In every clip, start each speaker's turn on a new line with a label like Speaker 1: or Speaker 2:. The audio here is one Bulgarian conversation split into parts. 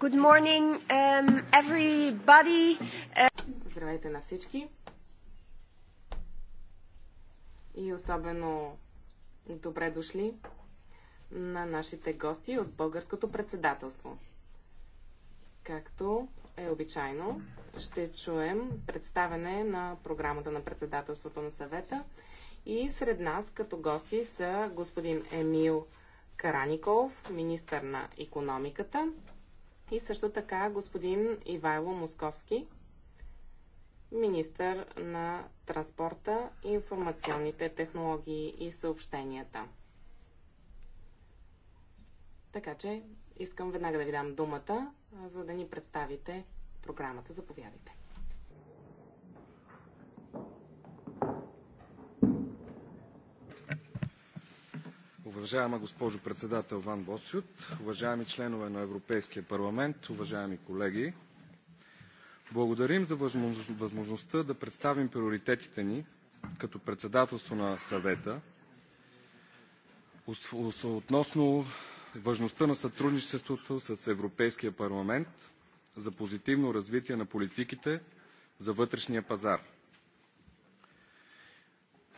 Speaker 1: Good morning, um, everybody.
Speaker 2: Здравейте на всички. И особено добре дошли на нашите гости от българското председателство. Както е обичайно, ще чуем представене на програмата на председателството на съвета. И сред нас като гости са господин Емил Караников, министър на економиката, и също така господин Ивайло Московски, министър на транспорта, информационните технологии и съобщенията. Така че искам веднага да ви дам думата, за да ни представите програмата. Заповядайте.
Speaker 3: Уважаема госпожо председател Ван Босют, уважаеми членове на Европейския парламент, уважаеми колеги! Благодарим за възможността да представим приоритетите ни като председателство на съвета относно важността на сътрудничеството с Европейския парламент за позитивно развитие на политиките за вътрешния пазар.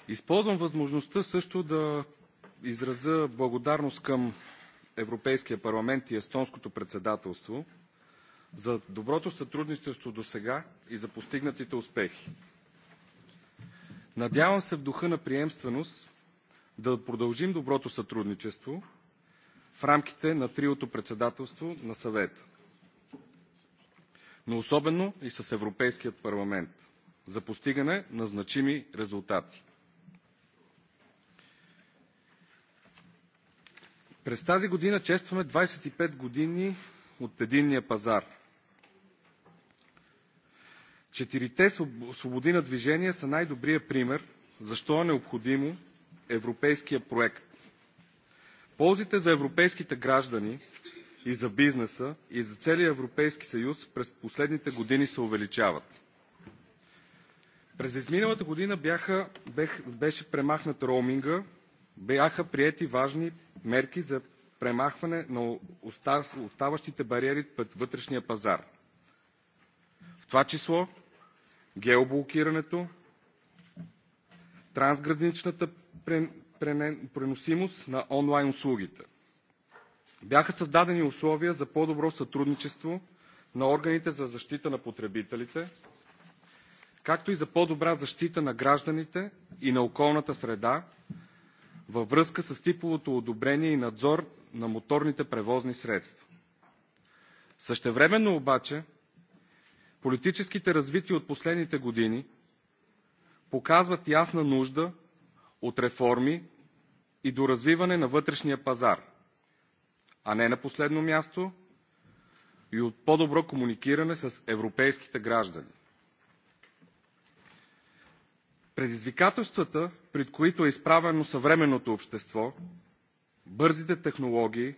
Speaker 3: Използвам възможността също да изразя благодарност към Европейския парламент и Естонското председателство за доброто сътрудничество досега и за постигнатите успехи. Надявам се в духа на приемственост да продължим доброто сътрудничество в рамките на триото председателство на съвета, но особено и с Европейският парламент за постигане на значими резултати. През тази година честваме 25 години от единния пазар. Четирите свободи на движение са най-добрият пример защо е необходимо европейския проект. Ползите за европейските граждани и за бизнеса и за целия Европейски съюз през последните години се увеличават. През изминалата година бяха, беше премахнат роуминга бяха приети важни мерки за премахване на оставащите бариери пред вътрешния пазар, в това число геоблокирането, трансграничната преносимост на онлайн услугите. Бяха създадени условия за по-добро сътрудничество на органите за защита на потребителите, както и за по-добра защита на гражданите и на околната среда във връзка с типовото одобрение и надзор на моторните превозни средства. Същевременно обаче политическите развития от последните години показват ясна нужда от реформи и до развиване на вътрешния пазар, а не на последно място и от по-добро комуникиране с европейските граждани. Предизвикателствата, пред които е изправено съвременното общество, бързите технологии,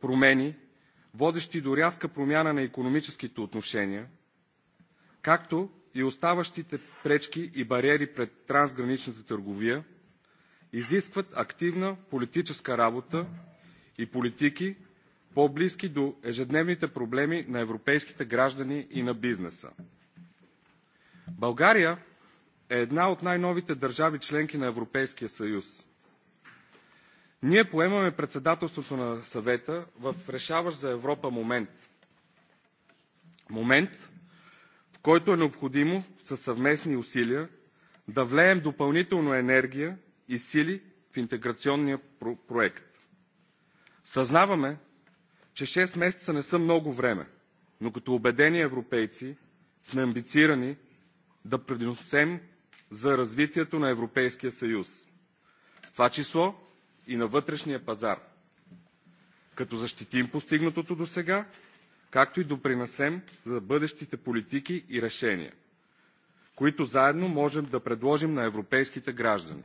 Speaker 3: промени, водещи до рязка промяна на економическите отношения, както и оставащите пречки и бариери пред трансграничната търговия, изискват активна политическа работа и политики, по-близки до ежедневните проблеми на европейските граждани и на бизнеса. България е една от най-новите държави членки на Европейския съюз. Ние поемаме председателството на съвета в решаващ за Европа момент. Момент, в който е необходимо със съвместни усилия да влеем допълнително енергия и сили в интеграционния проект. Съзнаваме, че 6 месеца не са много време, но като убедени европейци сме амбицирани да принесем за развитието на Европейския съюз, в това число и на вътрешния пазар, като защитим постигнатото до сега, както и допринесем за бъдещите политики и решения, които заедно можем да предложим на европейските граждани.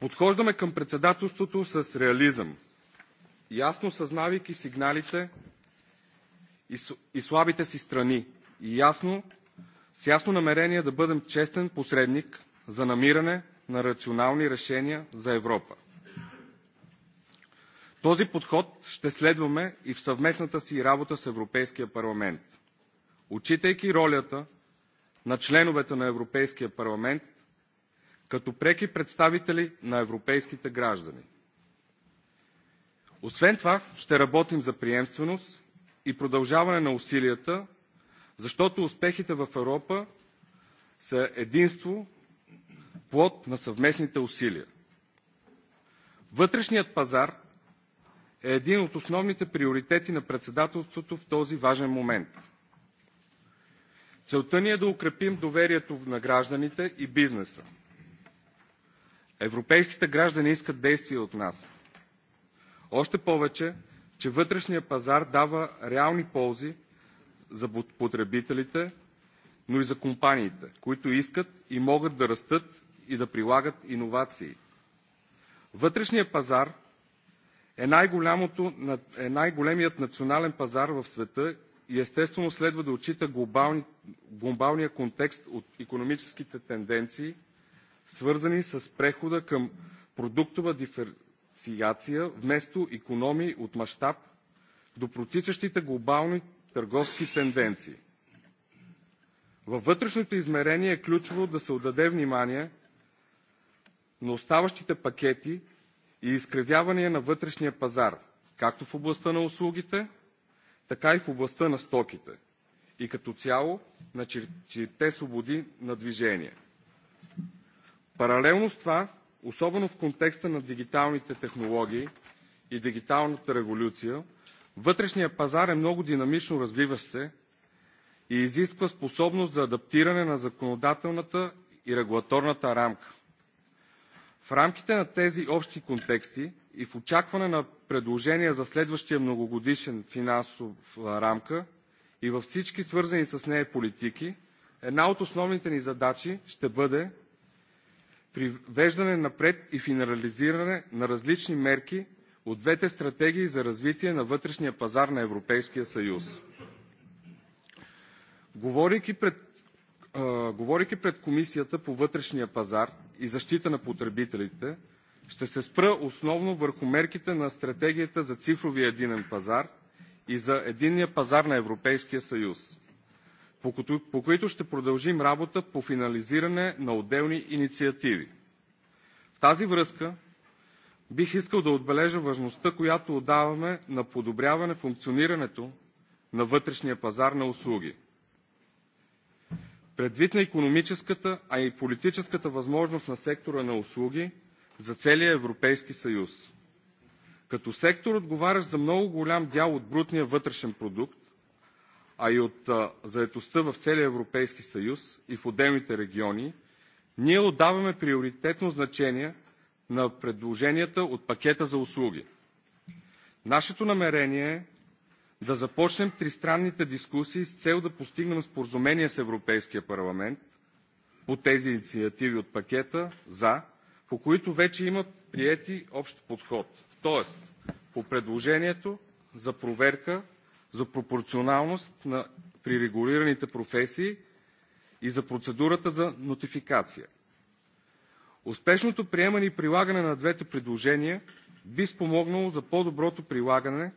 Speaker 3: Подхождаме към председателството с реализъм, ясно съзнавайки сигналите и слабите си страни и ясно с ясно намерение да бъдем честен посредник за намиране на рационални решения за Европа. Този подход ще следваме и в съвместната си работа с Европейския парламент. Отчитайки ролята на членовете на Европейския парламент като преки представители на европейските граждани. Освен това ще работим за приемственост и продължаване на усилията защото успехите в Европа са единство плод на съвместните усилия. Вътрешният пазар е един от основните приоритети на председателството в този важен момент. Целта ни е да укрепим доверието на гражданите и бизнеса. Европейските граждани искат действия от нас. Още повече, че вътрешният пазар дава реални ползи за потребителите, но и за компаниите, които искат и могат да растат и да прилагат иновации. Вътрешният пазар е, е най-големият национален пазар в света и естествено следва да отчита глобалния контекст от икономическите тенденции, свързани с прехода към продуктова диференциация вместо икономии от мащаб до протичащите глобални търговски тенденции. Във вътрешното измерение е ключово да се отдаде внимание на оставащите пакети и изкривявания на вътрешния пазар, както в областта на услугите, така и в областта на стоките и като цяло на четирите свободи на движение. Паралелно с това, особено в контекста на дигиталните технологии и дигиталната революция, Вътрешният пазар е много динамично развиващ се и изисква способност за адаптиране на законодателната и регулаторната рамка. В рамките на тези общи контексти и в очакване на предложения за следващия многогодишен финансов рамка и във всички свързани с нея политики, една от основните ни задачи ще бъде привеждане напред и финализиране на различни мерки от двете стратегии за развитие на вътрешния пазар на Европейския съюз. Говорейки пред, а, говорейки пред Комисията по вътрешния пазар и защита на потребителите, ще се спра основно върху мерките на стратегията за цифровия единен пазар и за единния пазар на Европейския съюз, по, по които ще продължим работа по финализиране на отделни инициативи. В тази връзка Бих искал да отбележа важността, която отдаваме на подобряване функционирането на вътрешния пазар на услуги. Предвид на економическата, а и политическата възможност на сектора на услуги за целия Европейски съюз. Като сектор, отговарящ за много голям дял от брутния вътрешен продукт, а и от заетостта в целия Европейски съюз и в отделните региони, ние отдаваме приоритетно значение на предложенията от пакета за услуги. Нашето намерение е да започнем тристранните дискусии с цел да постигнем споразумение с Европейския парламент по тези инициативи от пакета за, по които вече има приети общ подход. Тоест, по предложението за проверка за пропорционалност на, при регулираните професии и за процедурата за нотификация. Успешното приемане и прилагане на двете предложения би спомогнало за по-доброто прилагане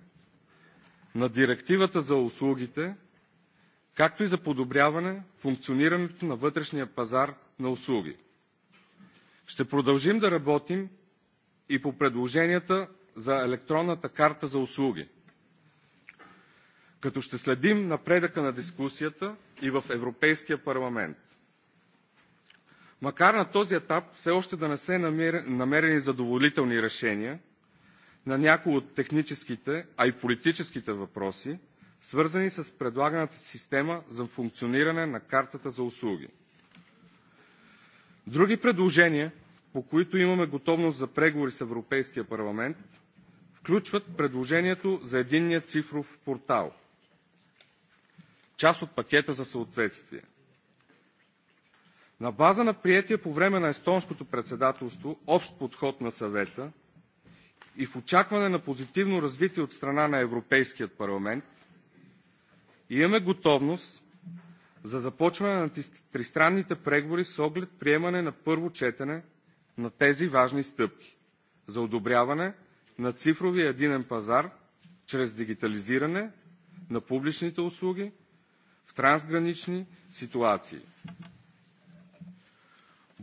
Speaker 3: на Директивата за услугите, както и за подобряване функционирането на вътрешния пазар на услуги. Ще продължим да работим и по предложенията за електронната карта за услуги, като ще следим напредъка на дискусията и в Европейския парламент. Макар на този етап все още да не са намерени задоволителни решения на някои от техническите, а и политическите въпроси, свързани с предлаганата система за функциониране на картата за услуги. Други предложения, по които имаме готовност за преговори с Европейския парламент, включват предложението за единния цифров портал, част от пакета за съответствие. На база на приятия по време на естонското председателство общ подход на съвета и в очакване на позитивно развитие от страна на Европейския парламент, имаме готовност за започване на тристранните преговори с оглед приемане на първо четене на тези важни стъпки за одобряване на цифровия единен пазар чрез дигитализиране на публичните услуги в трансгранични ситуации.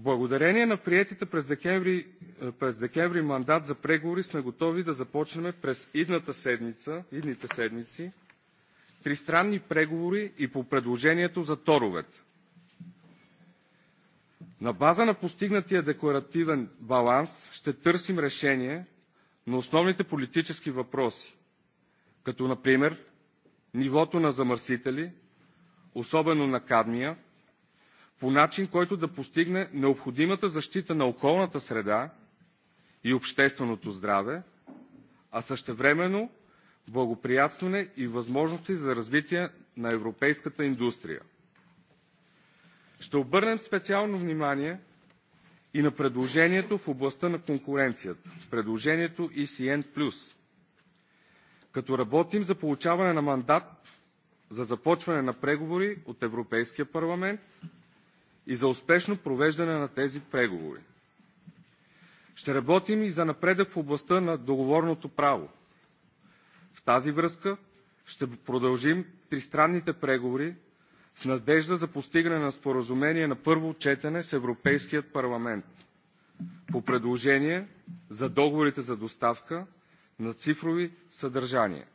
Speaker 3: Благодарение на приетите през декември, е, през декември мандат за преговори сме готови да започнем през идната седмица, идните седмици тристранни преговори и по предложението за торовете. На база на постигнатия декларативен баланс ще търсим решение на основните политически въпроси, като например нивото на замърсители, особено на кадмия, по начин, който да постигне необходимата защита на околната среда и общественото здраве, а същевременно благоприятстване и възможности за развитие на европейската индустрия. Ще обърнем специално внимание и на предложението в областта на конкуренцията, предложението ECN+, като работим за получаване на мандат за започване на преговори от Европейския парламент и за успешно провеждане на тези преговори. Ще работим и за напредък в областта на договорното право. В тази връзка ще продължим тристранните преговори с надежда за постигане на споразумение на първо четене с Европейският парламент по предложение за договорите за доставка на цифрови съдържания.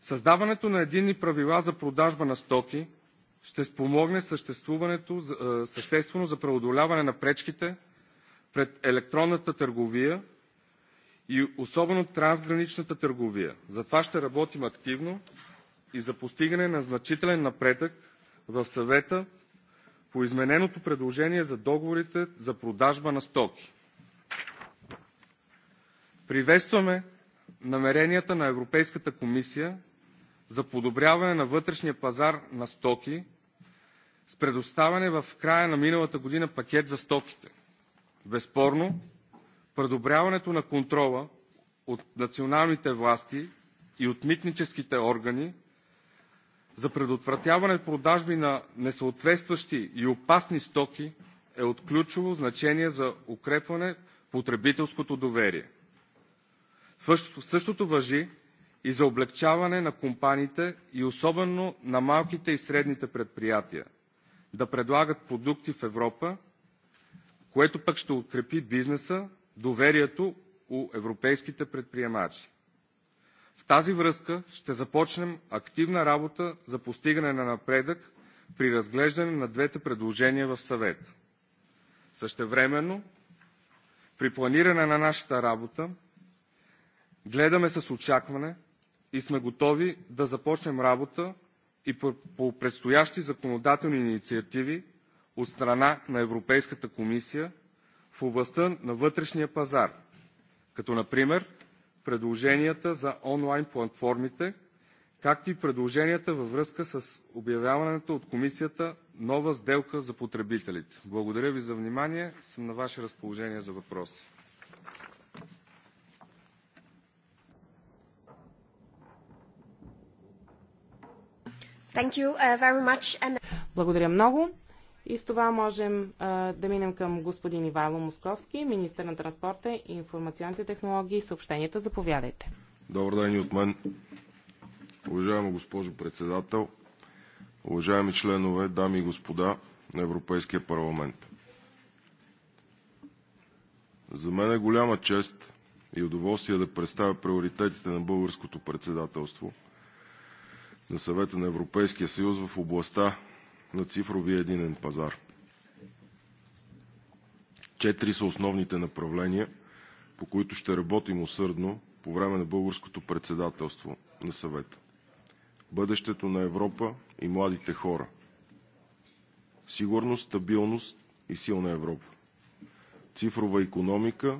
Speaker 3: Създаването на единни правила за продажба на стоки ще спомогне е, съществено за преодоляване на пречките пред електронната търговия и особено трансграничната търговия. Затова ще работим активно и за постигане на значителен напредък в Съвета по измененото предложение за договорите за продажба на стоки. Приветстваме намеренията на Европейската комисия за подобряване на вътрешния пазар на стоки с предоставяне в края на миналата година пакет за стоките. Безспорно, подобряването на контрола от националните власти и от митническите органи за предотвратяване продажби на несъответстващи и опасни стоки е от ключово значение за укрепване потребителското доверие. Същото важи и за облегчаване на компаниите и особено на малките и средните предприятия, да предлагат продукти в Европа, което пък ще укрепи бизнеса, доверието у европейските предприемачи. В тази връзка ще започнем активна работа за постигане на напредък при разглеждане на двете предложения в съвет. Същевременно, при планиране на нашата работа, гледаме с очакване и сме готови да започнем работа и по предстоящи законодателни инициативи от страна на Европейската комисия в областта на вътрешния пазар, като например предложенията за онлайн платформите, както и предложенията във връзка с обявяването от Комисията нова сделка за потребителите. Благодаря Ви за внимание. Съм на Ваше разположение за въпроси.
Speaker 2: Uh, and... Благодаря много. И с това можем а, да минем към господин Ивайло Московски, министър на транспорта, и информационните технологии и съобщенията. Заповядайте.
Speaker 4: Добър ден и от мен. Уважаема госпожо председател, уважаеми членове, дами и господа на Европейския парламент. За мен е голяма чест и удоволствие да представя приоритетите на българското председателство – на Съвета на Европейския съюз в областта на цифровия единен пазар. Четири са основните направления, по които ще работим усърдно по време на българското председателство на съвета. Бъдещето на Европа и младите хора. Сигурност, стабилност и силна Европа. Цифрова економика,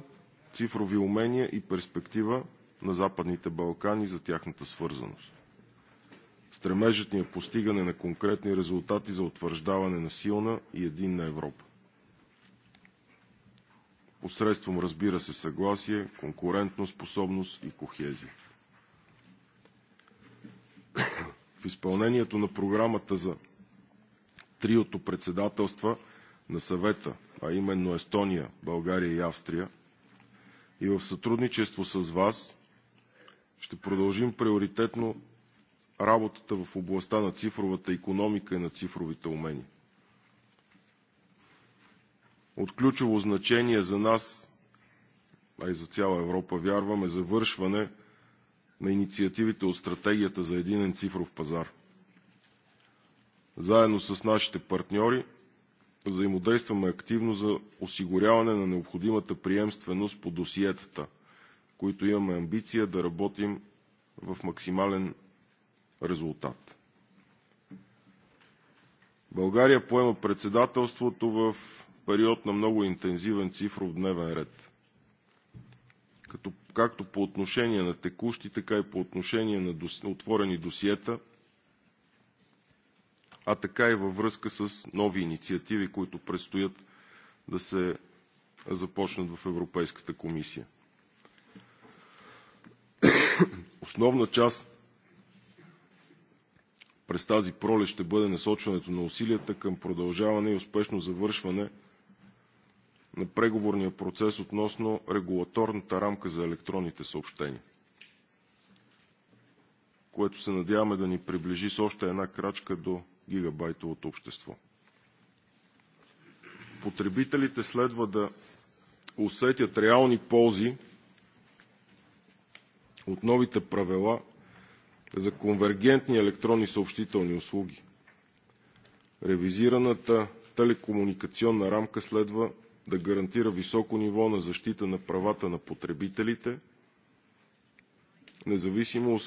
Speaker 4: цифрови умения и перспектива на Западните Балкани за тяхната свързаност. Стремежът ни е постигане на конкретни резултати за утвърждаване на силна и единна Европа. Посредством, разбира се, съгласие, способност и кохезия. В изпълнението на програмата за триото председателства на съвета, а именно Естония, България и Австрия, и в сътрудничество с вас ще продължим приоритетно работата в областта на цифровата економика и на цифровите умения. От ключово значение за нас, а и за цяла Европа, вярваме, завършване на инициативите от стратегията за единен цифров пазар. Заедно с нашите партньори взаимодействаме активно за осигуряване на необходимата приемственост по досиетата, които имаме амбиция да работим в максимален резултат. България поема председателството в период на много интензивен цифров дневен ред. Като, както по отношение на текущи, така и по отношение на дос, отворени досиета, а така и във връзка с нови инициативи, които предстоят да се започнат в Европейската комисия. Основна част през тази пролет ще бъде насочването на усилията към продължаване и успешно завършване на преговорния процес относно регулаторната рамка за електронните съобщения, което се надяваме да ни приближи с още една крачка до гигабайтовото общество. Потребителите следва да усетят реални ползи от новите правила за конвергентни електронни съобщителни услуги. Ревизираната телекомуникационна рамка следва да гарантира високо ниво на защита на правата на потребителите, независимо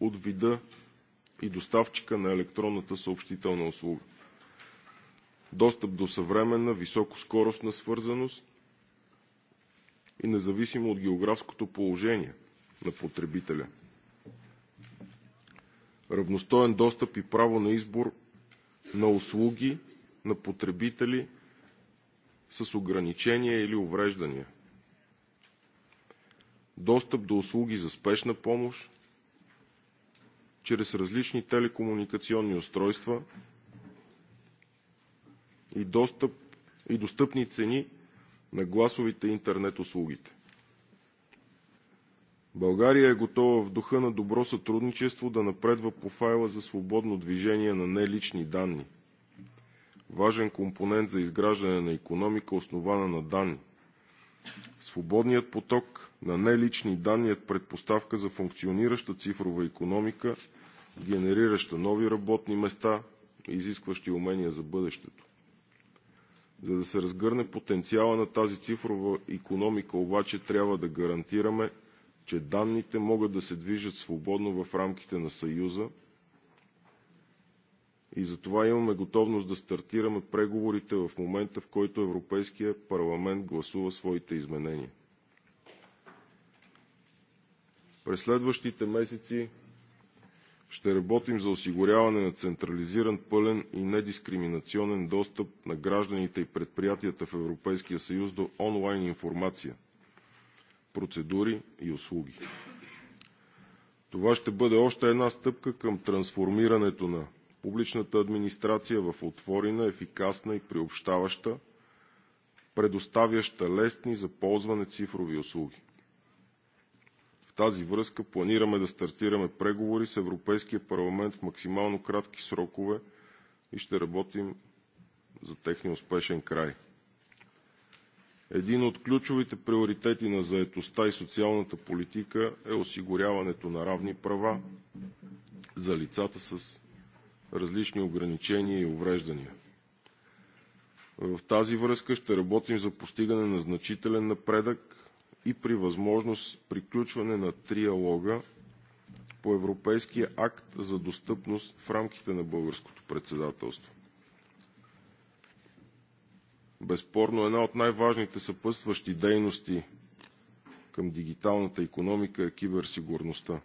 Speaker 4: от вида и доставчика на електронната съобщителна услуга. Достъп до съвременна високоскоростна свързаност и независимо от географското положение на потребителя – равностоен достъп и право на избор на услуги на потребители с ограничения или увреждания, достъп до услуги за спешна помощ чрез различни телекомуникационни устройства и достъпни цени на гласовите интернет услугите. България е готова в духа на добро сътрудничество да напредва по файла за свободно движение на нелични данни. Важен компонент за изграждане на економика, основана на данни. Свободният поток на нелични данни е предпоставка за функционираща цифрова економика, генерираща нови работни места, изискващи умения за бъдещето. За да се разгърне потенциала на тази цифрова економика обаче трябва да гарантираме че данните могат да се движат свободно в рамките на Съюза и затова имаме готовност да стартираме преговорите в момента, в който Европейският парламент гласува своите изменения. През следващите месеци ще работим за осигуряване на централизиран, пълен и недискриминационен достъп на гражданите и предприятията в Европейския съюз до онлайн информация – процедури и услуги. Това ще бъде още една стъпка към трансформирането на публичната администрация в отворена, ефикасна и приобщаваща, предоставяща лесни за ползване цифрови услуги. В тази връзка планираме да стартираме преговори с Европейския парламент в максимално кратки срокове и ще работим за техния успешен край – един от ключовите приоритети на заетостта и социалната политика е осигуряването на равни права за лицата с различни ограничения и увреждания. В тази връзка ще работим за постигане на значителен напредък и при възможност приключване на триалога по Европейския акт за достъпност в рамките на българското председателство. Безспорно една от най-важните съпътстващи дейности към дигиталната економика е киберсигурността.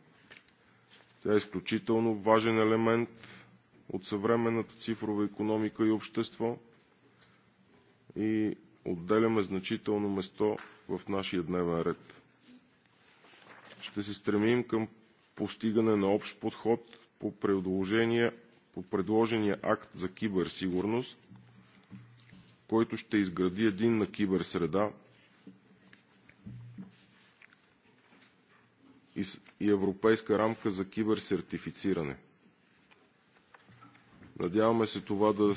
Speaker 4: Тя е изключително важен елемент от съвременната цифрова економика и общество и отделяме значително место в нашия дневен ред. Ще се стремим към постигане на общ подход по предложения акт за киберсигурност, който ще изгради един на киберсреда и европейска рамка за киберсертифициране. Надяваме се това да,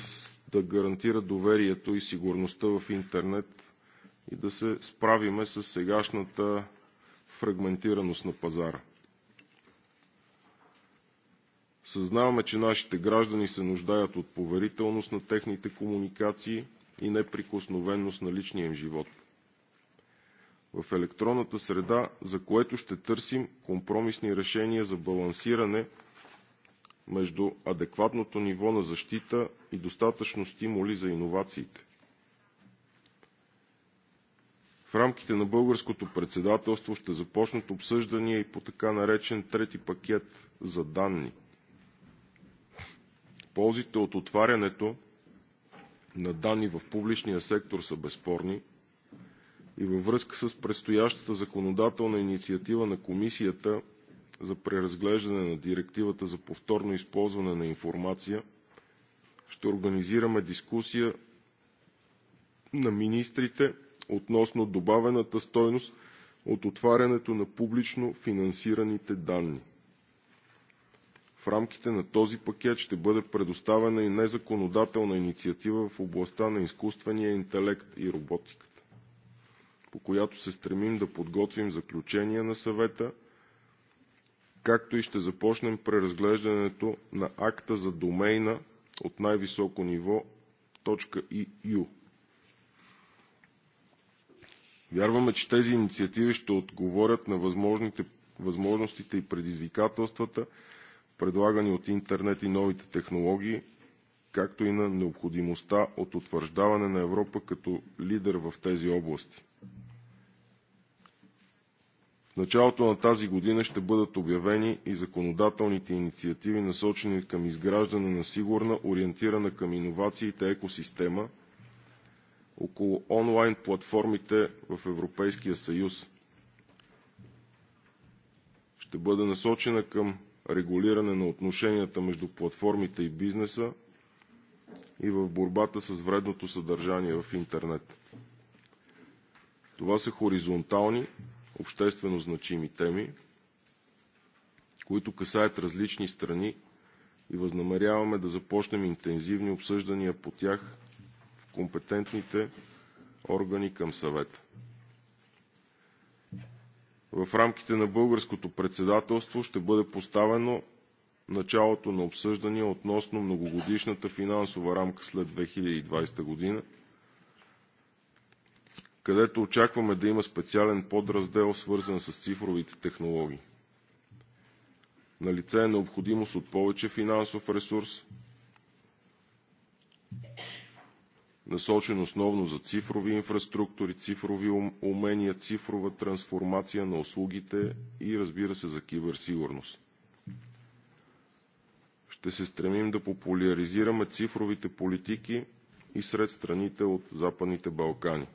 Speaker 4: да гарантира доверието и сигурността в интернет и да се справиме с сегашната фрагментираност на пазара. Съзнаваме, че нашите граждани се нуждаят от поверителност на техните комуникации – и неприкосновенност на личния им живот в електронната среда, за което ще търсим компромисни решения за балансиране между адекватното ниво на защита и достатъчно стимули за иновациите. В рамките на българското председателство ще започнат обсъждания и по така наречен трети пакет за данни. Ползите от отварянето на данни в публичния сектор са безспорни и във връзка с предстоящата законодателна инициатива на Комисията за преразглеждане на Директивата за повторно използване на информация ще организираме дискусия на министрите относно добавената стойност от отварянето на публично финансираните данни. В рамките на този пакет ще бъде предоставена и незаконодателна инициатива в областта на изкуствения интелект и роботиката, по която се стремим да подготвим заключения на Съвета, както и ще започнем преразглеждането на акта за домейна от най-високо ниво .eu. Вярваме, че тези инициативи ще отговорят на възможностите и предизвикателствата, предлагани от интернет и новите технологии, както и на необходимостта от утвърждаване на Европа като лидер в тези области. В началото на тази година ще бъдат обявени и законодателните инициативи, насочени към изграждане на сигурна, ориентирана към иновациите екосистема около онлайн платформите в Европейския съюз. Ще бъде насочена към регулиране на отношенията между платформите и бизнеса и в борбата с вредното съдържание в интернет. Това са хоризонтални, обществено значими теми, които касаят различни страни и възнамеряваме да започнем интензивни обсъждания по тях в компетентните органи към Съвета в рамките на Българското председателство ще бъде поставено началото на обсъждания относно многогодишната финансова рамка след 2020 година, където очакваме да има специален подраздел, свързан с цифровите технологии. лице е необходимост от повече финансов ресурс насочен основно за цифрови инфраструктури, цифрови умения, цифрова трансформация на услугите и разбира се за киберсигурност. Ще се стремим да популяризираме цифровите политики и сред страните от Западните Балкани.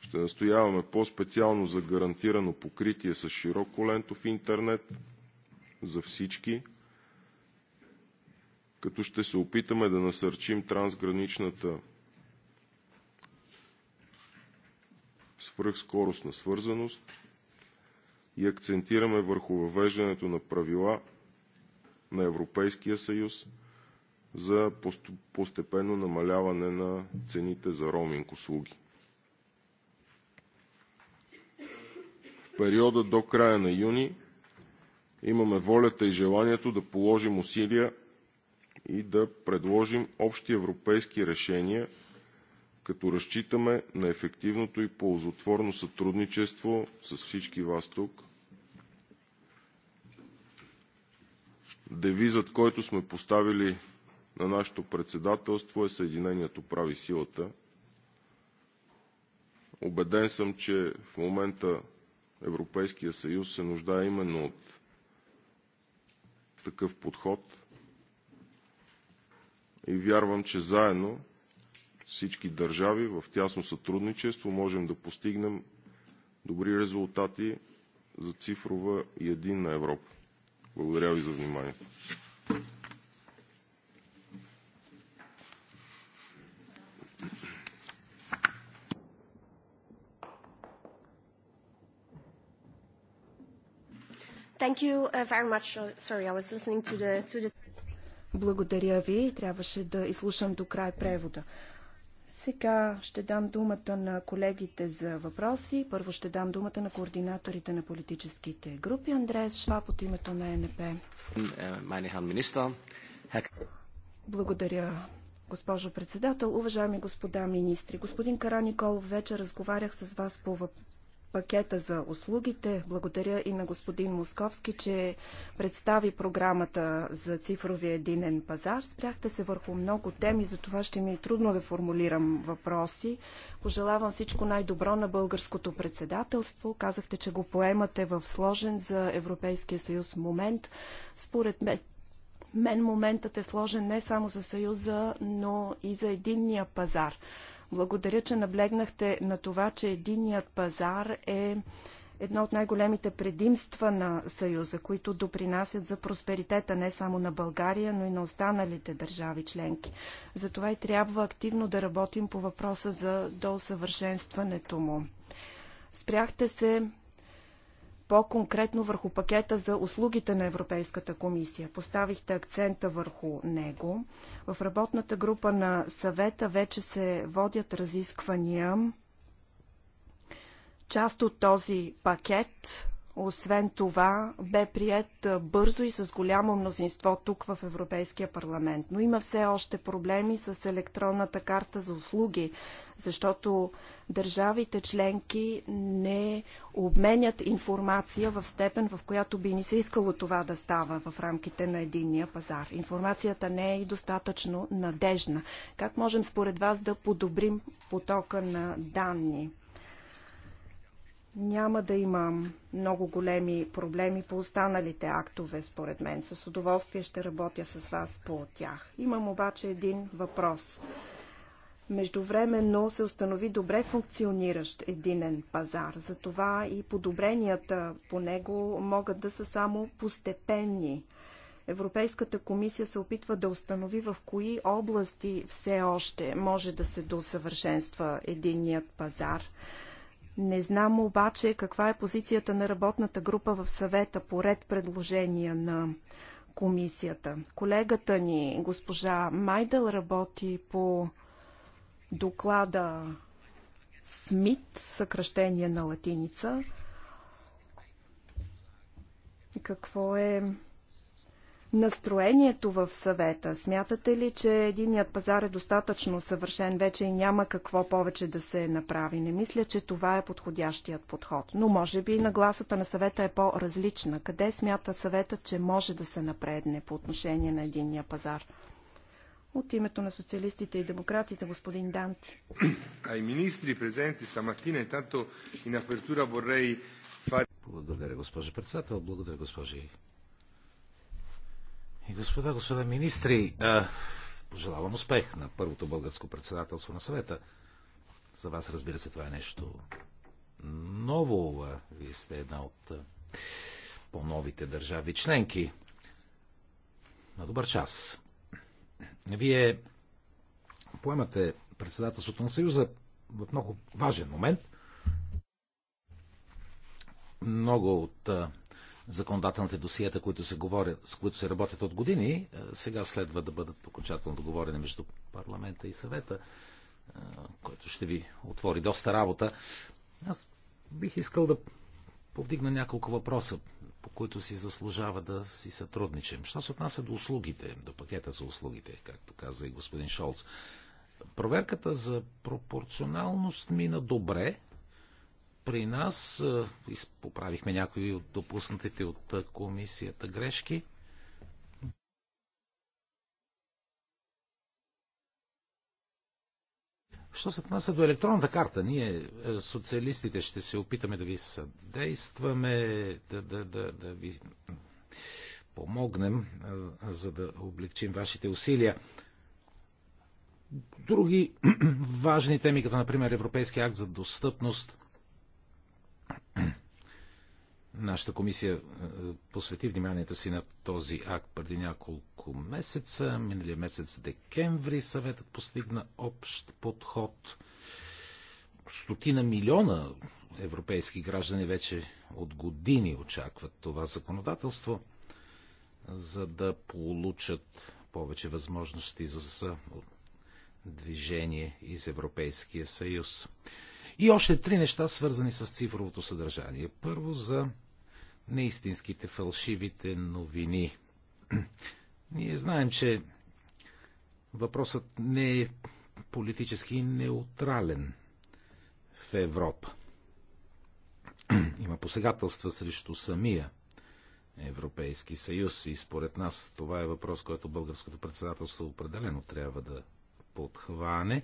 Speaker 4: Ще настояваме по-специално за гарантирано покритие с широколентов интернет за всички – като ще се опитаме да насърчим трансграничната свръхскоростна свързаност и акцентираме върху въвеждането на правила на Европейския съюз за постепенно намаляване на цените за роуминг услуги. В периода до края на юни имаме волята и желанието да положим усилия и да предложим общи европейски решения, като разчитаме на ефективното и ползотворно сътрудничество с всички вас тук. Девизът, който сме поставили на нашето председателство е Съединението прави силата. Обеден съм, че в момента Европейския съюз се нуждае именно от такъв подход – и вярвам, че заедно всички държави в тясно сътрудничество можем да постигнем добри резултати за цифрова и един на Европа. Благодаря ви за вниманието.
Speaker 5: Thank you uh, very much. Uh, sorry, I was listening to the to the благодаря ви. Трябваше да изслушам до край превода. Сега ще дам думата на колегите за въпроси. Първо ще дам думата на координаторите на политическите групи. Андреас Шваб от името на НП. Благодаря, госпожо председател. Уважаеми господа министри, господин Караниколов, вече разговарях с вас по, пакета за услугите. Благодаря и на господин Московски, че представи програмата за цифровия единен пазар. Спряхте се върху много теми, за това ще ми е трудно да формулирам въпроси. Пожелавам всичко най-добро на българското председателство. Казахте, че го поемате в сложен за Европейския съюз момент. Според мен мен моментът е сложен не само за Съюза, но и за единния пазар. Благодаря, че наблегнахте на това, че единният пазар е едно от най-големите предимства на Съюза, които допринасят за просперитета не само на България, но и на останалите държави членки. Затова и трябва активно да работим по въпроса за доусъвършенстването му. Спряхте се по-конкретно върху пакета за услугите на Европейската комисия. Поставихте акцента върху него. В работната група на съвета вече се водят разисквания. Част от този пакет освен това, бе прият бързо и с голямо мнозинство тук в Европейския парламент. Но има все още проблеми с електронната карта за услуги, защото държавите членки не обменят информация в степен, в която би ни се искало това да става в рамките на единния пазар. Информацията не е и достатъчно надежна. Как можем според вас да подобрим потока на данни? няма да имам много големи проблеми по останалите актове, според мен. С удоволствие ще работя с вас по тях. Имам обаче един въпрос. Междувременно се установи добре функциониращ единен пазар. Затова и подобренията по него могат да са само постепенни. Европейската комисия се опитва да установи в кои области все още може да се досъвършенства единният пазар. Не знам обаче каква е позицията на работната група в съвета по ред предложения на комисията. Колегата ни, госпожа Майдъл, работи по доклада СМИТ, съкръщение на латиница. Какво е настроението в съвета? Смятате ли, че единият пазар е достатъчно съвършен вече и няма какво повече да се направи? Не мисля, че това е подходящият подход. Но може би нагласата на съвета е по-различна. Къде смята съвета, че може да се напредне по отношение на единния пазар? От името на социалистите и демократите, господин Данти.
Speaker 3: Ай министри презенти стаматина, и и на апертура, vorrei Благодаря, госпожо председател. Благодаря, госпожи
Speaker 6: и господа, господа министри, пожелавам успех на първото българско председателство на съвета. За вас, разбира се, това е нещо ново. Вие сте една от по-новите държави членки. На добър час. Вие поемате председателството на Съюза в много важен момент. Много от законодателните досиета, които се говорят, с които се работят от години, е, сега следва да бъдат окончателно договорени между парламента и съвета, е, което ще ви отвори доста работа. Аз бих искал да повдигна няколко въпроса, по които си заслужава да си сътрудничим. Що се отнася до услугите, до пакета за услугите, както каза и господин Шолц. Проверката за пропорционалност мина добре, при нас. Поправихме някои от допуснатите от комисията грешки. Що се отнася до електронната карта, ние, е, социалистите, ще се опитаме да ви съдействаме, да, да, да, да ви помогнем, за да облегчим вашите усилия. Други важни теми, като например Европейския акт за достъпност, Нашата комисия е, посвети вниманието си на този акт преди няколко месеца. Миналия месец декември съветът постигна общ подход. Стотина милиона европейски граждани вече от години очакват това законодателство, за да получат повече възможности за движение из Европейския съюз. И още три неща, свързани с цифровото съдържание. Първо за неистинските, фалшивите новини. Ние знаем, че въпросът не е политически неутрален в Европа. Има посегателства срещу самия Европейски съюз и според нас това е въпрос, който българското председателство определено трябва да подхване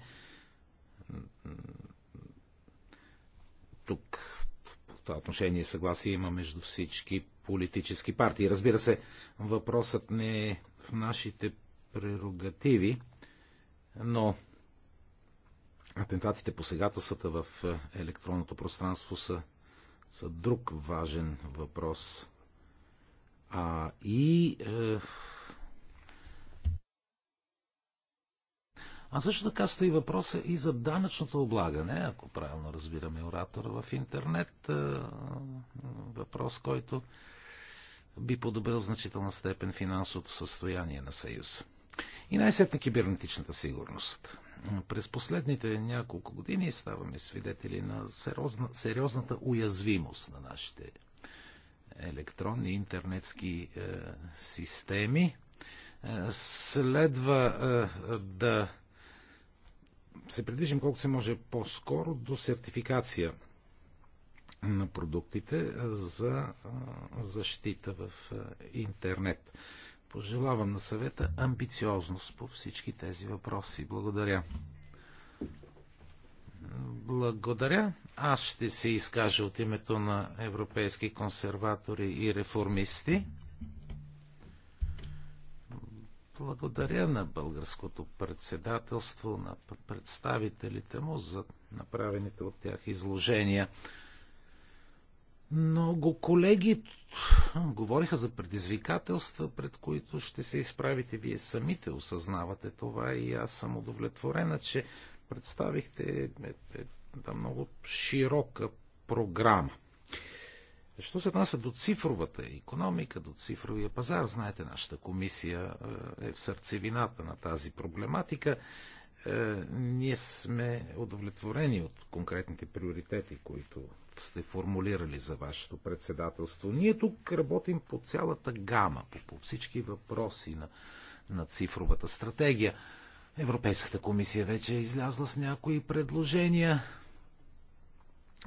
Speaker 6: тук в това отношение съгласие има между всички политически партии. Разбира се, въпросът не е в нашите прерогативи, но атентатите по посегателствата в е, електронното пространство са, са друг важен въпрос. А и е, А също така стои въпроса и за данъчното облагане, ако правилно разбираме оратора в интернет. Въпрос, който би подобрил значителна степен финансовото състояние на Съюза. И най сетне кибернетичната сигурност. През последните няколко години ставаме свидетели на сериозна, сериозната уязвимост на нашите електронни интернетски е, системи. Е, следва е, да се придвижим колко се може по-скоро до сертификация на продуктите за защита в интернет. Пожелавам на съвета амбициозност по всички тези въпроси. Благодаря. Благодаря. Аз ще се изкажа от името на европейски консерватори и реформисти. Благодаря на българското председателство, на представителите му за направените от тях изложения. Много колеги говориха за предизвикателства, пред които ще се изправите. Вие самите осъзнавате това и аз съм удовлетворена, че представихте една много широка програма. Е, що се отнася до цифровата економика, до цифровия пазар, знаете, нашата комисия е, е в сърцевината на тази проблематика. Е, ние сме удовлетворени от конкретните приоритети, които сте формулирали за вашето председателство. Ние тук работим по цялата гама, по, по всички въпроси на, на цифровата стратегия. Европейската комисия вече е излязла с някои предложения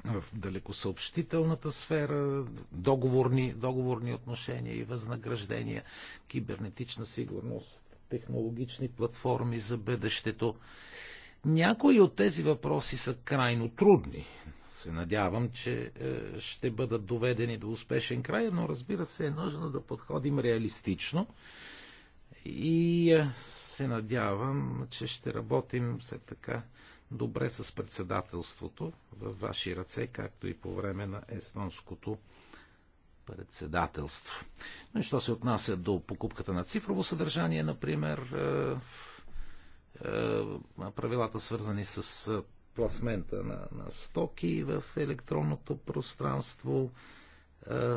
Speaker 6: в далекосъобщителната сфера, договорни, договорни отношения и възнаграждения, кибернетична сигурност, технологични платформи за бъдещето. Някои от тези въпроси са крайно трудни. Се надявам, че е, ще бъдат доведени до успешен край, но разбира се е нужно да подходим реалистично и се надявам, че ще работим все така добре с председателството във ваши ръце, както и по време на естонското председателство. Но що се отнася до покупката на цифрово съдържание, например, е, е, правилата свързани с пласмента на, на стоки в електронното пространство, е,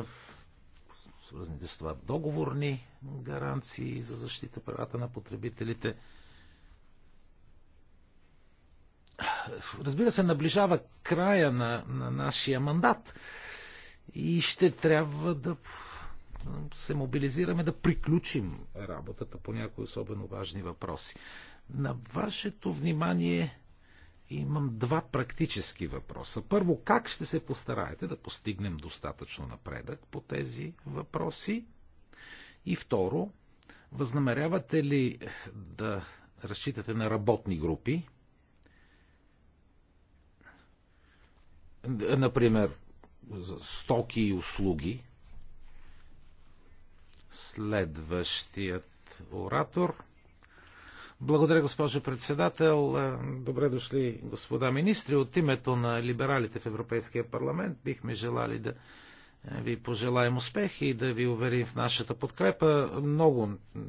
Speaker 6: свързаните с това договорни гаранции за защита правата на потребителите. Разбира се, наближава края на, на нашия мандат и ще трябва да се мобилизираме да приключим работата по някои особено важни въпроси. На вашето внимание имам два практически въпроса. Първо, как ще се постараете да постигнем достатъчно напредък по тези въпроси? И второ, възнамерявате ли да разчитате на работни групи? Например, стоки и услуги. Следващият оратор – благодаря, госпожо председател. Е, добре дошли, господа министри. От името на либералите в Европейския парламент бихме желали да е, ви пожелаем успех и да ви уверим в нашата подкрепа. Много, е,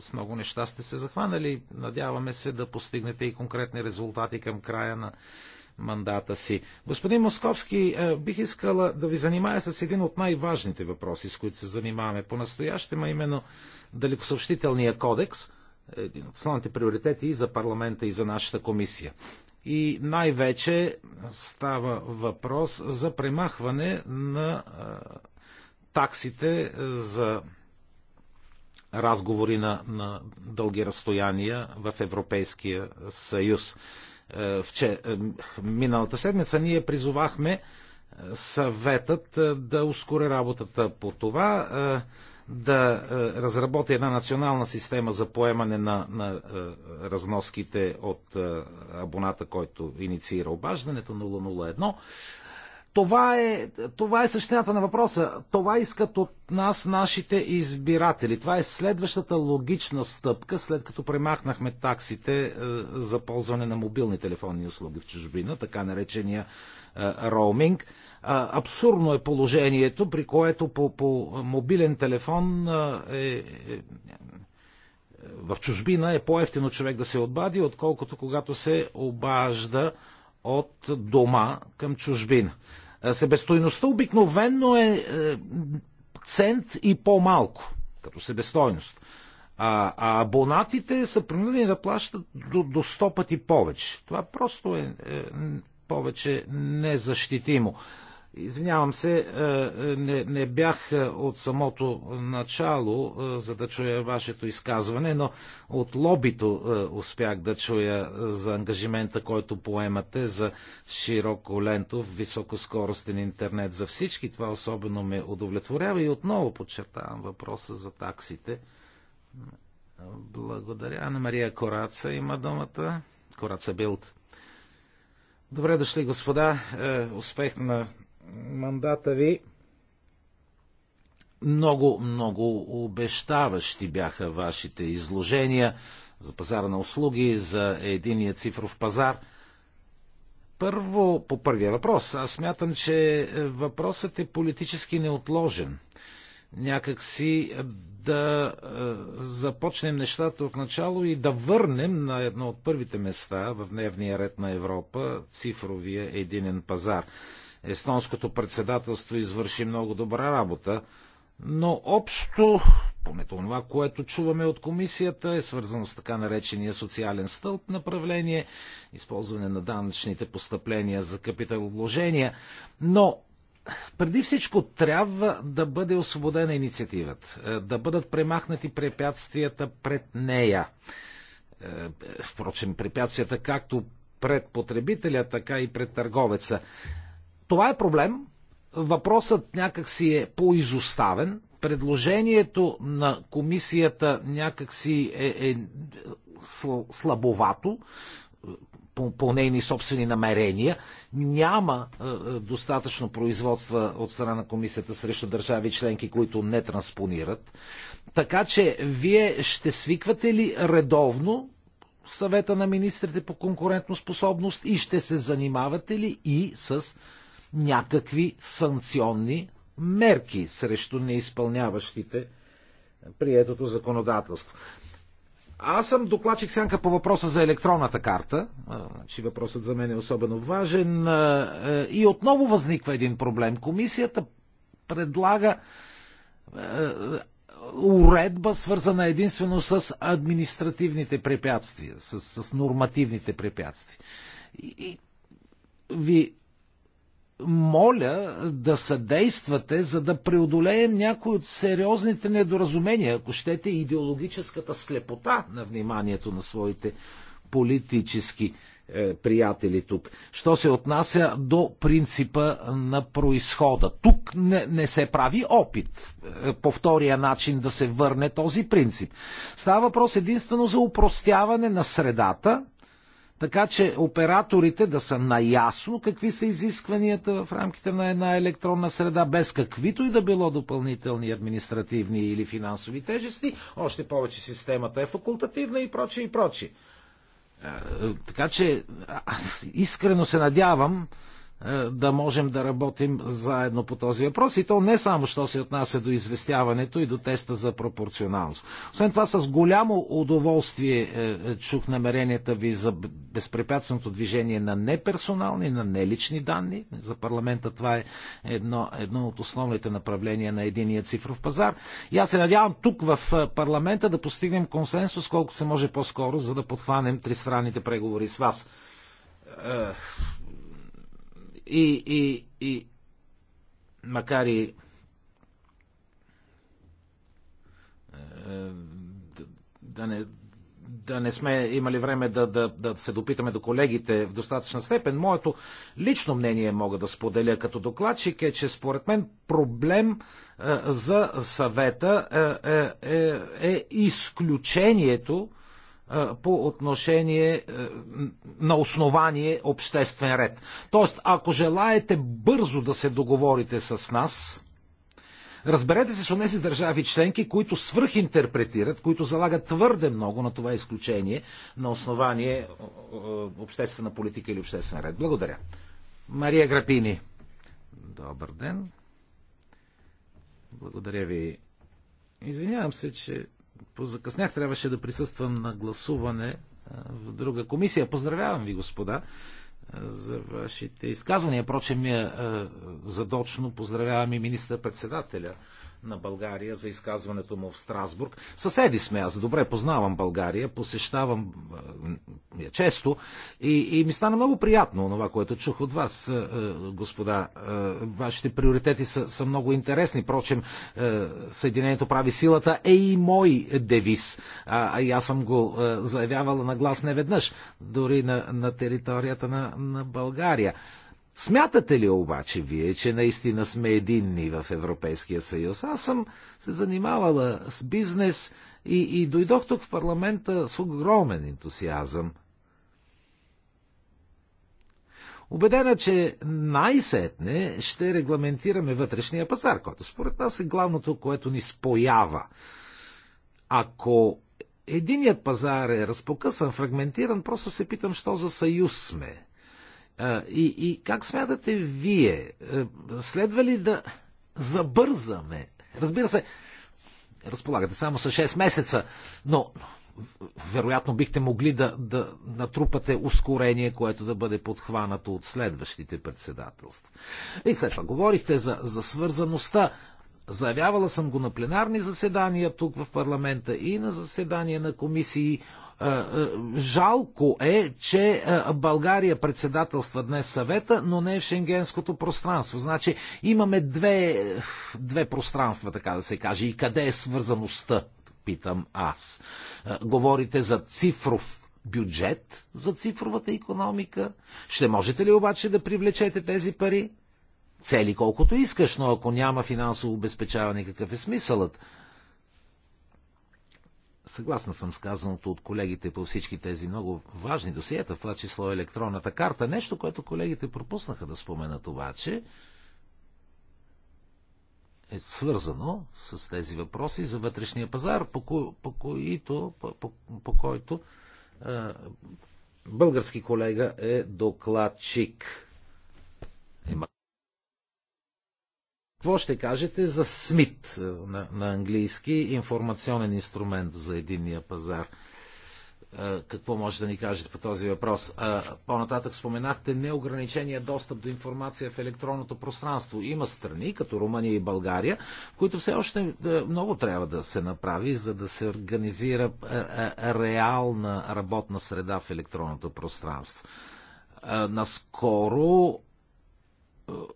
Speaker 6: с много неща сте се захванали. Надяваме се да постигнете и конкретни резултати към края на мандата си. Господин Московски, бих искала да ви занимая с един от най-важните въпроси, с които се занимаваме по настоящема а именно Далекосъобщителния кодекс – е един от основните приоритети и за парламента, и за нашата комисия. И най-вече става въпрос за премахване на таксите за разговори на, на дълги разстояния в Европейския съюз. Вче, миналата седмица ние призовахме съветът да ускори работата по това да е, разработи една национална система за поемане на, на е, разноските от е, абоната, който инициира обаждането 001. Това е, това е същината на въпроса. Това искат от нас нашите избиратели. Това е следващата логична стъпка, след като премахнахме таксите за ползване на мобилни телефонни услуги в чужбина, така наречения роуминг Абсурдно е положението, при което по, по мобилен телефон е, е, в чужбина е по-ефтино човек да се отбади, отколкото когато се обажда от дома към чужбина. Себестойността обикновенно е, е цент и по-малко, като себестойност. А, а абонатите са принудени да плащат до, до 100 пъти повече. Това просто е, е повече незащитимо. Извинявам се, е, е, не, не бях е, от самото начало, за да чуя вашето изказване, но от лобито успях да чуя за ангажимента, който поемате за широко лентов, високоскоростен интернет за всички. Това особено ме удовлетворява и отново подчертавам въпроса за таксите. Благодаря. Ана Мария Кораца има думата. Кораца Билд. Добре дошли, господа. Успех на мандата ви. Много, много обещаващи бяха вашите изложения за пазара на услуги, за единия цифров пазар. Първо, по първия въпрос, аз смятам, че въпросът е политически неотложен. Някак си да е, започнем нещата от начало и да върнем на едно от първите места в дневния ред на Европа цифровия единен пазар. Естонското председателство извърши много добра работа, но общо, помето това, което чуваме от комисията, е свързано с така наречения социален стълб направление, използване на данъчните постъпления за капиталовложения. Но преди всичко трябва да бъде освободена инициативата, е, да бъдат премахнати препятствията пред нея. Е, впрочем, препятствията както пред потребителя, така и пред търговеца. Това е проблем. Въпросът някак си е по-изоставен. Предложението на комисията някак си е, е слабовато по, по нейни собствени намерения. Няма е, е, достатъчно производства от страна на комисията срещу държави членки, които не транспонират. Така че вие ще свиквате ли редовно съвета на министрите по конкурентоспособност и ще се занимавате ли и с някакви санкционни мерки срещу неизпълняващите приетото законодателство. Аз съм докладчик сянка по въпроса за електронната карта. Значи въпросът за мен е особено важен. Е, и отново възниква един проблем. Комисията предлага е, е, уредба, свързана единствено с административните препятствия, с, с нормативните препятствия. И, и ви моля да съдействате, за да преодолеем някои от сериозните недоразумения, ако щете идеологическата слепота на вниманието на своите политически е, приятели тук. Що се отнася до принципа на происхода. Тук не, не се прави опит е, по втория начин да се върне този принцип. Става въпрос единствено за упростяване на средата, така че операторите да са наясно какви са изискванията в рамките на една електронна среда, без каквито и да било допълнителни административни или финансови тежести, още повече системата е факултативна и прочее и прочее. Е, така че аз искрено се надявам е, да можем да работим заедно по този въпрос и то не само, що се отнася до известяването и до теста за пропорционалност. Освен това, с голямо удоволствие е, е, чух намеренията ви за безпрепятственото движение на неперсонални, на нелични данни. За парламента това е едно, едно от основните направления на единия цифров пазар. И аз се надявам тук в парламента да постигнем консенсус колкото се може по-скоро, за да подхванем тристранните преговори с вас и, и, и макар и е, да не, да не сме имали време да, да, да се допитаме до колегите в достатъчна степен, моето лично мнение мога да споделя като докладчик е, че според мен проблем е, за съвета е, е, е, е изключението по отношение на основание обществен ред. Тоест, ако желаете бързо да се договорите с нас, разберете се с тези държави членки, които свръхинтерпретират, които залагат твърде много на това изключение на основание обществена политика или обществен ред. Благодаря. Мария Грапини. Добър ден. Благодаря ви. Извинявам се, че позакъснях, трябваше да присъствам на гласуване в друга комисия. Поздравявам ви, господа, за вашите изказвания. Прочем, задочно поздравявам и министър-председателя на България за изказването му в Страсбург. Съседи сме, аз добре познавам България, посещавам я е, е, често и, и ми стана много приятно това, което чух от вас, е, господа. Вашите приоритети са, са много интересни. Прочем, Съединението прави силата е и мой девиз. А, и аз съм го заявявала на глас неведнъж, дори на, на територията на, на България. Смятате ли обаче вие, че наистина сме единни в Европейския съюз? Аз съм се занимавала с бизнес и, и дойдох тук в парламента с огромен ентусиазъм. Убедена, че най-сетне ще регламентираме вътрешния пазар, който според нас е главното, което ни споява. Ако единият пазар е разпокъсан, фрагментиран, просто се питам, що за съюз сме. И, и как смятате вие? Е, следва ли да забързаме? Разбира се, разполагате само с 6 месеца, но вероятно бихте могли да, да натрупате ускорение, което да бъде подхванато от следващите председателства. И след това говорихте за, за свързаността. Заявявала съм го на пленарни заседания тук в парламента и на заседания на комисии. Е, е, жалко е, че е, България председателства днес съвета, но не е в шенгенското пространство. Значи имаме две, две пространства, така да се каже. И къде е свързаността, питам аз. Говорите за цифров бюджет за цифровата економика. Ще можете ли обаче да привлечете тези пари? Цели колкото искаш, но ако няма финансово обезпечаване, какъв е смисълът? Съгласна съм с казаното от колегите по всички тези много важни досиета, в това число електронната карта. Нещо, което колегите пропуснаха да споменат обаче, е свързано с тези въпроси за вътрешния пазар, по, ко, по, които, по, по, по който е, български колега е докладчик. Има какво ще кажете за СМИТ е, на, на английски, информационен инструмент за единния пазар? Е, какво може да ни кажете по този въпрос? Е, по-нататък споменахте неограничения достъп до информация в електронното пространство. Има страни, като Румъния и България, които все още много трябва да се направи, за да се организира реална работна среда в електронното пространство. Наскоро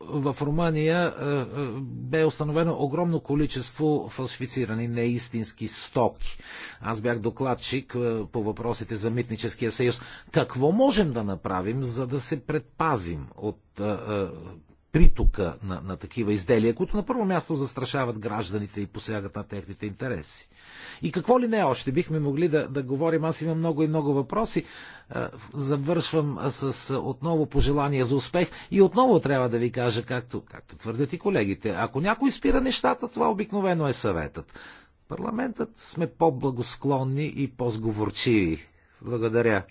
Speaker 6: в Румъния е, е, бе установено огромно количество фалшифицирани неистински стоки. Аз бях докладчик е, по въпросите за митническия съюз. Какво можем да направим, за да се предпазим от притока на, на такива изделия, които на първо място застрашават гражданите и посягат на техните интереси. И какво ли не още бихме могли да, да говорим. Аз имам много и много въпроси. Е, завършвам с е, отново пожелания за успех и отново трябва да ви кажа, както, както твърдят и колегите, ако някой спира нещата, това обикновено е съветът. Парламентът сме по-благосклонни и по-сговорчиви. Благодаря.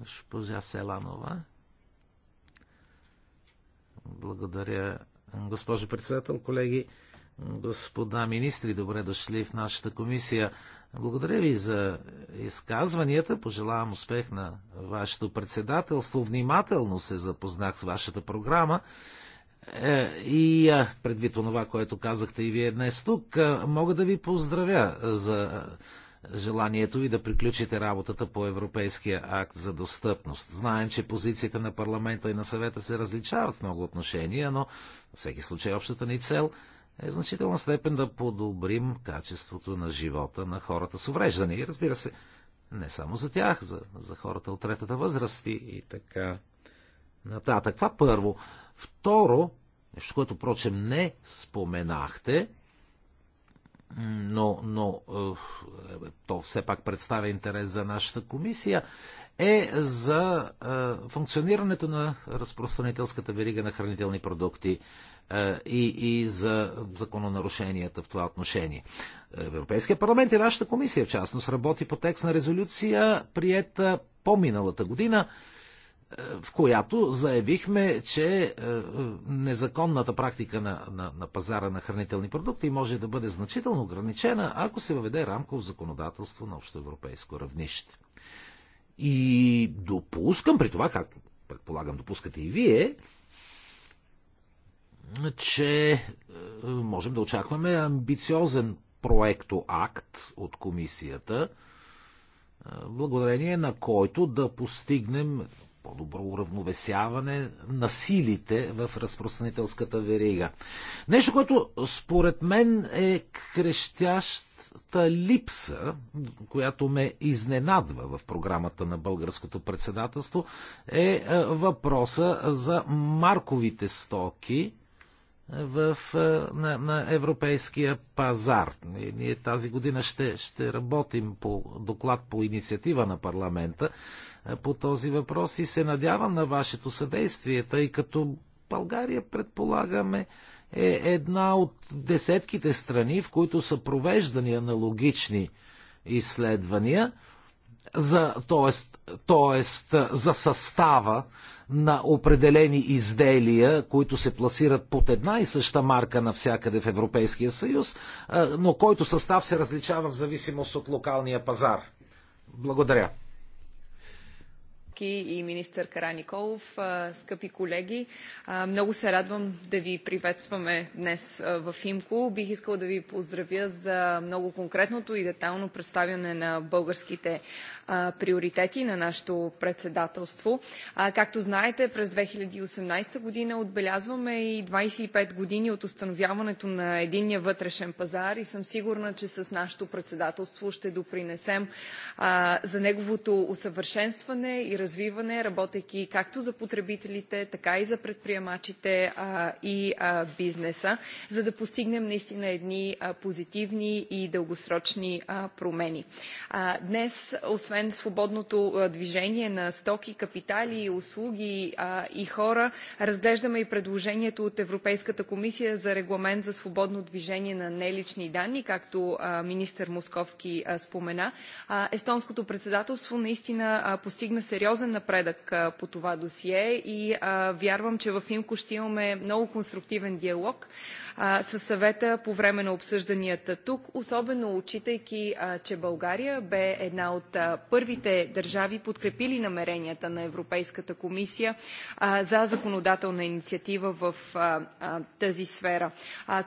Speaker 6: Госпожа Селанова. Благодаря, госпожо председател, колеги, господа министри, добре дошли в нашата комисия. Благодаря ви за изказванията. Пожелавам успех на вашето председателство. Внимателно се запознах с вашата програма. Е, и предвид онова, което казахте и вие днес тук, мога да ви поздравя за желанието ви да приключите работата по Европейския акт за достъпност. Знаем, че позициите на парламента и на съвета се различават в много отношения, но във всеки случай общата ни цел е в значителна степен да подобрим качеството на живота на хората с увреждане. И разбира се, не само за тях, за, за хората от третата възраст и, и така нататък. Това първо. Второ, нещо, което, прочем, не споменахте, но, но е, то все пак представя интерес за нашата комисия, е за е, функционирането на разпространителската верига на хранителни продукти е, и, и за закононарушенията в това отношение. Европейския парламент и нашата комисия, в частност, работи по текст на резолюция, приета по-миналата година, в която заявихме, че е, е, незаконната практика на, на, на пазара на хранителни продукти може да бъде значително ограничена, ако се въведе рамково законодателство на общоевропейско равнище. И допускам при това, както предполагам допускате и вие, че е, можем да очакваме амбициозен проекто-акт от комисията, благодарение на който да постигнем по-добро уравновесяване на силите в разпространителската верига. Нещо, което според мен е крещящата липса, която ме изненадва в програмата на българското председателство, е, е въпроса за марковите стоки, в, на, на европейския пазар. Ние, ние тази година ще, ще работим по доклад по инициатива на парламента по този въпрос и се надявам на вашето съдействие, тъй като България, предполагаме, е една от десетките страни, в които са провеждани аналогични изследвания – за, тоест, тоест за състава на определени изделия, които се пласират под една и съща марка навсякъде в Европейския съюз, но който състав се различава в зависимост от локалния пазар. Благодаря.
Speaker 1: Пеевски и министър Караниколов, скъпи колеги. Много се радвам да ви приветстваме днес в ИМКО. Бих искала да ви поздравя за много конкретното и детайлно представяне на българските приоритети на нашето председателство. Както знаете, през 2018 година отбелязваме и 25 години от установяването на единния вътрешен пазар и съм сигурна, че с нашето председателство ще допринесем за неговото усъвършенстване и развитие развиване, работейки както за потребителите, така и за предприемачите и бизнеса, за да постигнем наистина едни позитивни и дългосрочни промени. Днес, освен свободното движение на стоки, капитали, услуги и хора, разглеждаме и предложението от Европейската комисия за регламент за свободно движение на нелични данни, както министър Московски спомена. Естонското председателство наистина постигна сериозно сериозен напредък по това досие и вярвам, че в ИМКО ще имаме много конструктивен диалог със съвета по време на обсъжданията тук, особено отчитайки, че България бе една от първите държави, подкрепили намеренията на Европейската комисия за законодателна инициатива в тази сфера.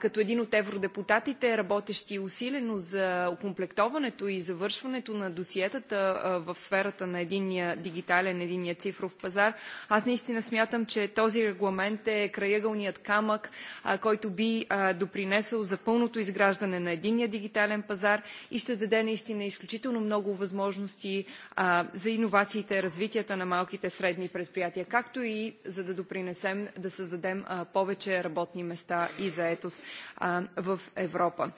Speaker 1: Като един от евродепутатите, работещи усилено за окомплектоването и завършването на досиетата в сферата на единния дигитален, единния цифров пазар, аз наистина смятам, че този регламент е краягълният камък, който би допринесъл за пълното изграждане на единния дигитален пазар и ще даде наистина изключително много възможности за иновациите, развитията на малките и средни предприятия, както и за да допринесем да създадем повече работни места и заетост в Европа.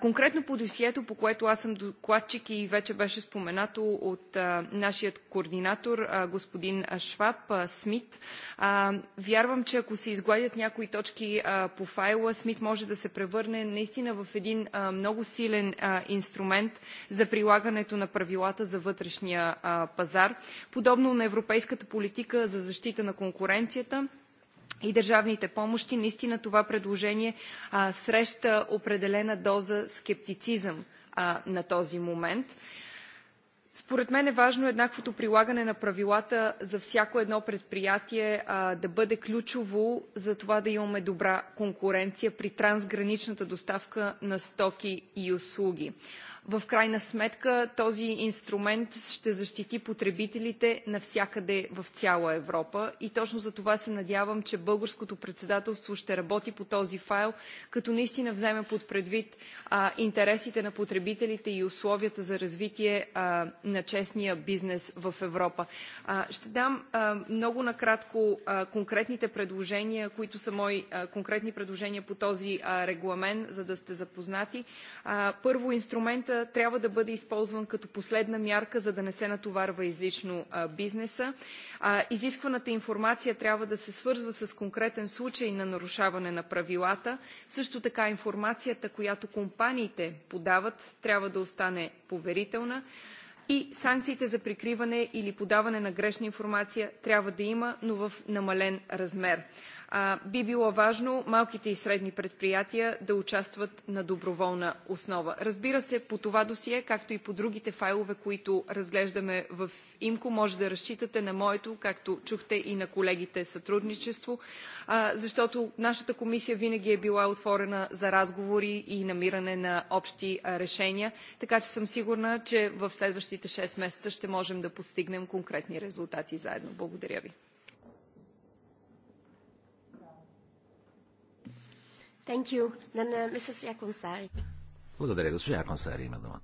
Speaker 1: Конкретно по досието, по което аз съм докладчик и вече беше споменато от нашия координатор, господин Шваб Смит, вярвам, че ако се изгладят някои точки по файла, Уолър Смит може да се превърне наистина в един много силен инструмент за прилагането на правилата за вътрешния пазар, подобно на европейската политика за защита на конкуренцията и държавните помощи, наистина това предложение среща определена доза скептицизъм на този момент. Според мен е важно еднаквото прилагане на правилата за всяко едно предприятие да бъде ключово за това да имаме добра конкуренция при трансграничната доставка на стоки и услуги в крайна сметка този инструмент ще защити потребителите навсякъде в цяла Европа. И точно за това се надявам, че българското председателство ще работи по този файл, като наистина вземе под предвид интересите на потребителите и условията за развитие на честния бизнес в Европа. ще дам много накратко конкретните предложения, които са мои конкретни предложения по този регламент, за да сте запознати. първо, инструмента трябва да бъде използван като последна мярка, за да не се натоварва излишно бизнеса. Изискваната информация трябва да се свързва с конкретен случай на нарушаване на правилата. Също така информацията, която компаниите подават, трябва да остане поверителна и санкциите за прикриване или подаване на грешна информация трябва да има, но в намален размер би било важно малките и средни предприятия да участват на доброволна основа. Разбира се, по това досие, както и по другите файлове, които разглеждаме в ИМКО, може да разчитате на моето, както чухте и на колегите, сътрудничество, защото нашата комисия винаги е била отворена за разговори и намиране на общи решения, така че съм сигурна, че в следващите 6 месеца ще можем да постигнем конкретни резултати заедно. Благодаря ви.
Speaker 5: Thank you. Then, uh, Mrs.
Speaker 6: Благодаря, госпожа Яконсари има думата.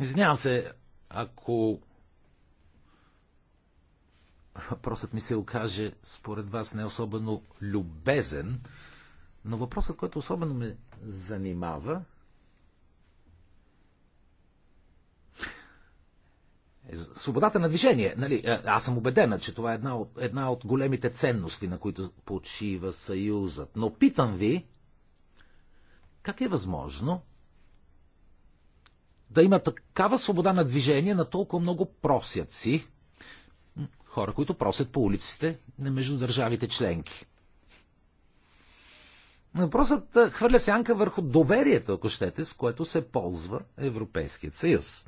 Speaker 6: Извинявам се, ако въпросът ми се окаже според вас не особено любезен, но въпросът, който особено ме занимава, Е, свободата на движение. Нали, е, аз съм убедена, че това е една от, една от големите ценности, на които почива Съюзът. Но питам ви, как е възможно да има такава свобода на движение на толкова много просяци, хора, които просят по улиците между държавите членки? Въпросът е, хвърля сянка върху доверието, ако щете, с което се ползва Европейският съюз.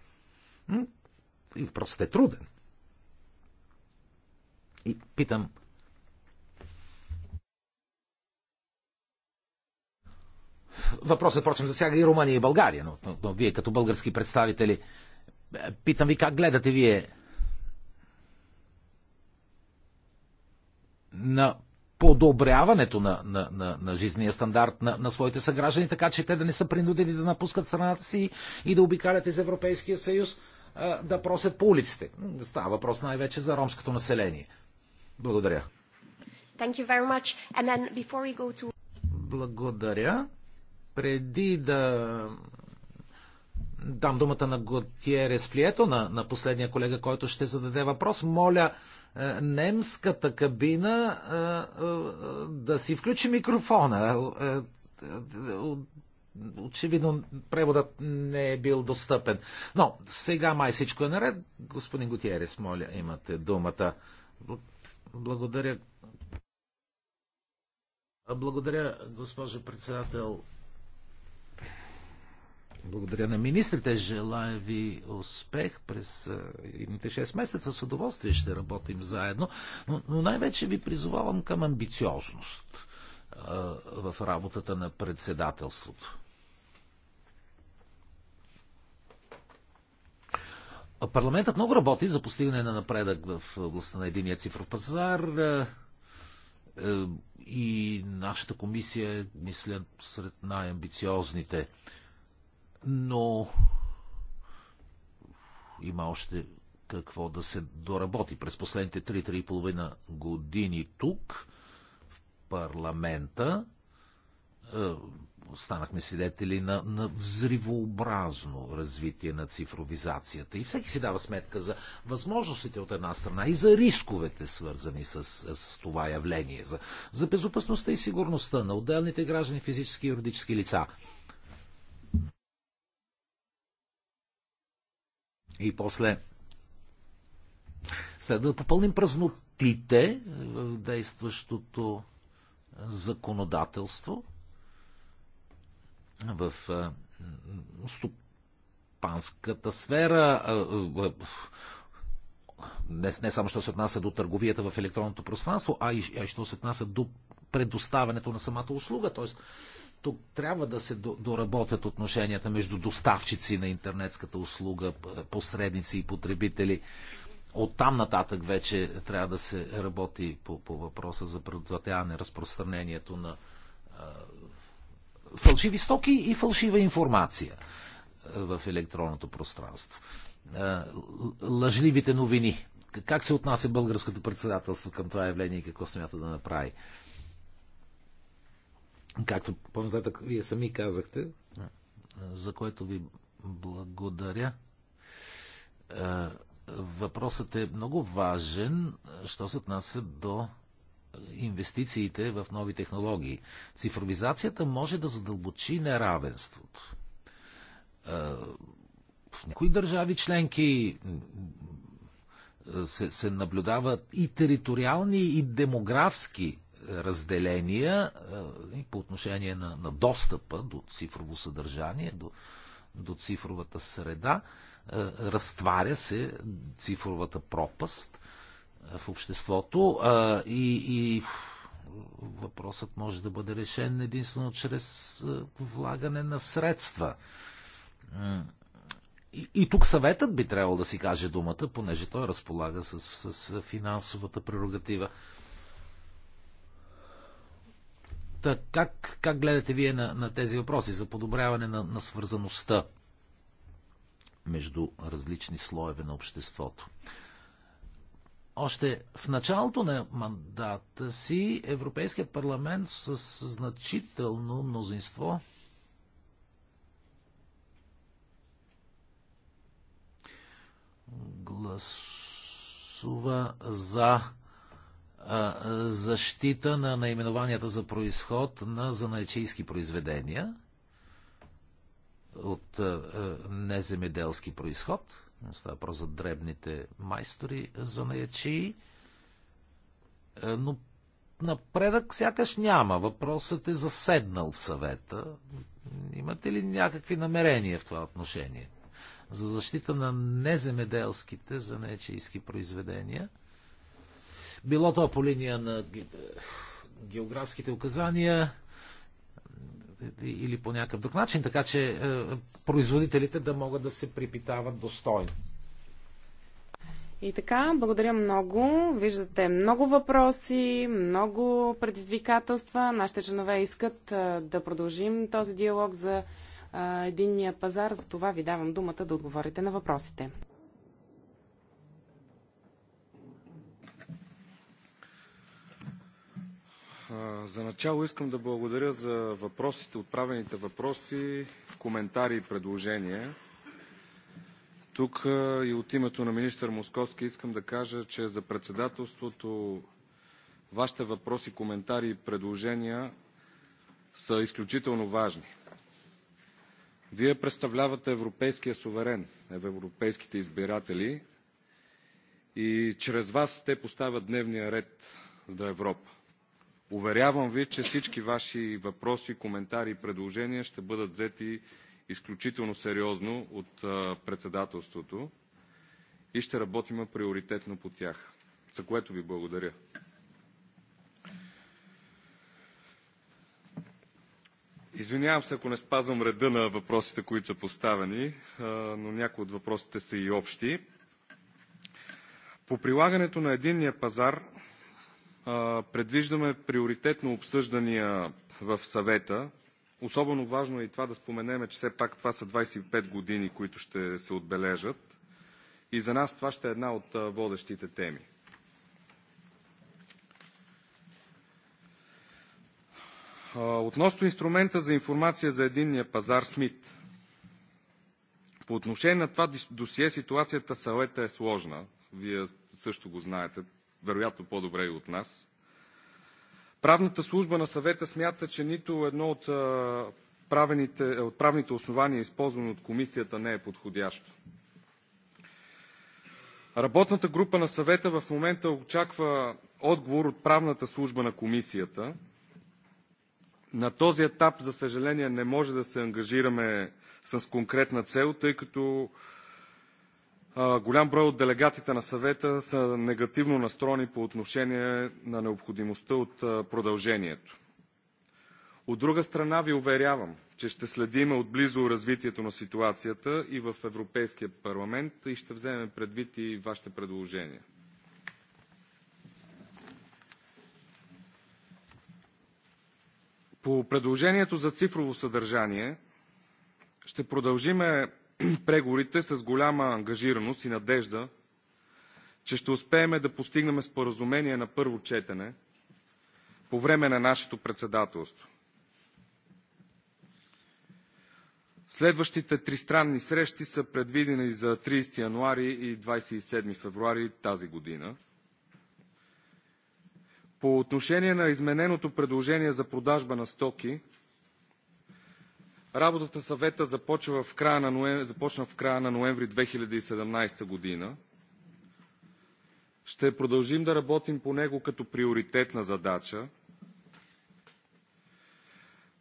Speaker 6: И въпросът е труден. И питам, Въпросът, впрочем, засяга и Румъния и България, но, но, но вие като български представители, питам ви как гледате вие на подобряването на, на, на, на жизнения стандарт на, на своите съграждани, така че те да не са принудени да напускат страната си и да обикалят из Европейския съюз да просят е по улиците. Става въпрос най-вече за ромското население. Благодаря.
Speaker 5: Thank you very much. And then before we go to...
Speaker 6: Благодаря. Преди да дам думата на Готиерес Плието, на, на последния колега, който ще зададе въпрос, моля е, немската кабина е, да си включи микрофона очевидно преводът не е бил достъпен. Но сега май всичко е наред. Господин Готиерес, моля, имате думата. Благодаря. Благодаря, госпожо председател. Благодаря на министрите. Желая ви успех през едните 6 месеца. С удоволствие ще работим заедно. Но, но най-вече ви призовавам към амбициозност в работата на председателството. Парламентът много работи за постигане на напредък в областта на единия цифров пазар е, е, и нашата комисия е, мисля, сред най-амбициозните. Но има още какво да се доработи. През последните 3-3,5 години тук, в парламента, е, Останахме свидетели на, на взривообразно развитие на цифровизацията. И всеки си дава сметка за възможностите от една страна и за рисковете, свързани с, с това явление, за, за безопасността и сигурността на отделните граждани, физически и юридически лица. И после следва да попълним празнотите е, в действащото е, законодателство в стопанската сфера. Не, не само, що се отнася до търговията в електронното пространство, а и, а и що се отнася до предоставянето на самата услуга. Тоест, тук трябва да се доработят отношенията между доставчици на интернетската услуга, посредници и потребители. От там нататък вече трябва да се работи по, по въпроса за предотвратяване разпространението на фалшиви стоки и фалшива информация е, в електронното пространство. Е, лъжливите новини. Как се отнася българското председателство към това явление и какво смята да направи? Както по-нататък вие сами казахте, за което ви благодаря. Е, въпросът е много важен, що се отнася до инвестициите в нови технологии. Цифровизацията може да задълбочи неравенството. Е, в някои държави членки се, се наблюдават и териториални, и демографски разделения е, и по отношение на, на достъпа до цифрово съдържание, до, до цифровата среда. Е, разтваря се цифровата пропаст в обществото а, и, и въпросът може да бъде решен единствено чрез влагане на средства. И, и тук съветът би трябвало да си каже думата, понеже той разполага с, с, с финансовата прерогатива. Так, как, как гледате вие на, на тези въпроси за подобряване на, на свързаността между различни слоеве на обществото? Още в началото на мандата си Европейският парламент с значително мнозинство гласува за защита на наименованията за происход на занаечийски произведения от неземеделски происход – Става про за дребните майстори за наячи. Е, но напредък сякаш няма. Въпросът е заседнал в съвета. Имате ли някакви намерения в това отношение? За защита на неземеделските за наячийски произведения. Било то по линия на географските указания, или по някакъв друг начин, така че е, производителите да могат да се припитават достойно.
Speaker 2: И така, благодаря много. Виждате много въпроси, много предизвикателства. Нашите членове искат е, да продължим този диалог за е, единния пазар. За това ви давам думата да отговорите на въпросите.
Speaker 3: За начало искам да благодаря за въпросите, отправените въпроси, коментари и предложения. Тук и от името на министър Московски искам да кажа, че за председателството вашите въпроси, коментари и предложения са изключително важни. Вие представлявате европейския суверен, е, европейските избиратели и чрез вас те поставят дневния ред за Европа. Уверявам ви, че всички ваши въпроси, коментари и предложения ще бъдат взети изключително сериозно от председателството и ще работим приоритетно по тях, за което ви благодаря. Извинявам се, ако не спазвам реда на въпросите, които са поставени, но някои от въпросите са и общи. По прилагането на единния пазар Предвиждаме приоритетно обсъждания в съвета. Особено важно е и това да споменем, че все пак това са 25 години, които ще се отбележат. И за нас това ще е една от водещите теми. Относно инструмента за информация за единния пазар СМИТ. По отношение на това досие ситуацията съвета е сложна. Вие също го знаете вероятно по-добре и от нас. Правната служба на съвета смята, че нито едно от правените, е, от правните основания, използвани от комисията, не е подходящо. Работната група на съвета в момента очаква отговор от правната служба на комисията. На този етап, за съжаление, не може да се ангажираме с конкретна цел, тъй като голям брой от делегатите на съвета са негативно настроени по отношение на необходимостта от продължението. От друга страна ви уверявам, че ще следим отблизо развитието на ситуацията и в Европейския парламент и ще вземем предвид и вашите предложения. По предложението за цифрово съдържание ще продължиме преговорите с голяма ангажираност и надежда, че ще успеем да постигнем споразумение на първо четене по време на нашето председателство. Следващите тристранни срещи са предвидени за 30 януари и 27 февруари тази година. По отношение на измененото предложение за продажба на стоки, Работата в съвета започна в края на ноември, започна в края на ноември 2017 година. Ще продължим да работим по него като приоритетна задача.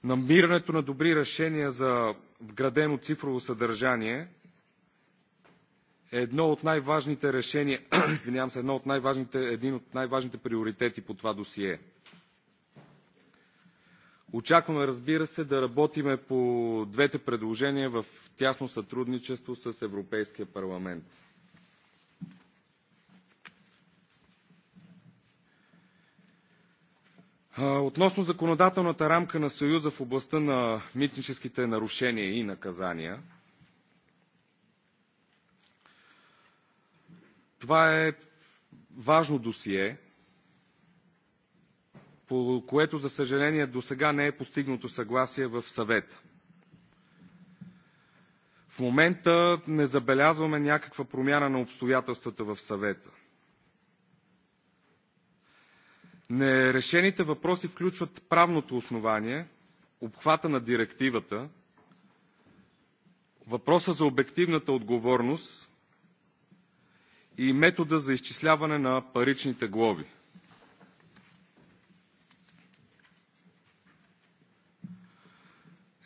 Speaker 3: Намирането на добри решения за вградено цифрово съдържание е едно от най-важните решения, извинявам се, едно от най-важните, един от най-важните приоритети по това досие – Очакваме, разбира се, да работим по двете предложения в тясно сътрудничество с Европейския парламент. Относно законодателната рамка на Съюза в областта на митническите нарушения и наказания, това е важно досие, по което, за съжаление, до сега не е постигнато съгласие в съвета. В момента не забелязваме някаква промяна на обстоятелствата в съвета. Нерешените въпроси включват правното основание, обхвата на директивата, въпроса за обективната отговорност и метода за изчисляване на паричните глоби.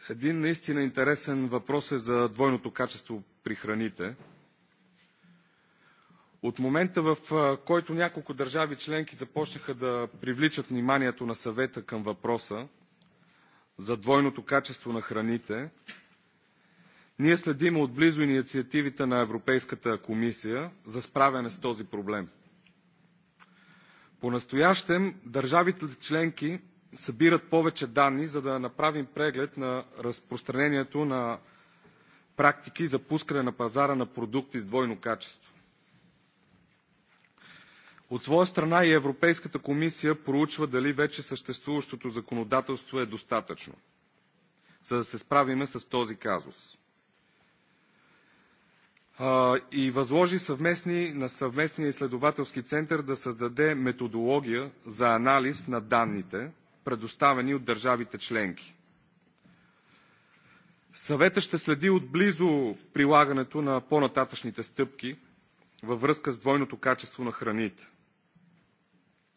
Speaker 3: Един наистина интересен въпрос е за двойното качество при храните. От момента, в който няколко държави членки започнаха да привличат вниманието на съвета към въпроса за двойното качество на храните, ние следим отблизо инициативите на Европейската комисия за справяне с този проблем. Понастоящем държавите членки събират повече данни, за да направим преглед на разпространението на практики за пускане на пазара на продукти с двойно качество. От своя страна и Европейската комисия проучва дали вече съществуващото законодателство е достатъчно, за да се справиме с този казус. И възложи съвместни, на съвместния изследователски център да създаде методология за анализ на данните – предоставени от държавите членки. Съветът ще следи отблизо прилагането на по-нататъчните стъпки във връзка с двойното качество на храните.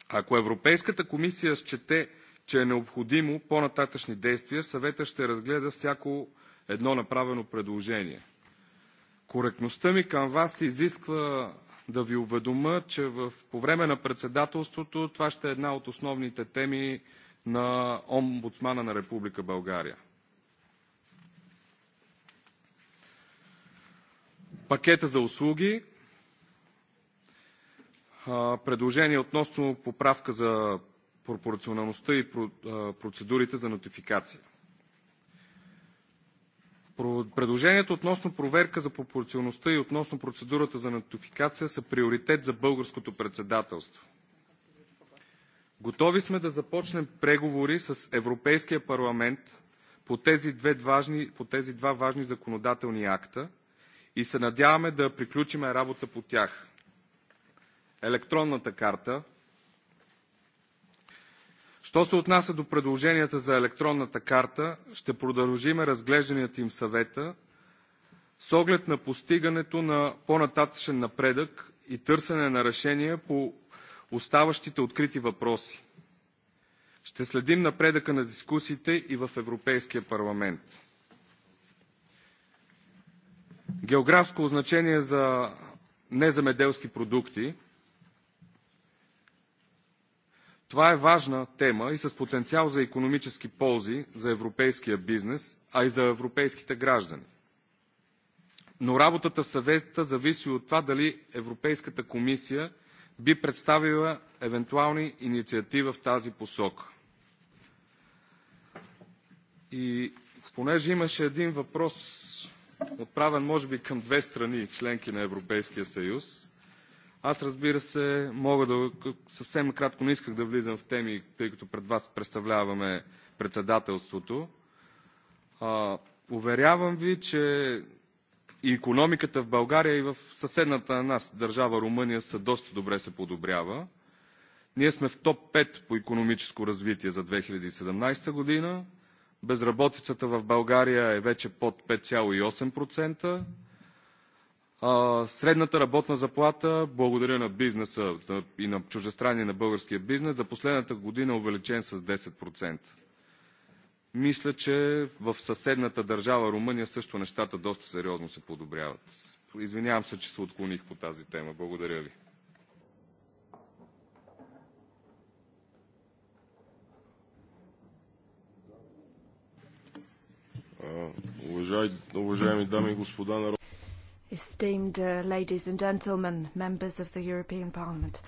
Speaker 3: Ако Европейската комисия счете, че е необходимо по-нататъчни действия, съветът ще разгледа всяко едно направено предложение. Коректността ми към вас изисква да ви уведома, че в, по време на председателството това ще е една от основните теми на омбудсмана на Република България. Пакета за услуги. Предложение относно поправка за пропорционалността и процедурите за нотификация. Предложението относно проверка за пропорционалността и относно процедурата за нотификация са приоритет за българското председателство. Готови сме да започнем преговори с Европейския парламент по тези, две важни, по тези два важни законодателни акта и се надяваме да приключим работа по тях. Електронната карта. Що се отнася до предложенията за електронната карта, ще продължим разглежданията им в съвета с оглед на постигането на по-нататъчен напредък и търсене на решения по оставащите открити въпроси. Ще следим напредъка на дискусиите и в Европейския парламент. Географско означение за неземеделски продукти. Това е важна тема и с потенциал за економически ползи за европейския бизнес, а и за европейските граждани. Но работата в съвета зависи от това дали Европейската комисия би представила евентуални инициативи в тази посока. И понеже имаше един въпрос, отправен може би към две страни, членки на Европейския съюз, аз разбира се мога да... Съвсем кратко не исках да влизам в теми, тъй като пред вас представляваме председателството. А, уверявам ви, че и економиката в България и в съседната на нас държава Румъния са доста добре се подобрява. Ние сме в топ 5 по економическо развитие за 2017 година. Безработицата в България е вече под 5,8%. Средната работна заплата, благодаря на бизнеса и на чужестранния на българския бизнес, за последната година е увеличен с 10%. Мисля, че в съседната държава Румъния също нещата доста сериозно се подобряват. Извинявам се, че се отклоних по тази тема. Благодаря ви.
Speaker 4: Уважаеми дами и господа народ.
Speaker 5: Esteemed uh, ladies and gentlemen, members of the European Parliament.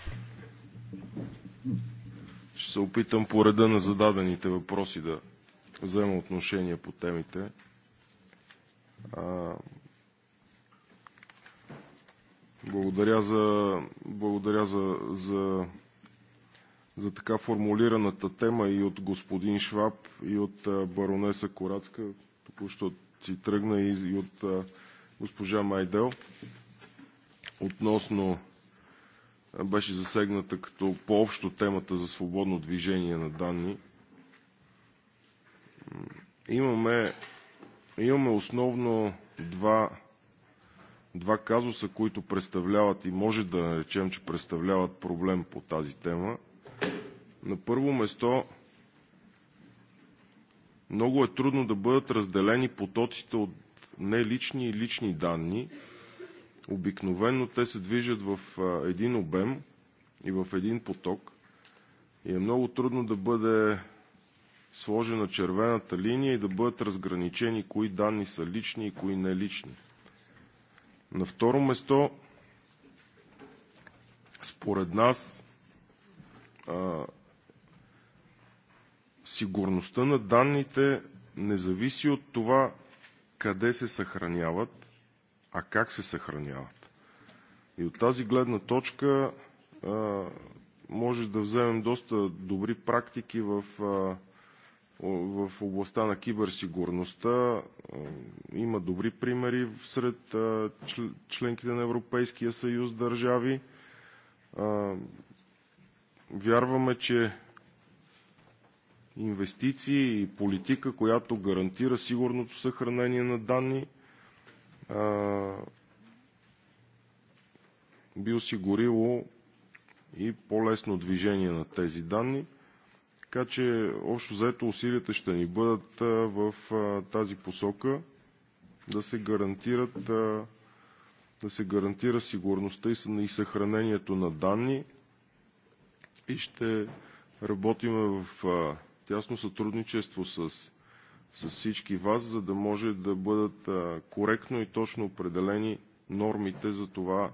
Speaker 4: Ще се опитам по реда на зададените въпроси да взема отношение по темите. Благодаря за, благодаря за, за, за така формулираната тема и от господин Шваб, и от баронеса Корацка, току-що си тръгна, и, и от госпожа Майдел. Относно беше засегната като по-общо темата за свободно движение на данни – имаме, имаме основно два, два казуса, които представляват и може да наречем, че представляват проблем по тази тема. На първо место много е трудно да бъдат разделени потоците от нелични и лични данни. Обикновено те се движат в един обем и в един поток и е много трудно да бъде на червената линия и да бъдат разграничени кои данни са лични и кои не лични. На второ место, според нас, а, сигурността на данните не зависи от това къде се съхраняват, а как се съхраняват. И от тази гледна точка а, може да вземем доста добри практики в а, в областта на киберсигурността. Има добри примери сред членките на Европейския съюз държави. Вярваме, че инвестиции и политика, която гарантира сигурното съхранение на данни, би осигурило и по-лесно движение на тези данни. Така че общо заето усилията ще ни бъдат в тази посока да се гарантират да се гарантира сигурността и съхранението на данни и ще работим в тясно сътрудничество с, с всички вас, за да може да бъдат коректно и точно определени нормите за това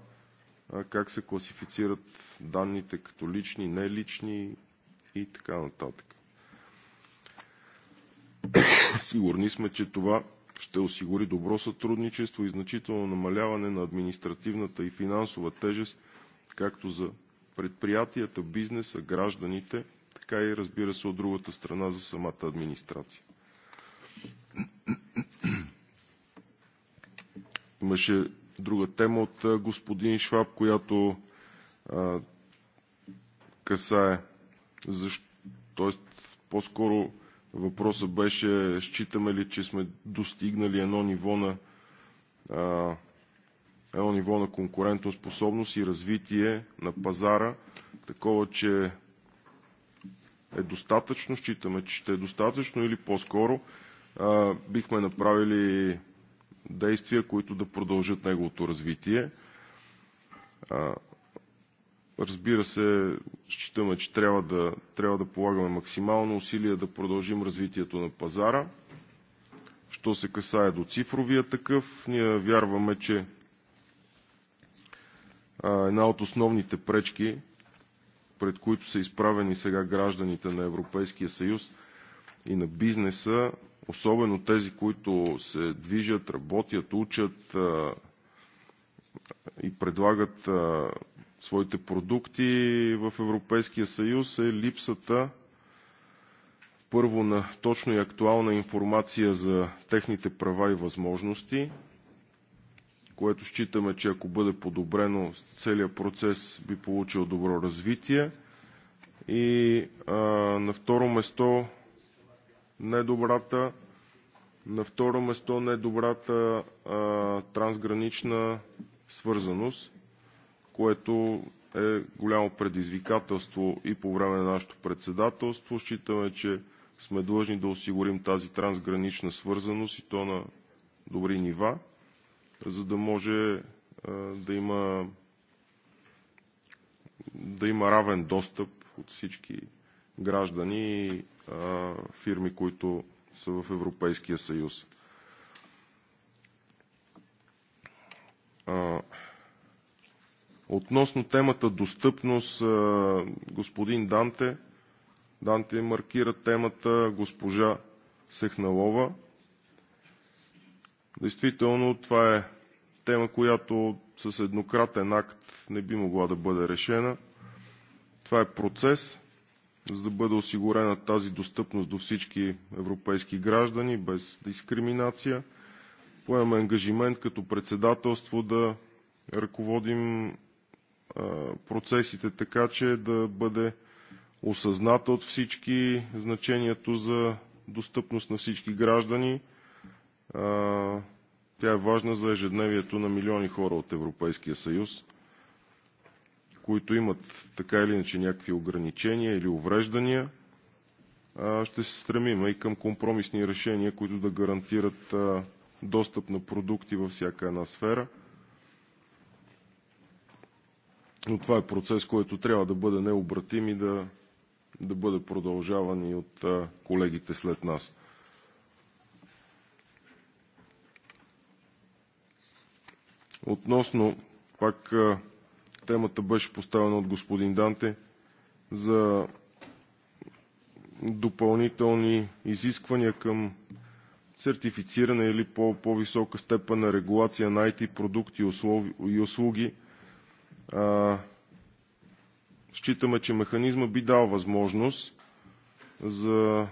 Speaker 4: как се класифицират данните като лични, нелични и така нататък. Сигурни сме, че това ще осигури добро сътрудничество и значително намаляване на административната и финансова тежест, както за предприятията, бизнеса, гражданите, така и разбира се от другата страна за самата администрация. Имаше друга тема от господин Шваб, която а, касае защо? Тоест, по-скоро въпросът беше, считаме ли, че сме достигнали едно ниво на, а, едно ниво на конкурентоспособност и развитие на пазара, такова, че е достатъчно, считаме, че ще е достатъчно или по-скоро бихме направили действия, които да продължат неговото развитие. А, Разбира се, считаме, че трябва да, трябва да полагаме максимално усилия да продължим развитието на пазара. Що се касае до цифровия такъв, ние вярваме, че една от основните пречки, пред които са изправени сега гражданите на Европейския съюз и на бизнеса, особено тези, които се движат, работят, учат и предлагат своите продукти в Европейския съюз е липсата първо на точно и актуална информация за техните права и възможности, което считаме, че ако бъде подобрено, целият процес би получил добро развитие. И а, на второ место недобрата на второ место недобрата а, трансгранична свързаност което е голямо предизвикателство и по време на нашето председателство. Считаме, че сме длъжни да осигурим тази трансгранична свързаност и то на добри нива, за да може е, да има, да има равен достъп от всички граждани и е, фирми, които са в Европейския съюз. Относно темата достъпност, господин Данте, Данте маркира темата, госпожа Сехналова. Действително това е тема, която с еднократен акт не би могла да бъде решена. Това е процес, за да бъде осигурена тази достъпност до всички европейски граждани без дискриминация. Поемаме ангажимент като председателство да ръководим процесите, така че да бъде осъзната от всички значението за достъпност на всички граждани. Тя е важна за ежедневието на милиони хора от Европейския съюз, които имат така или иначе някакви ограничения или увреждания. Ще се стремим и към компромисни решения, които да гарантират достъп на продукти във всяка една сфера – но това е процес, който трябва да бъде необратим и да, да бъде продължаван и от колегите след нас. Относно, пак темата беше поставена от господин Данте, за допълнителни изисквания към сертифициране или по-висока степен на регулация на IT продукти и услуги – Считаме, че механизма би дал възможност за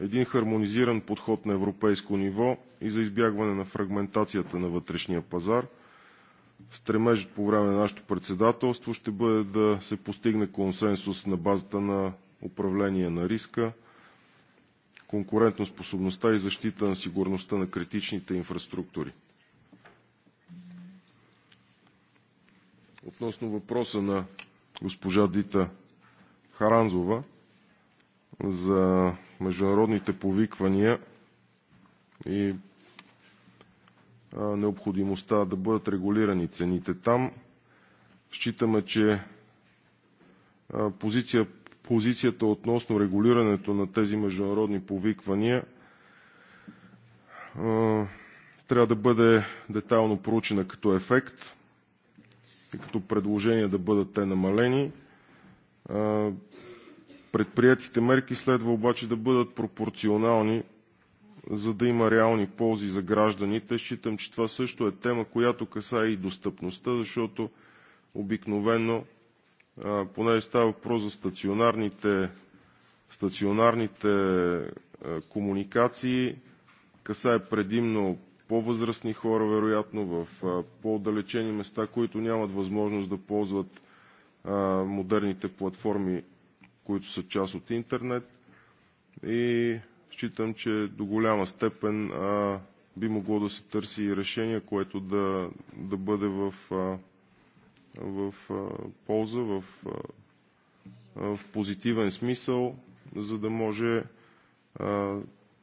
Speaker 4: един хармонизиран подход на европейско ниво и за избягване на фрагментацията на вътрешния пазар. Стремежът по време на нашето председателство ще бъде да се постигне консенсус на базата на управление на риска, конкурентоспособността и защита на сигурността на критичните инфраструктури. относно въпроса на госпожа Дита Харанзова за международните повиквания и необходимостта да бъдат регулирани цените там. Считаме, че позиция, позицията относно регулирането на тези международни повиквания трябва да бъде детайлно проучена като ефект като предложение да бъдат те намалени. Предприятите мерки следва обаче да бъдат пропорционални, за да има реални ползи за гражданите. Считам, че това също е тема, която касае и достъпността, защото обикновено, поне става въпрос за стационарните, стационарните комуникации, касае предимно по-възрастни хора, вероятно, в по-отдалечени места, които нямат възможност да ползват модерните платформи, които са част от интернет. И считам, че до голяма степен би могло да се търси и решение, което да, да бъде в, в полза, в, в позитивен смисъл, за да може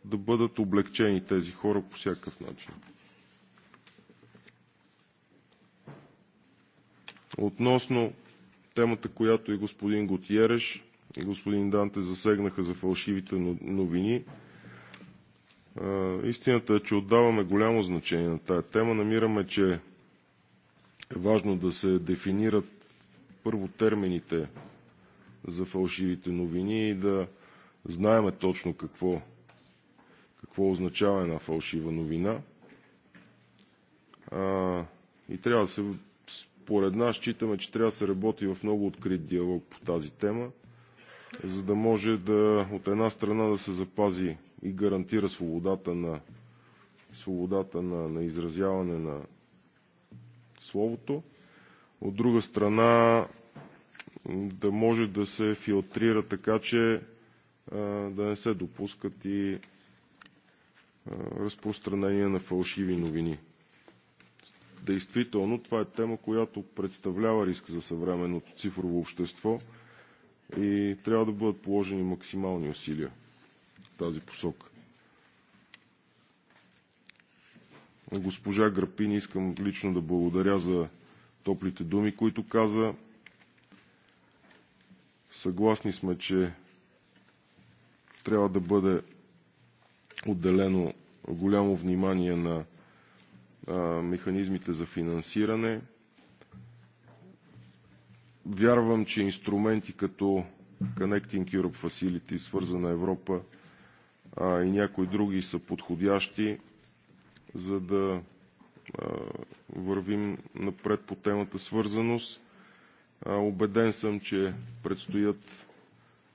Speaker 4: да бъдат облегчени тези хора по всякакъв начин. Относно темата, която и господин Готиереш, и господин Данте засегнаха за фалшивите новини, истината е, че отдаваме голямо значение на тая тема. Намираме, че е важно да се дефинират първо термините за фалшивите новини и да знаеме точно какво какво означава една фалшива новина. А, и трябва да се, според нас, считаме, че трябва да се работи в много открит диалог по тази тема, за да може да, от една страна да се запази и гарантира свободата на, свободата на, на изразяване на словото, от друга страна да може да се филтрира така, че а, да не се допускат и разпространение на фалшиви новини. Действително, това е тема, която представлява риск за съвременното цифрово общество и трябва да бъдат положени максимални усилия в тази посока. Госпожа Грапин искам лично да благодаря за топлите думи, които каза. Съгласни сме, че трябва да бъде отделено голямо внимание на механизмите за финансиране. Вярвам, че инструменти като Connecting Europe Facility, свързана Европа а, и някои други са подходящи, за да вървим напред по темата свързаност. Обеден съм, че предстоят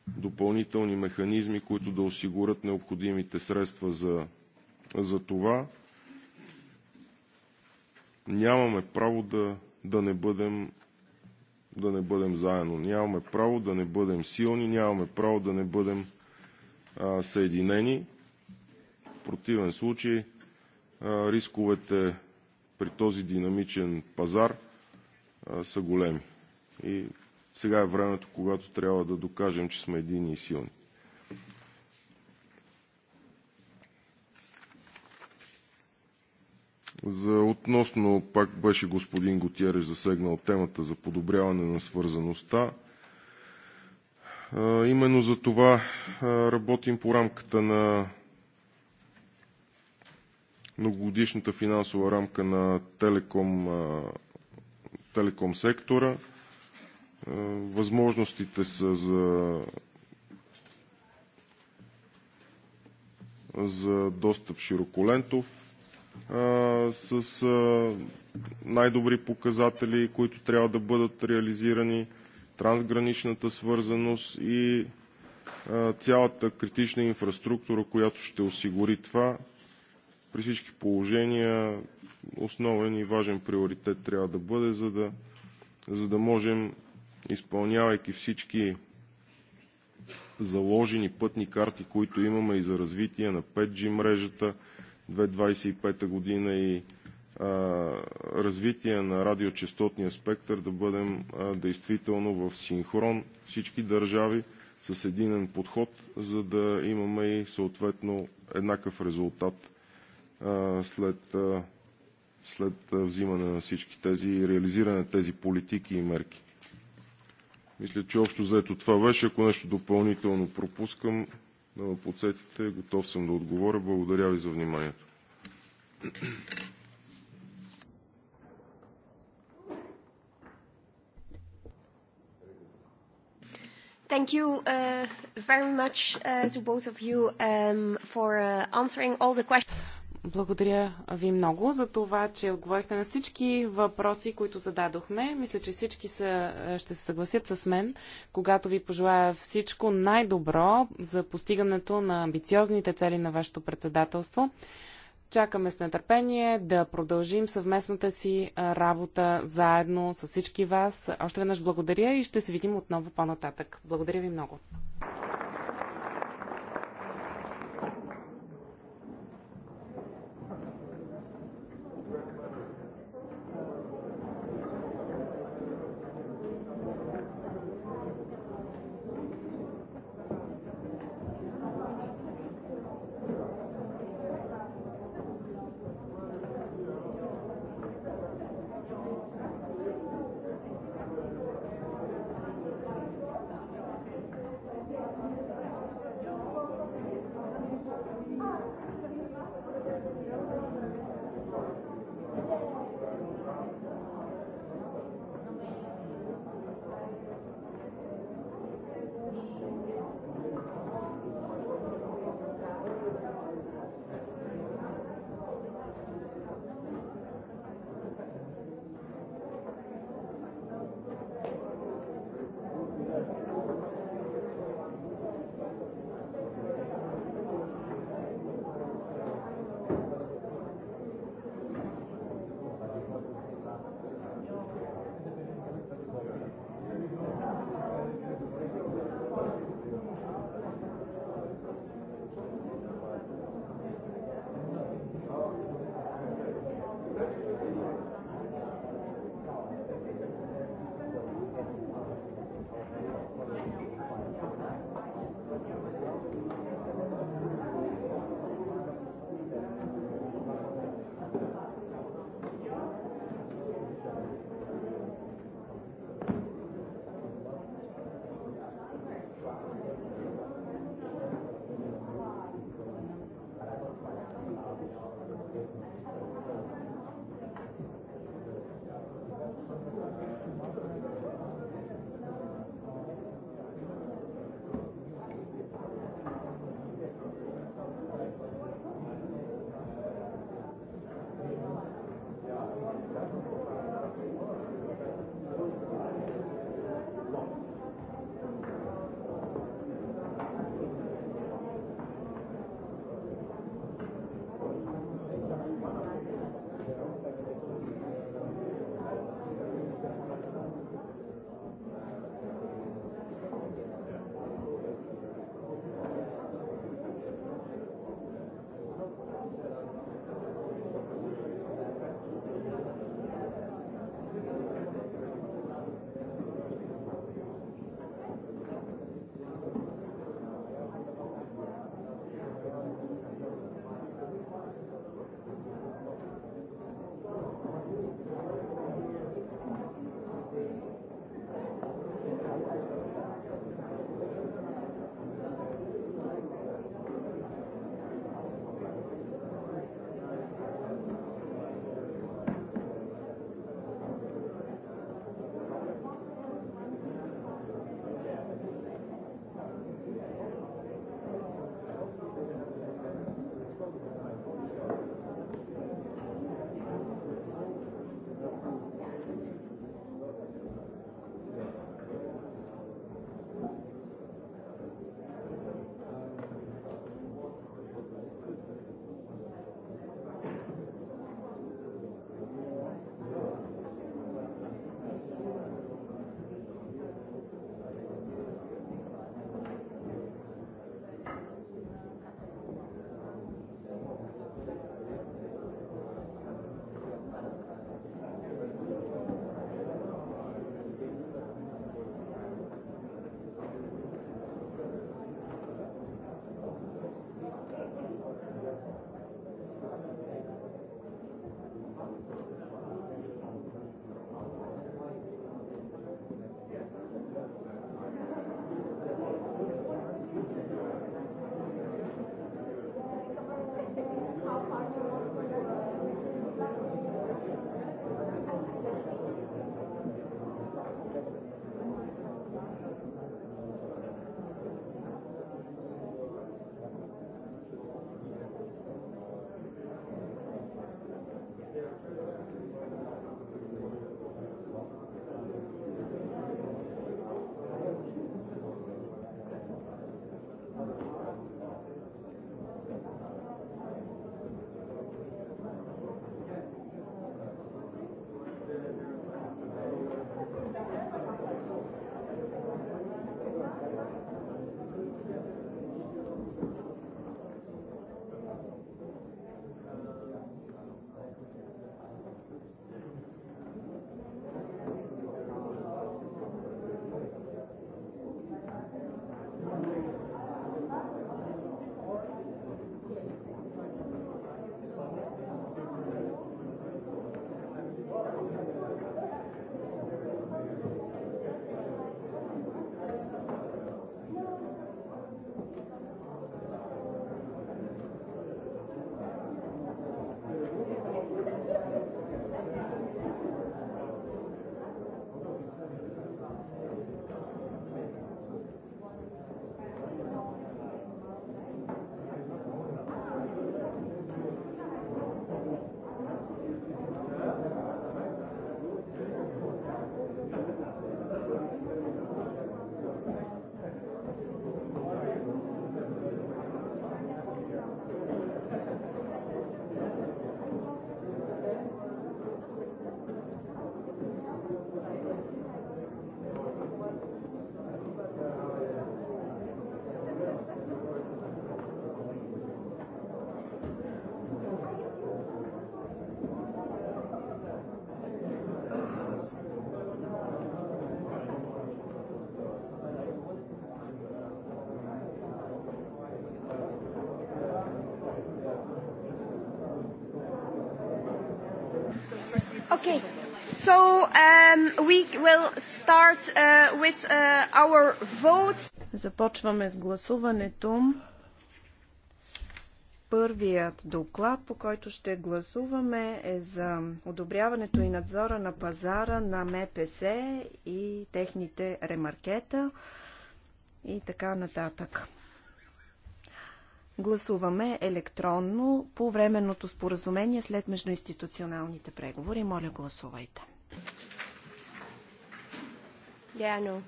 Speaker 4: допълнителни механизми, които да осигурят необходимите средства за за това нямаме право да, да, не бъдем, да не бъдем заедно. Нямаме право да не бъдем силни, нямаме право да не бъдем а, съединени. В противен случай а, рисковете при този динамичен пазар а, са големи. И сега е времето, когато трябва да докажем, че сме едини и силни. За относно, пак беше господин Готиереш засегнал темата за подобряване на свързаността. Именно за това работим по рамката на многогодишната финансова рамка на телеком, телеком сектора. Възможностите са за, за достъп широколентов, с най-добри показатели, които трябва да бъдат реализирани, трансграничната свързаност и цялата критична инфраструктура, която ще осигури това. При всички положения основен и важен приоритет трябва да бъде, за да, за да можем, изпълнявайки всички заложени пътни карти, които имаме и за развитие на 5G мрежата, 2025 година и а, развитие на радиочастотния спектър да бъдем а, действително в синхрон всички държави с единен подход, за да имаме и съответно еднакъв резултат а, след, а, след взимане на всички тези и реализиране на тези политики и мерки. Мисля, че общо заето това беше. Ако нещо допълнително пропускам, да ме подсетите. Готов съм да отговоря. Благодаря ви за вниманието.
Speaker 5: Thank you uh, very much uh, to both of you um, for uh,
Speaker 2: answering all the questions. Благодаря ви много за това, че отговорихте на всички въпроси, които зададохме. Мисля, че всички са, ще се съгласят с мен, когато ви пожелая всичко най-добро за постигането на амбициозните цели на вашето председателство. Чакаме с нетърпение да продължим съвместната си работа заедно с всички вас. Още веднъж благодаря и ще се видим отново по-нататък. Благодаря ви много.
Speaker 5: we will start uh, with uh, our Започваме с гласуването. Първият доклад, по който ще гласуваме е за одобряването и надзора на пазара на МПС и техните ремаркета и така нататък. Гласуваме електронно по временното споразумение след междуинституционалните преговори. Моля, гласувайте. Yeah, I know.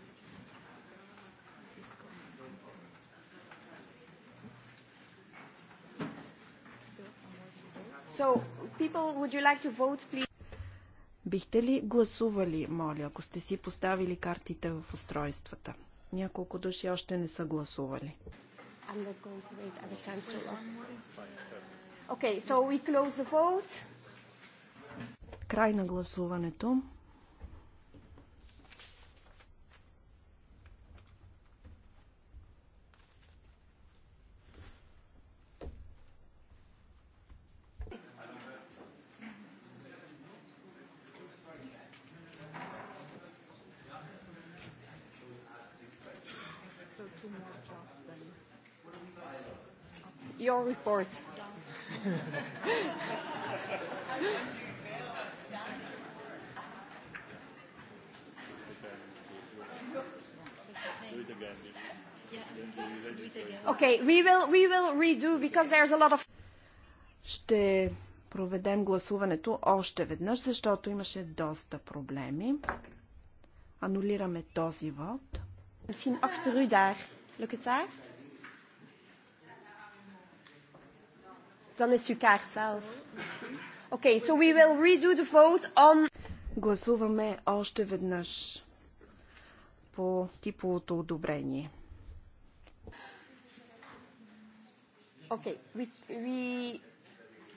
Speaker 5: So, people, would you like to vote, please? Бихте ли гласували, моля, ако сте си поставили картите в устройствата? Няколко души още не са гласували. Okay, so Край на гласуването.
Speaker 1: annual report. okay,
Speaker 5: we will, we will redo because there's a lot of... Ще проведем гласуването още веднъж, защото имаше доста проблеми. Анулираме този вод. Мисин, achter u Dan is uw kaart zelf. Okay, so we will redo the vote on... Гласуваме още веднъж по типовото одобрение. Okay, we, we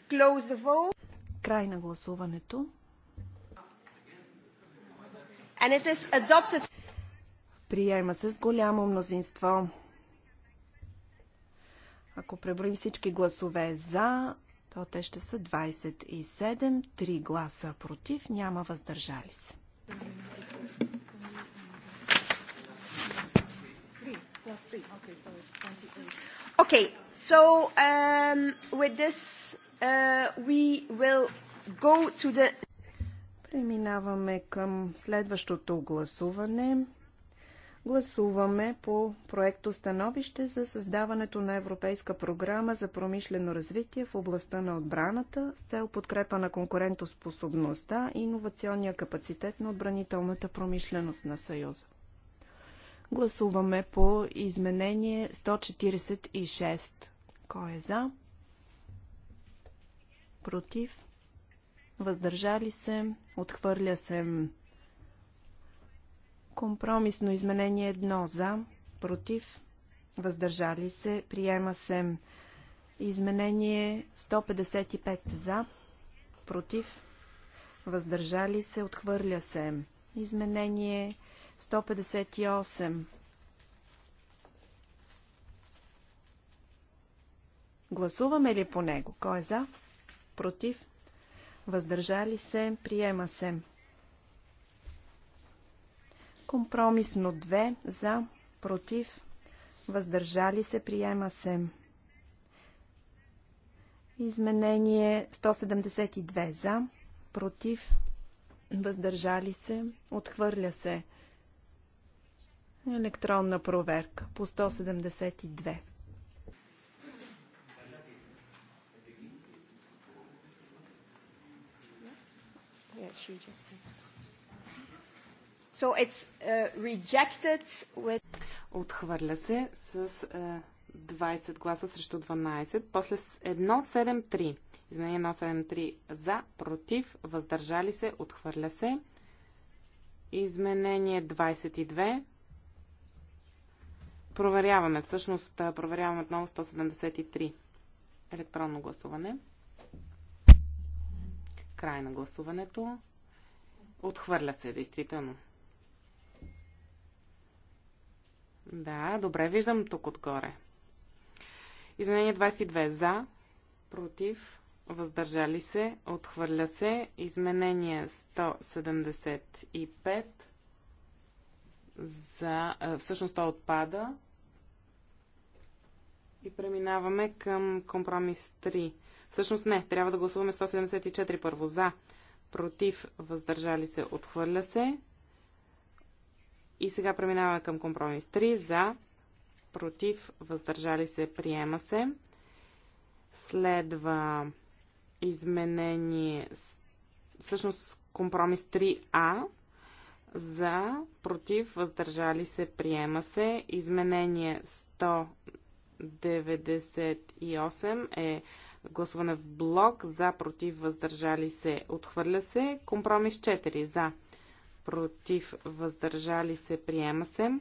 Speaker 5: close the vote. Край на гласуването. And it is adopted. Приема се с голямо мнозинство. Ако преброим всички гласове за, то те ще са 27, 3 гласа против, няма въздържали се. Okay, so um, with this uh, we will go to the Преминаваме към следващото гласуване гласуваме по проекто становище за създаването на Европейска програма за промишлено развитие в областта на отбраната с цел подкрепа на конкурентоспособността и иновационния капацитет на отбранителната промишленост на Съюза. Гласуваме по изменение 146. Кой е за? Против? Въздържали се? Отхвърля се Компромисно изменение 1 за, против, въздържали се, приема се. Изменение 155 за, против, въздържали се, отхвърля се. Изменение 158. Гласуваме ли по него? Кой е за? Против? Въздържали се? Приема се. Компромисно 2 за, против, въздържали се, приема се. Изменение 172 за, против, въздържали се, отхвърля се. Електронна проверка по 172. Yeah, she just...
Speaker 2: So it's uh, rejected with... Отхвърля се с uh, е, 20 гласа срещу 12. После 173. Изменение 173 за, против, въздържали се, отхвърля се. Изменение 22. Проверяваме, всъщност е, проверяваме отново 173. Електронно гласуване. Край на гласуването. Отхвърля се, действително. Да, добре виждам тук отгоре. Изменение 22. За, против, въздържали се, отхвърля се. Изменение 175. За, всъщност то отпада. И преминаваме към компромис 3. Всъщност не, трябва да гласуваме 174 първо. За, против, въздържали се, отхвърля се. И сега преминаваме към компромис 3. За, против, въздържали се, приема се. Следва изменение, всъщност компромис 3А. За, против, въздържали се, приема се. Изменение 198 е гласуване в блок. За, против, въздържали се, отхвърля се. Компромис 4. За, против, въздържали се, приема се.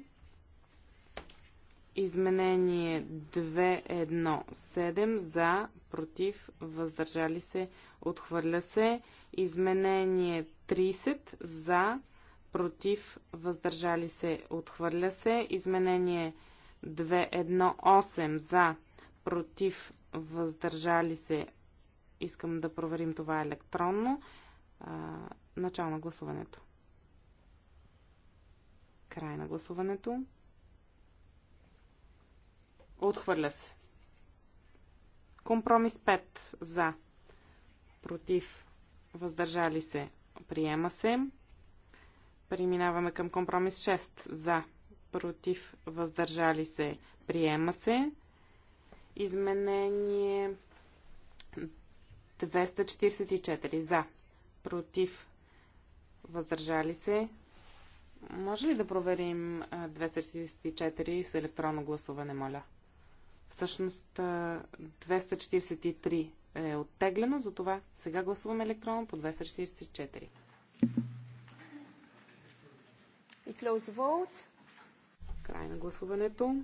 Speaker 2: Изменение 217 за, против, въздържали се, отхвърля се. Изменение 30 за, против, въздържали се, отхвърля се. Изменение 218 за, против, въздържали се. Искам да проверим това електронно. А, начало на гласуването. Край на гласуването. Отхвърля се. Компромис 5 за. Против. Въздържали се. Приема се. Преминаваме към компромис 6 за. Против. Въздържали се. Приема се. Изменение 244 за. Против. Въздържали се. Може ли да проверим 244 с електронно гласуване, моля? Всъщност 243 е оттеглено, затова сега гласуваме електронно по 244. И close vote. Край на гласуването.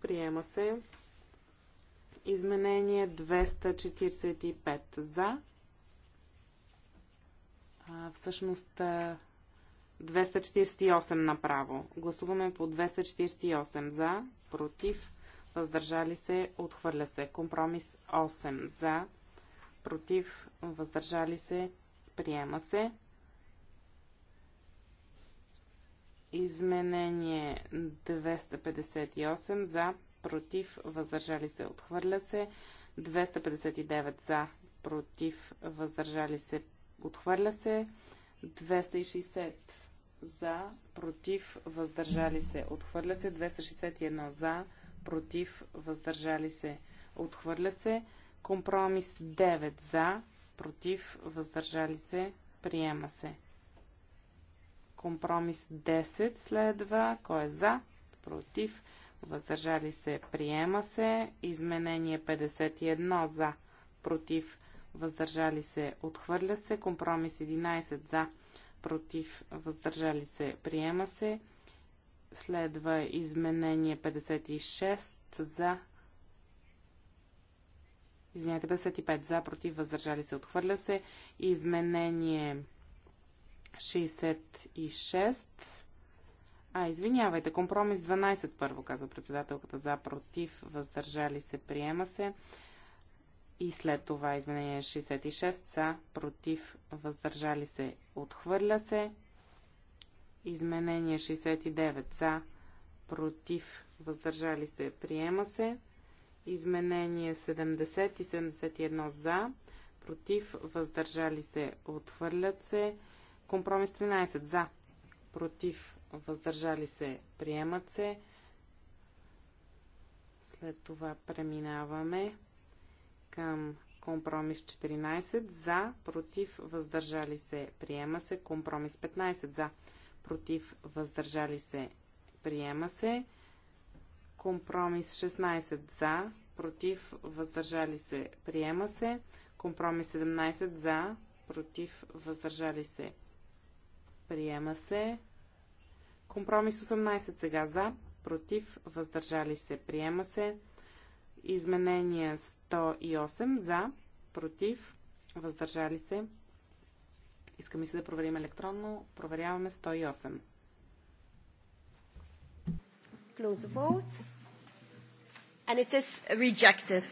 Speaker 2: Приема се изменение 245 за. А, всъщност 248 направо. Гласуваме по 248 за, против, въздържали се, отхвърля се. Компромис 8 за, против, въздържали се, приема се. Изменение 258 за, против, въздържали се, отхвърля се. 259 за, против, въздържали се, отхвърля се. 260 за, против, въздържали се, отхвърля се. 261 за, против, въздържали се, отхвърля се. Компромис 9 за, против, въздържали се, приема се. Компромис 10 следва. Кой е за? Против. Въздържали се. Приема се. Изменение 51 за. Против. Въздържали се. Отхвърля се. Компромис 11 за против, въздържали се, приема се. Следва изменение 56 за. Извинете, 55 за, против, въздържали се, отхвърля се. Изменение 66. А, извинявайте, компромис 12 първо, каза председателката за, против, въздържали се, приема се и след това изменение 66 са против, въздържали се, отхвърля се. Изменение 69 са против, въздържали се, приема се. Изменение 70 и 71 за, против, въздържали се, отхвърлят се. Компромис 13 за, против, въздържали се, приемат се. След това преминаваме към компромис 14 за, против, въздържали се, приема се. Компромис 15 за, против, въздържали се, приема се. Компромис 16 за, против, въздържали се, приема се. Компромис 17 за, против, въздържали се, приема се. Компромис 18 сега за, против, въздържали се, приема се. Изменение 108 за, против, въздържали се. Искаме се да проверим електронно. Проверяваме 108. Close the vote. And it is rejected.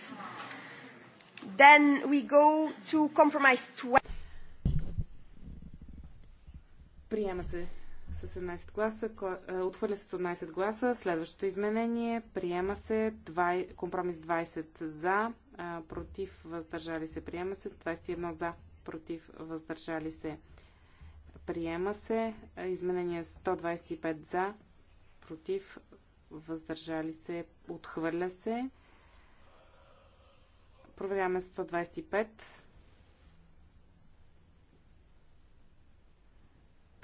Speaker 2: Then
Speaker 5: we go to compromise 12.
Speaker 2: Приема се с 17 гласа, е, отхвърля се с 18 гласа. Следващото изменение приема се 2, компромис 20 за, против въздържали се, приема се 21 за, против въздържали се, приема се. Изменение 125 за, против въздържали се, отхвърля се. Проверяваме 125.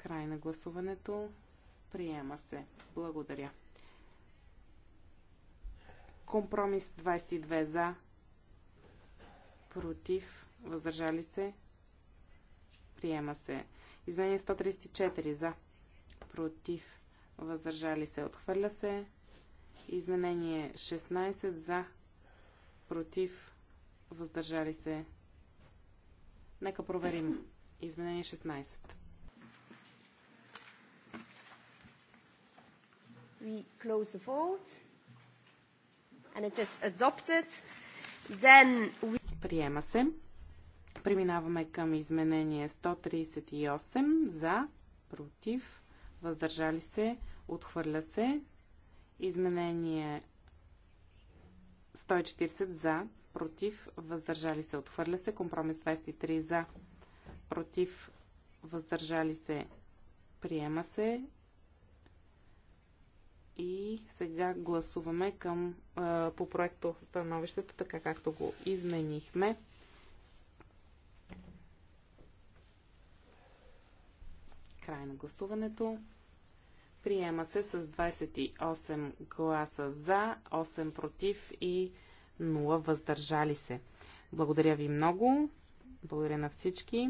Speaker 2: Край на гласуването. Приема се. Благодаря. Компромис 22 за. Против. Въздържали се. Приема се. Изменение 134 за. Против. Въздържали се. Отхвърля се. Изменение 16 за. Против. Въздържали се. Нека проверим. Изменение 16.
Speaker 5: We close the vote.
Speaker 2: And it is adopted. Then we... Приема се. Преминаваме към изменение 138 за, против, въздържали се, отхвърля се. Изменение 140 за, против, въздържали се, отхвърля се. Компромис 23 за, против, въздържали се, приема се. И сега гласуваме към, а, по проекто становището, така както го изменихме. Край на гласуването. Приема се с 28 гласа за, 8 против и 0 въздържали се. Благодаря ви много. Благодаря на всички.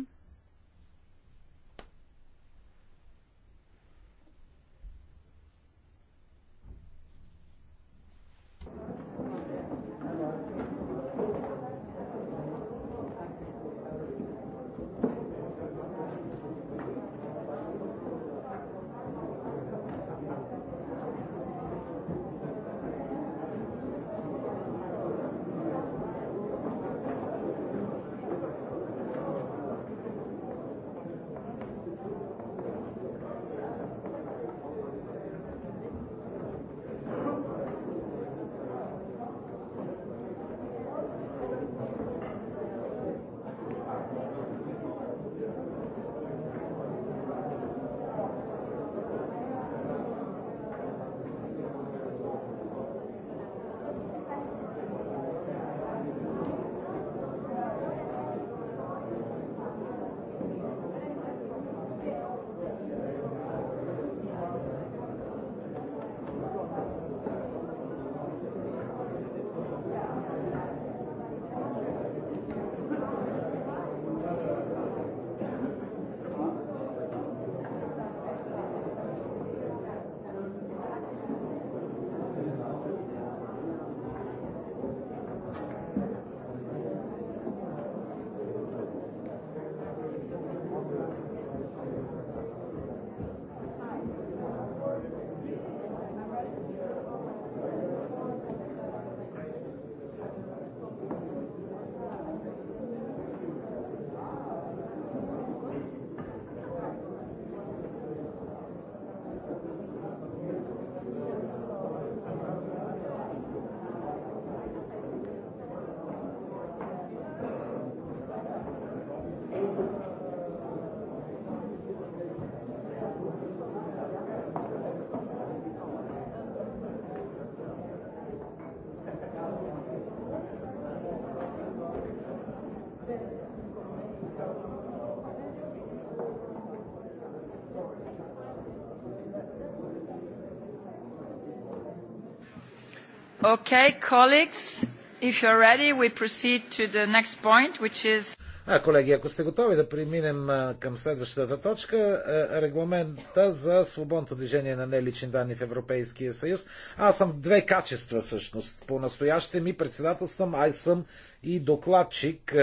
Speaker 1: Okay, colleagues, if ready, we proceed to the next point,
Speaker 6: which is... А, колеги, ако сте готови да преминем към следващата точка, регламента за свободното движение на нелични данни в Европейския съюз. Аз съм в две качества всъщност. По настояще ми председателствам, аз съм и докладчик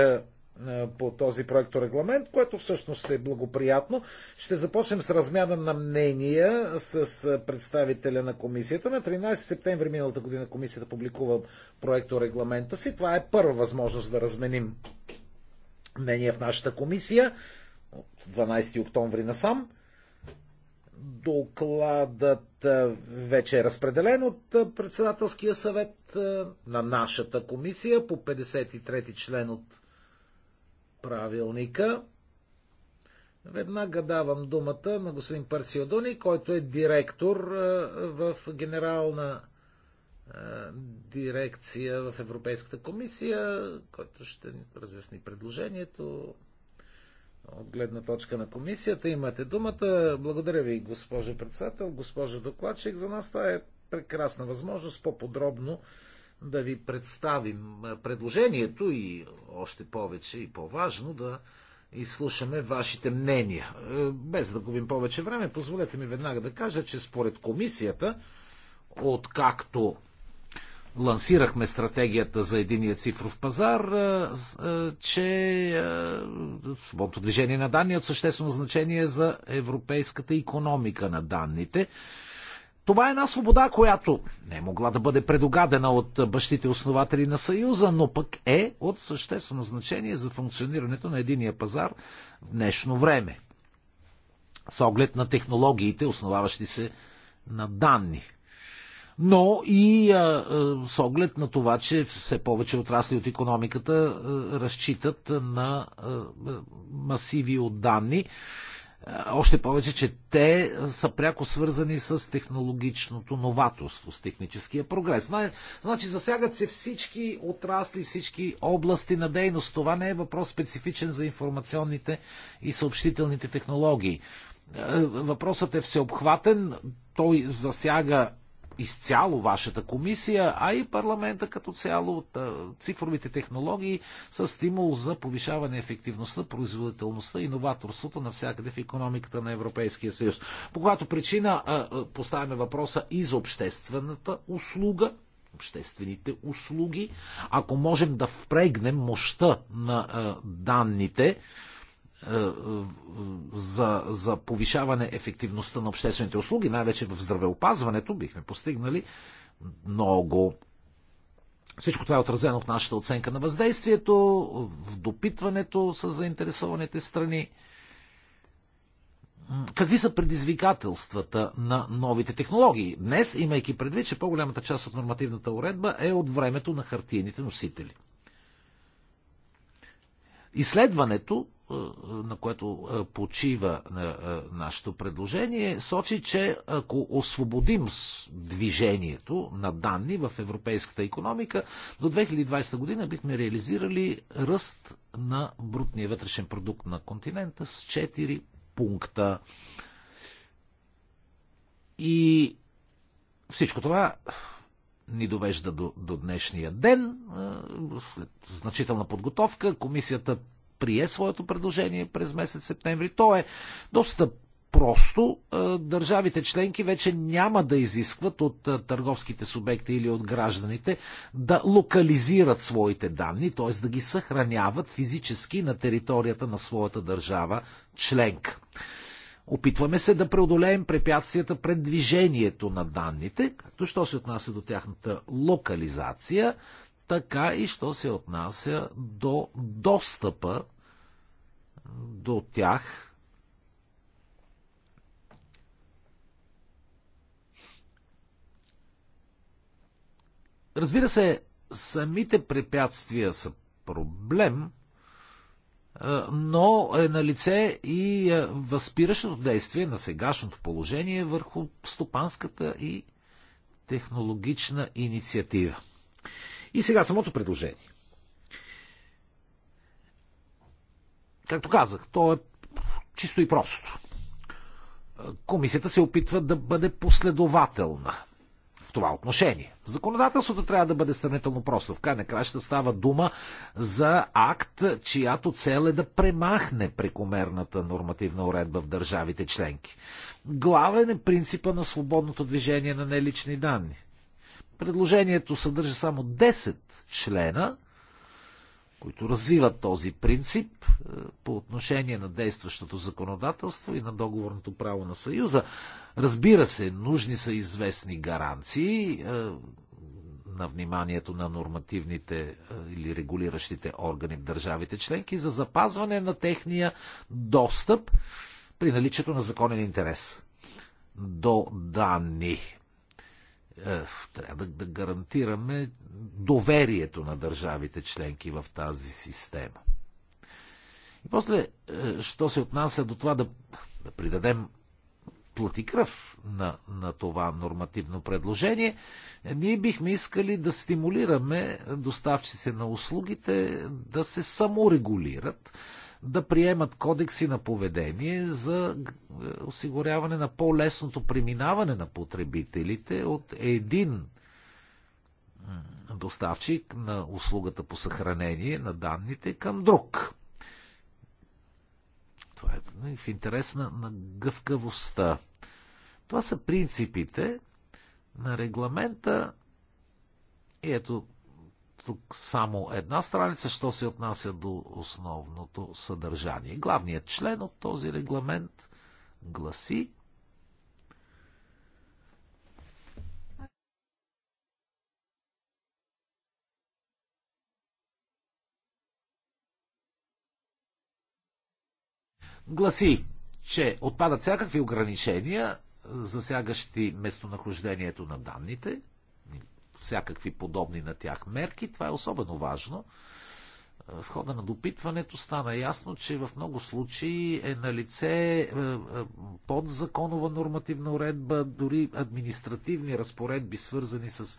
Speaker 6: по този регламент, което всъщност е благоприятно. Ще започнем с размяна на мнения с представителя на комисията. На 13 септември миналата година комисията публикува регламента си. Това е първа възможност да разменим мнение в нашата комисия от 12 октомври насам. Докладът вече е разпределен от председателския съвет на нашата комисия по 53 член от правилника. Веднага давам думата на господин Парсиодони, който е директор в генерална дирекция в Европейската комисия, който ще разясни предложението от гледна точка на комисията. Имате думата. Благодаря ви, госпожо председател, госпожо докладчик. За нас това е прекрасна възможност по-подробно да ви представим предложението и още повече и по-важно да изслушаме вашите мнения. Е, без да губим повече време, позволете ми веднага да кажа, че според комисията, откакто лансирахме стратегията за единия цифров пазар, е, е, че свободното движение на данни е от съществено значение за европейската економика на данните. Това е една свобода, която не е могла да бъде предогадена от бащите основатели на Съюза, но пък е от съществено значение за функционирането на единия пазар в днешно време. С оглед на технологиите, основаващи се на данни. Но и а, а, с оглед на това, че все повече отрасли от економиката а, разчитат на а, масиви от данни. А, още повече, че те са пряко свързани с технологичното новаторство, с техническия прогрес. Значи засягат се всички отрасли, всички области на дейност. Това не е въпрос специфичен за информационните и съобщителните технологии. Въпросът е всеобхватен, той засяга изцяло вашата комисия, а и парламента като цяло от цифровите технологии са стимул за повишаване ефективността, производителността и новаторството навсякъде в економиката на Европейския съюз. По която причина поставяме въпроса и за обществената услуга, обществените услуги. Ако можем да впрегнем мощта на данните, е, е, за, за повишаване ефективността на обществените услуги, най-вече в здравеопазването, бихме постигнали много. Всичко това е отразено в нашата оценка на въздействието, в допитването с заинтересованите страни. Какви са предизвикателствата на новите технологии? Днес, имайки предвид, че по-голямата част от нормативната уредба е от времето на хартиените носители. Изследването е, на което е, почива е, нашето предложение, сочи, че ако освободим движението на данни в европейската економика, до 2020 година бихме реализирали ръст на брутния вътрешен продукт на континента с 4 пункта. И всичко това ни довежда до, до днешния ден. След значителна подготовка, комисията прие своето предложение през месец септември. То е доста просто. Е, държавите членки вече няма да изискват от е, търговските субекти или от гражданите да локализират своите данни, т.е. да ги съхраняват физически на територията на своята държава членка. Опитваме се да преодолеем препятствията пред движението на данните, както що се отнася до тяхната локализация, така и що се отнася до достъпа до тях Разбира се, самите препятствия са проблем, но е на лице и възпиращото действие на сегашното положение върху стопанската и технологична инициатива. И сега самото предложение. Както казах, то е чисто и просто. Комисията се опитва да бъде последователна в това отношение. Законодателството трябва да бъде сравнително просто. В крайна краща става дума за акт, чиято цел е да премахне прекомерната нормативна уредба в държавите членки. Главен е принципа на свободното движение на нелични данни. Предложението съдържа само 10 члена, които развиват този принцип е, по отношение на действащото законодателство и на договорното право на Съюза. Разбира се, нужни са известни гаранции е, на вниманието на нормативните е, или регулиращите органи в държавите членки за запазване на техния достъп при наличието на законен интерес до данни. Е, трябва да гарантираме доверието на държавите членки в тази система. И после, е, що се отнася до това да, да придадем плати кръв на, на това нормативно предложение, е, ние бихме искали да стимулираме доставчиците на услугите да се саморегулират, да приемат кодекси на поведение за е, осигуряване на по-лесното преминаване на потребителите от един доставчик на услугата по съхранение на данните към друг. Това е нали, в интерес на, на гъвкавостта. Това са принципите на регламента и ето тук само една страница, що се отнася до основното съдържание. Главният член от този регламент гласи гласи, че отпадат всякакви ограничения, засягащи местонахождението на данните – всякакви подобни на тях мерки. Това е особено важно. В хода на допитването стана ясно, че в много случаи е на лице е, е, подзаконова нормативна уредба, дори административни разпоредби, свързани с е,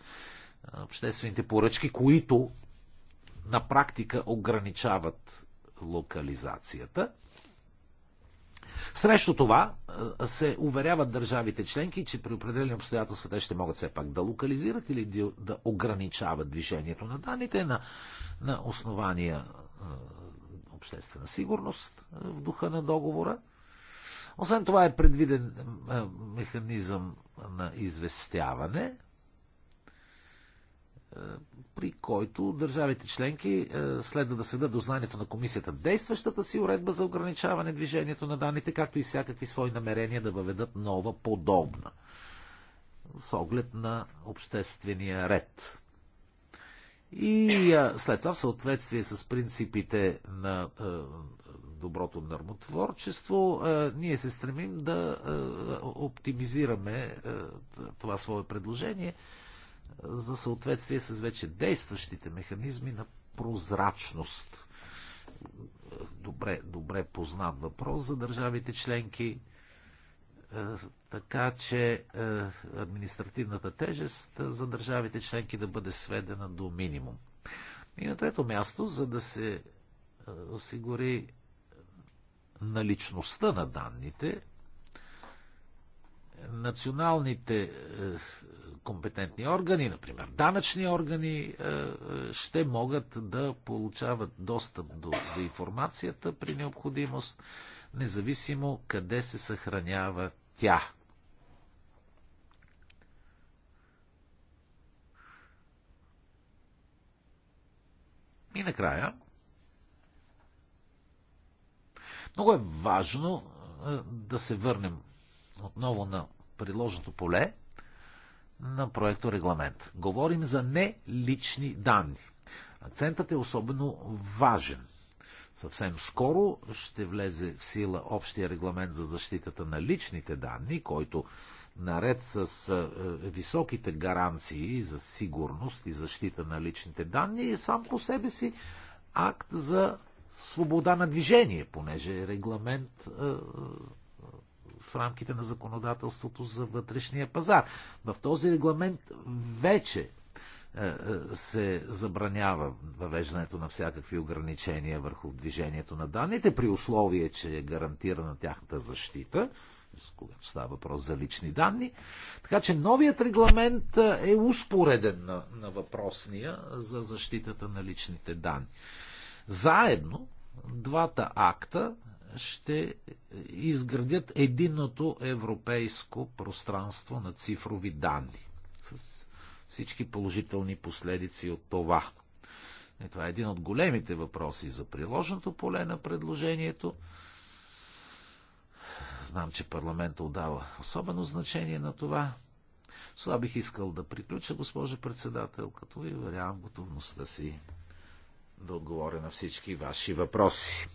Speaker 6: обществените поръчки, които на практика ограничават локализацията. Срещу това се уверяват държавите членки, че при определени обстоятелства те ще могат все пак да локализират или да ограничават движението на данните на, на основания обществена сигурност в духа на договора. Освен това е предвиден механизъм на известяване е, при който държавите членки е, следва да сведат до знанието на комисията действащата си уредба за ограничаване движението на данните, както и всякакви свои намерения да въведат нова подобна с оглед на обществения ред. И след това в съответствие с принципите на е, доброто нормотворчество, ние се стремим да оптимизираме това свое предложение за съответствие с вече действащите механизми на прозрачност. Добре, добре познат въпрос за държавите членки. Е, така че е, административната тежест за държавите членки да бъде сведена до минимум. И на трето място, за да се е, осигури наличността на данните, националните компетентни органи, например данъчни органи, е, е, ще могат да получават достъп до, до информацията при необходимост, независимо къде се съхранява тя. И накрая, много е важно е, да се върнем отново на приложното поле, на проекто регламент. Говорим за не лични данни. Акцентът е особено важен. Съвсем скоро ще влезе в сила общия регламент за защитата на личните данни, който наред с е, е, високите гаранции за сигурност и защита на личните данни е сам по себе си акт за свобода на движение, понеже е регламент е, в рамките на законодателството за вътрешния пазар. В този регламент вече е, е, се забранява въвеждането на всякакви ограничения върху движението на данните, при условие, че е гарантирана тяхната защита, когато става въпрос за лични данни. Така че новият регламент е, е успореден на, на въпросния за защитата на личните данни. Заедно двата акта ще изградят единното европейско пространство на цифрови данни. С всички положителни последици от това. И е, това е един от големите въпроси за приложното поле на предложението. Знам, че парламента отдава особено значение на това. С това бих искал да приключа, госпожа председател, като ви уверявам готовността си да отговоря на всички ваши въпроси.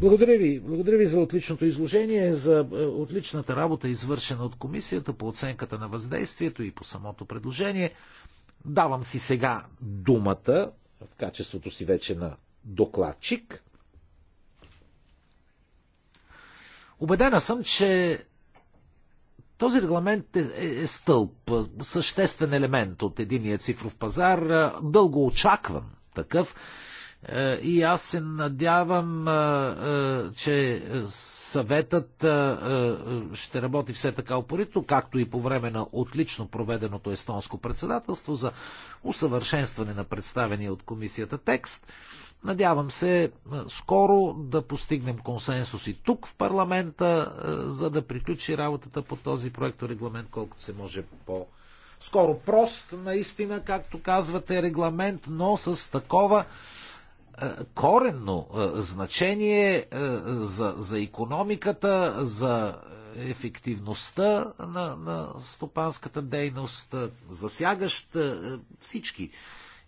Speaker 6: Благодаря ви. Благодаря ви за отличното изложение, за е, отличната работа, извършена от комисията по оценката на въздействието и по самото предложение. Давам си сега думата в качеството си вече на докладчик. Обедена съм, че този регламент е, е, е стълб, съществен елемент от единия цифров пазар, е, дълго очакван такъв. Е, и аз се надявам, е, е, че съветът ще работи все така опорито, както и по време на отлично проведеното естонско председателство за усъвършенстване на представения от комисията текст. Надявам се скоро да постигнем консенсус и тук в парламента, за да приключи работата по този регламент, колкото се може по- скоро прост, наистина, както казвате, регламент, но с такова е, коренно е, значение е, за, за економиката, за ефективността на, на стопанската дейност, засягащ всички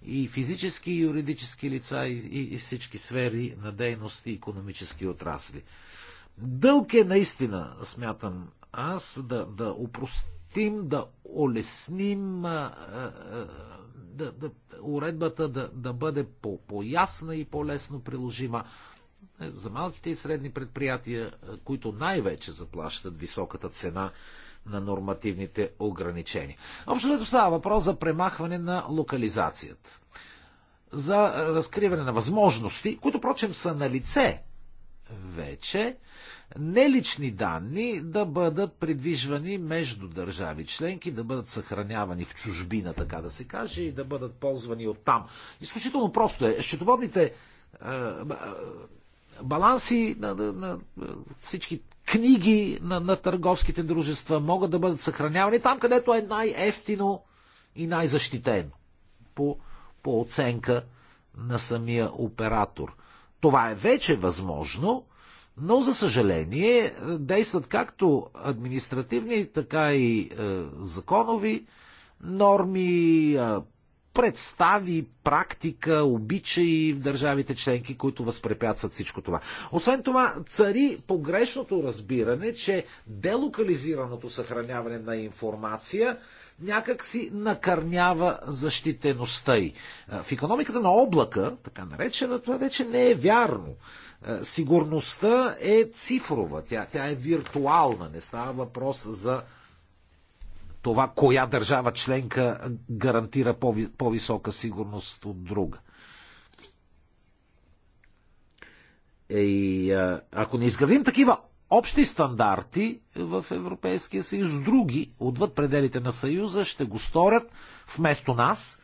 Speaker 6: и физически, и юридически лица, и, и всички сфери на дейност и економически отрасли. Дълг е наистина, смятам аз, да, да упростим, да олесним а, а, да, да, уредбата да, да бъде по, по-ясна и по-лесно приложима е, за малките и средни предприятия, е, които най-вече заплащат високата цена на нормативните ограничения. Общо дето става въпрос за премахване на локализацията, за разкриване на възможности, които, прочем, са на лице вече, нелични данни да бъдат придвижвани между държави членки, да бъдат съхранявани в чужбина, така да се каже, и да бъдат ползвани от там. Изключително просто е. Счетоводните е, е, баланси на, на, на е, всички книги на, на търговските дружества могат да бъдат съхранявани там, където е най-ефтино и най-защитено по, по оценка на самия оператор. Това е вече възможно но за съжаление действат както административни, така и е, законови норми, е, представи, практика, обичаи в държавите членки, които възпрепятстват всичко това. Освен това, цари погрешното разбиране, че делокализираното съхраняване на информация някак си накърнява защитеността й. Е, в економиката на облака, така наречена, това вече не е вярно. Е, сигурността е цифрова, тя, тя е виртуална, не става въпрос за това, коя държава членка гарантира по-висока сигурност от друга. Е, и е, ако не изградим такива общи стандарти в Европейския съюз, други, отвъд пределите на съюза, ще го сторят вместо нас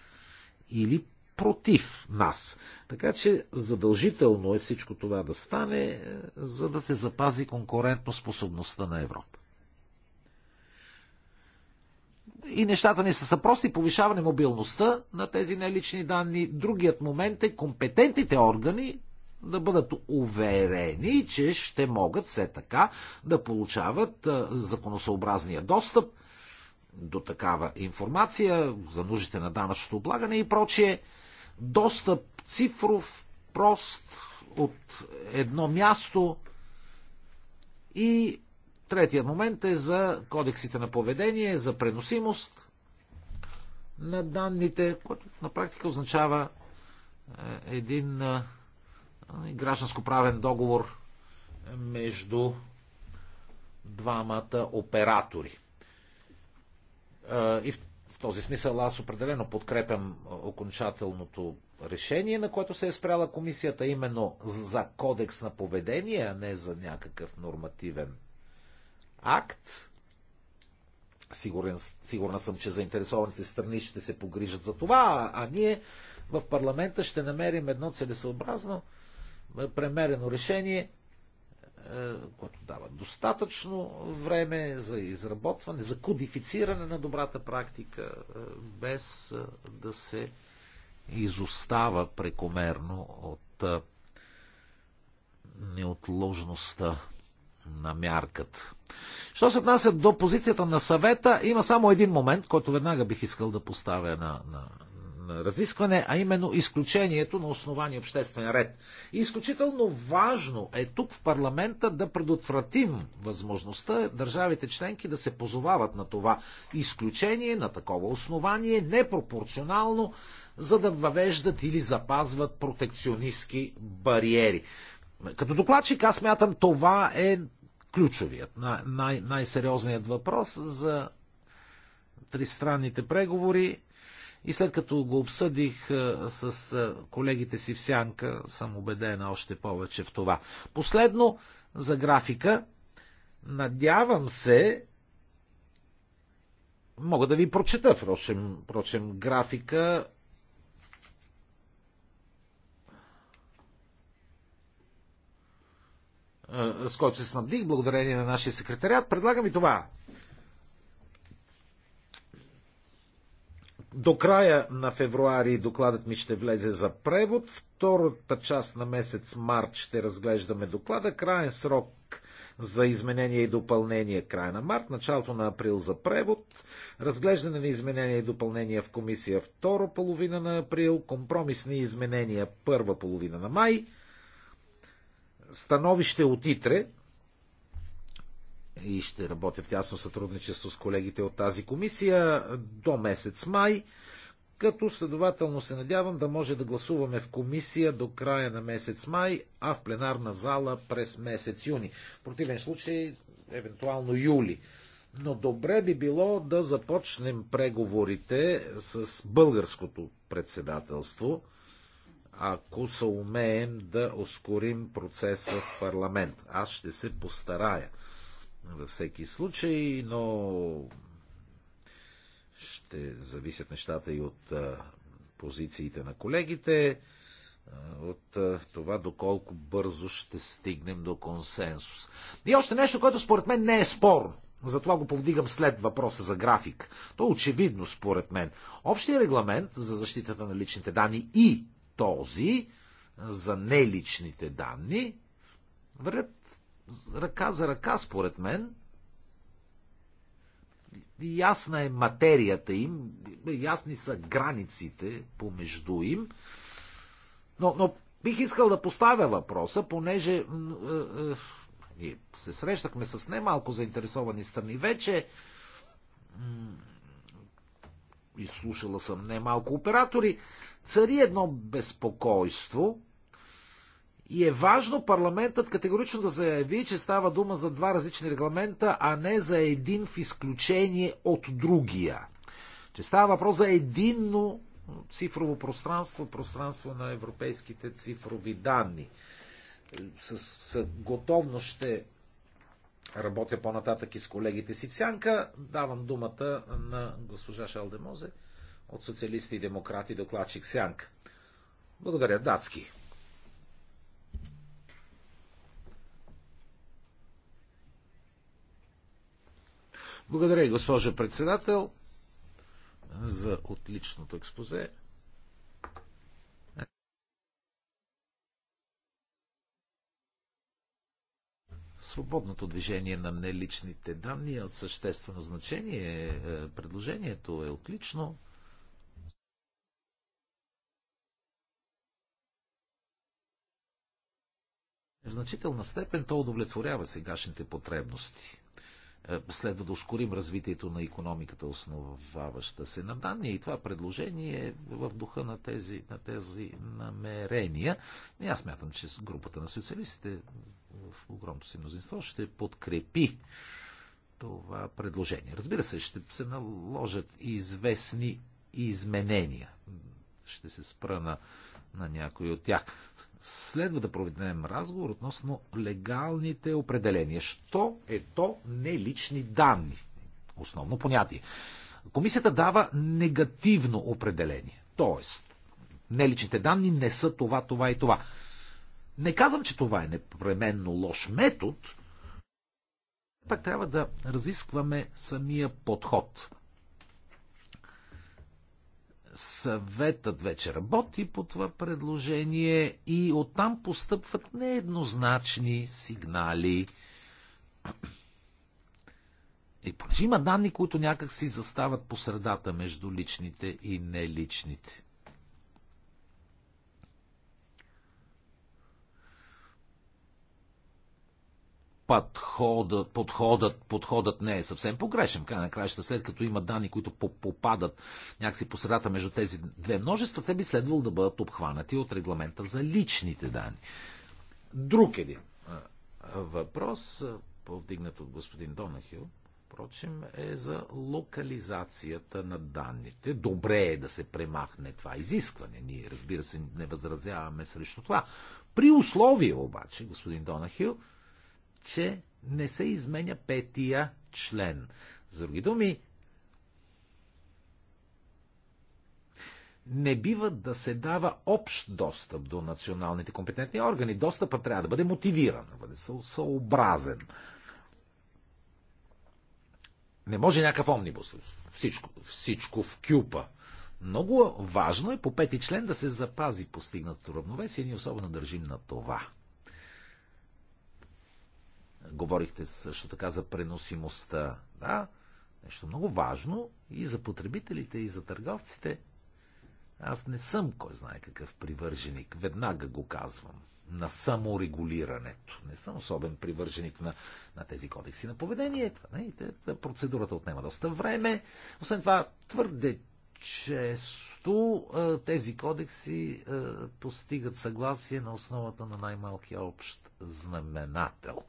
Speaker 6: или против нас. Така че задължително е всичко това да стане, е, за да се запази конкурентно способността на Европа. И нещата ни са, са прости. Повишаване мобилността на тези нелични данни. Другият момент е компетентните органи да бъдат уверени, че ще могат все така да получават е, законосъобразния достъп до такава информация за нуждите на данъчното облагане и прочие достъп цифров, прост, от едно място. И третият момент е за кодексите на поведение, за преносимост на данните, което на практика означава е, един е, гражданско-правен договор между двамата оператори. Е, и в в този смисъл аз определено подкрепям окончателното решение, на което се е спряла комисията именно за кодекс на поведение, а не за някакъв нормативен акт. Сигурен, сигурна съм, че заинтересованите страни ще се погрижат за това, а, а ние в парламента ще намерим едно целесообразно, премерено решение – е, което дава достатъчно време за изработване, за кодифициране на добрата практика, е, без е, да се изостава прекомерно от неотложността на мярката. Що се отнася до позицията на съвета, има само един момент, който веднага бих искал да поставя на, на, разискване, а именно изключението на основание обществен ред. И изключително важно е тук в парламента да предотвратим възможността държавите членки да се позовават на това изключение, на такова основание, непропорционално, за да въвеждат или запазват протекционистски бариери. Като докладчик аз мятам това е ключовият, най- най- най-сериозният въпрос за тристранните преговори и след като го обсъдих с колегите си в сянка, съм убедена още повече в това. Последно за графика. Надявам се, мога да ви прочета, впрочем, впрочем графика с който се снабдих, благодарение на нашия секретариат. Предлагам и това. До края на февруари докладът ми ще влезе за превод. Втората част на месец март ще разглеждаме доклада. Краен срок за изменение и допълнение е края на март, началото на април за превод, разглеждане на изменения и допълнения в комисия втора половина на април, компромисни изменения първа половина на май, становище от ИТРЕ и ще работя в тясно сътрудничество с колегите от тази комисия до месец май, като следователно се надявам да може да гласуваме в комисия до края на месец май, а в пленарна зала през месец юни. В противен случай, евентуално юли. Но добре би било да започнем преговорите с българското председателство, ако се умеем да ускорим процеса в парламент. Аз ще се постарая във всеки случай, но ще зависят нещата и от позициите на колегите, от това доколко бързо ще стигнем до консенсус. И още нещо, което според мен не е спорно. Затова го повдигам след въпроса за график. То е очевидно, според мен. Общия регламент за защитата на личните данни и този за неличните данни вървят ръка за ръка, според мен. Ясна е материята им, ясни са границите помежду им. Но, но бих искал да поставя въпроса, понеже е, е, се срещахме с немалко заинтересовани страни вече. Изслушала съм немалко оператори. Цари едно безпокойство – и е важно парламентът категорично да заяви, че става дума за два различни регламента, а не за един в изключение от другия. Че става въпрос за единно цифрово пространство, пространство на европейските цифрови данни. С, с готовно ще работя по-нататък и с колегите си в сянка. Давам думата на госпожа Шалдемозе от Социалисти и Демократи, докладчик Сянка. Благодаря, датски. Благодаря, госпожо председател, за отличното експозе. Свободното движение на неличните данни е от съществено значение. Е, предложението е отлично. В значителна степен то удовлетворява сегашните потребности. Е, следва да ускорим развитието на економиката, основаваща се на данни. И това предложение е в духа на тези, на тези намерения. И аз мятам, че групата на социалистите в огромното си мнозинство ще подкрепи това предложение. Разбира се, ще се наложат известни изменения. Ще се спра на на някои от тях. Следва да проведем разговор относно легалните определения. Що е то не лични данни? Основно понятие. Комисията дава негативно определение. Тоест, неличните данни не са това, това и това. Не казвам, че това е непременно лош метод, пак трябва да разискваме самия подход. Съветът вече работи по това предложение и оттам постъпват нееднозначни сигнали. И понеже има данни, които някак си застават по средата между личните и неличните. подходът, подходът, подходът не е съвсем погрешен. Край на краища, след като има данни, които попадат някакси по средата между тези две множества, те би следвало да бъдат обхванати от регламента за личните данни. Друг един въпрос, повдигнат от господин Донахил, впрочем, е за локализацията на данните. Добре е да се премахне това изискване. Ние, разбира се, не възразяваме срещу това. При условие обаче, господин Донахил, че не се изменя петия член. С други думи, не бива да се дава общ достъп до националните компетентни органи. Достъпът трябва да бъде мотивиран, да бъде съобразен. Не може някакъв омнибус. Всичко, всичко в кюпа. Много важно е по пети член да се запази постигнатото равновесие. Ние особено държим на това. Говорихте също така за преносимостта. Да, нещо много важно и за потребителите, и за търговците. Аз не съм кой знае какъв привърженик. Веднага го казвам. На саморегулирането. Не съм особен привърженик на, на тези кодекси на поведение. Не, процедурата отнема доста време. Освен това, твърде често тези кодекси постигат съгласие на основата на най-малкия общ знаменател.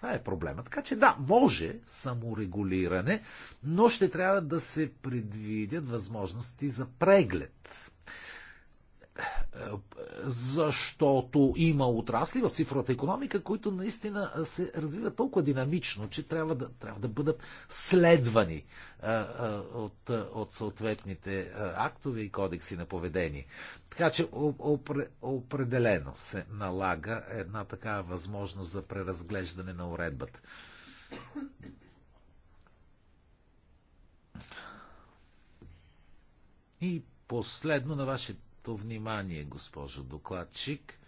Speaker 6: Това е проблема. Така че да, може саморегулиране, но ще трябва да се предвидят възможности за преглед защото има отрасли в цифровата економика, които наистина се развиват толкова динамично, че трябва да, трябва да бъдат следвани от, от съответните актове и кодекси на поведение. Така че определено се налага една такава възможност за преразглеждане на уредбата. И последно на вашите вашето внимание, госпожо докладчик.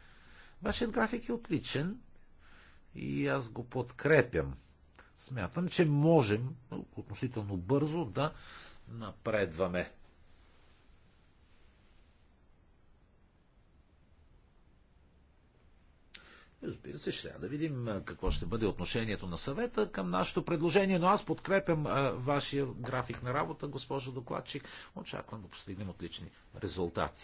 Speaker 6: Вашият график е отличен и аз го подкрепям. Смятам, че можем относително бързо да напредваме. Разбира се, ще трябва да видим какво ще бъде отношението на съвета към нашето предложение, но аз подкрепям вашия график на работа, госпожо докладчик. Очаквам да постигнем отлични резултати.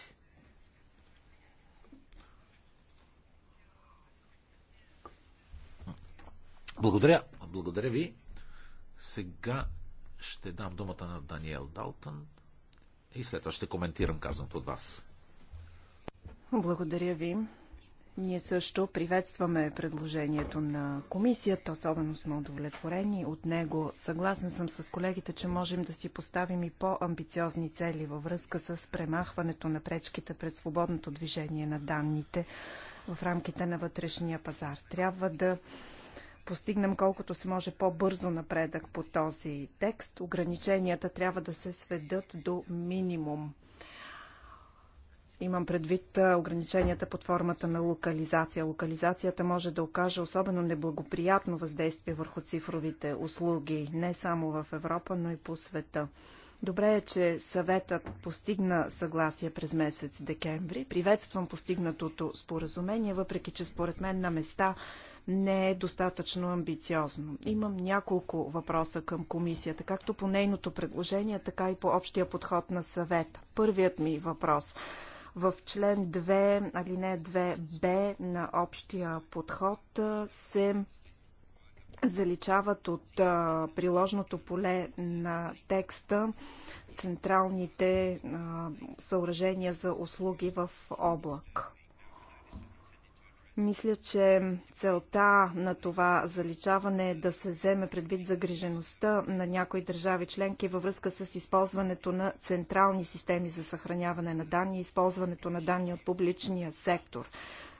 Speaker 6: Благодаря. Благодаря ви. Сега ще дам думата на Даниел Далтън и след това ще коментирам казаното от вас.
Speaker 5: Благодаря ви. Ние също приветстваме предложението на комисията, особено сме удовлетворени от него. съгласна съм с колегите, че можем да си поставим и по-амбициозни цели във връзка с премахването на пречките пред свободното движение на данните в рамките на вътрешния пазар. Трябва да постигнем колкото се може по-бързо напредък по този текст. Ограниченията трябва да се сведат до минимум. Имам предвид ограниченията под формата на локализация. Локализацията може да окаже особено неблагоприятно въздействие върху цифровите услуги, не само в Европа, но и по света. Добре е, че съветът постигна съгласие през месец декември. Приветствам постигнатото споразумение, въпреки че според мен на места не е достатъчно амбициозно. Имам няколко въпроса към комисията, както по нейното предложение, така и по общия подход на съвета. Първият ми въпрос в член 2, алинея 2б на общия подход се заличават от а, приложното поле на текста централните а, съоръжения за услуги в облак. Мисля, че целта на това заличаване е да се вземе предвид загрижеността на някои държави членки във връзка с използването на централни системи за съхраняване на данни и използването на данни от публичния сектор.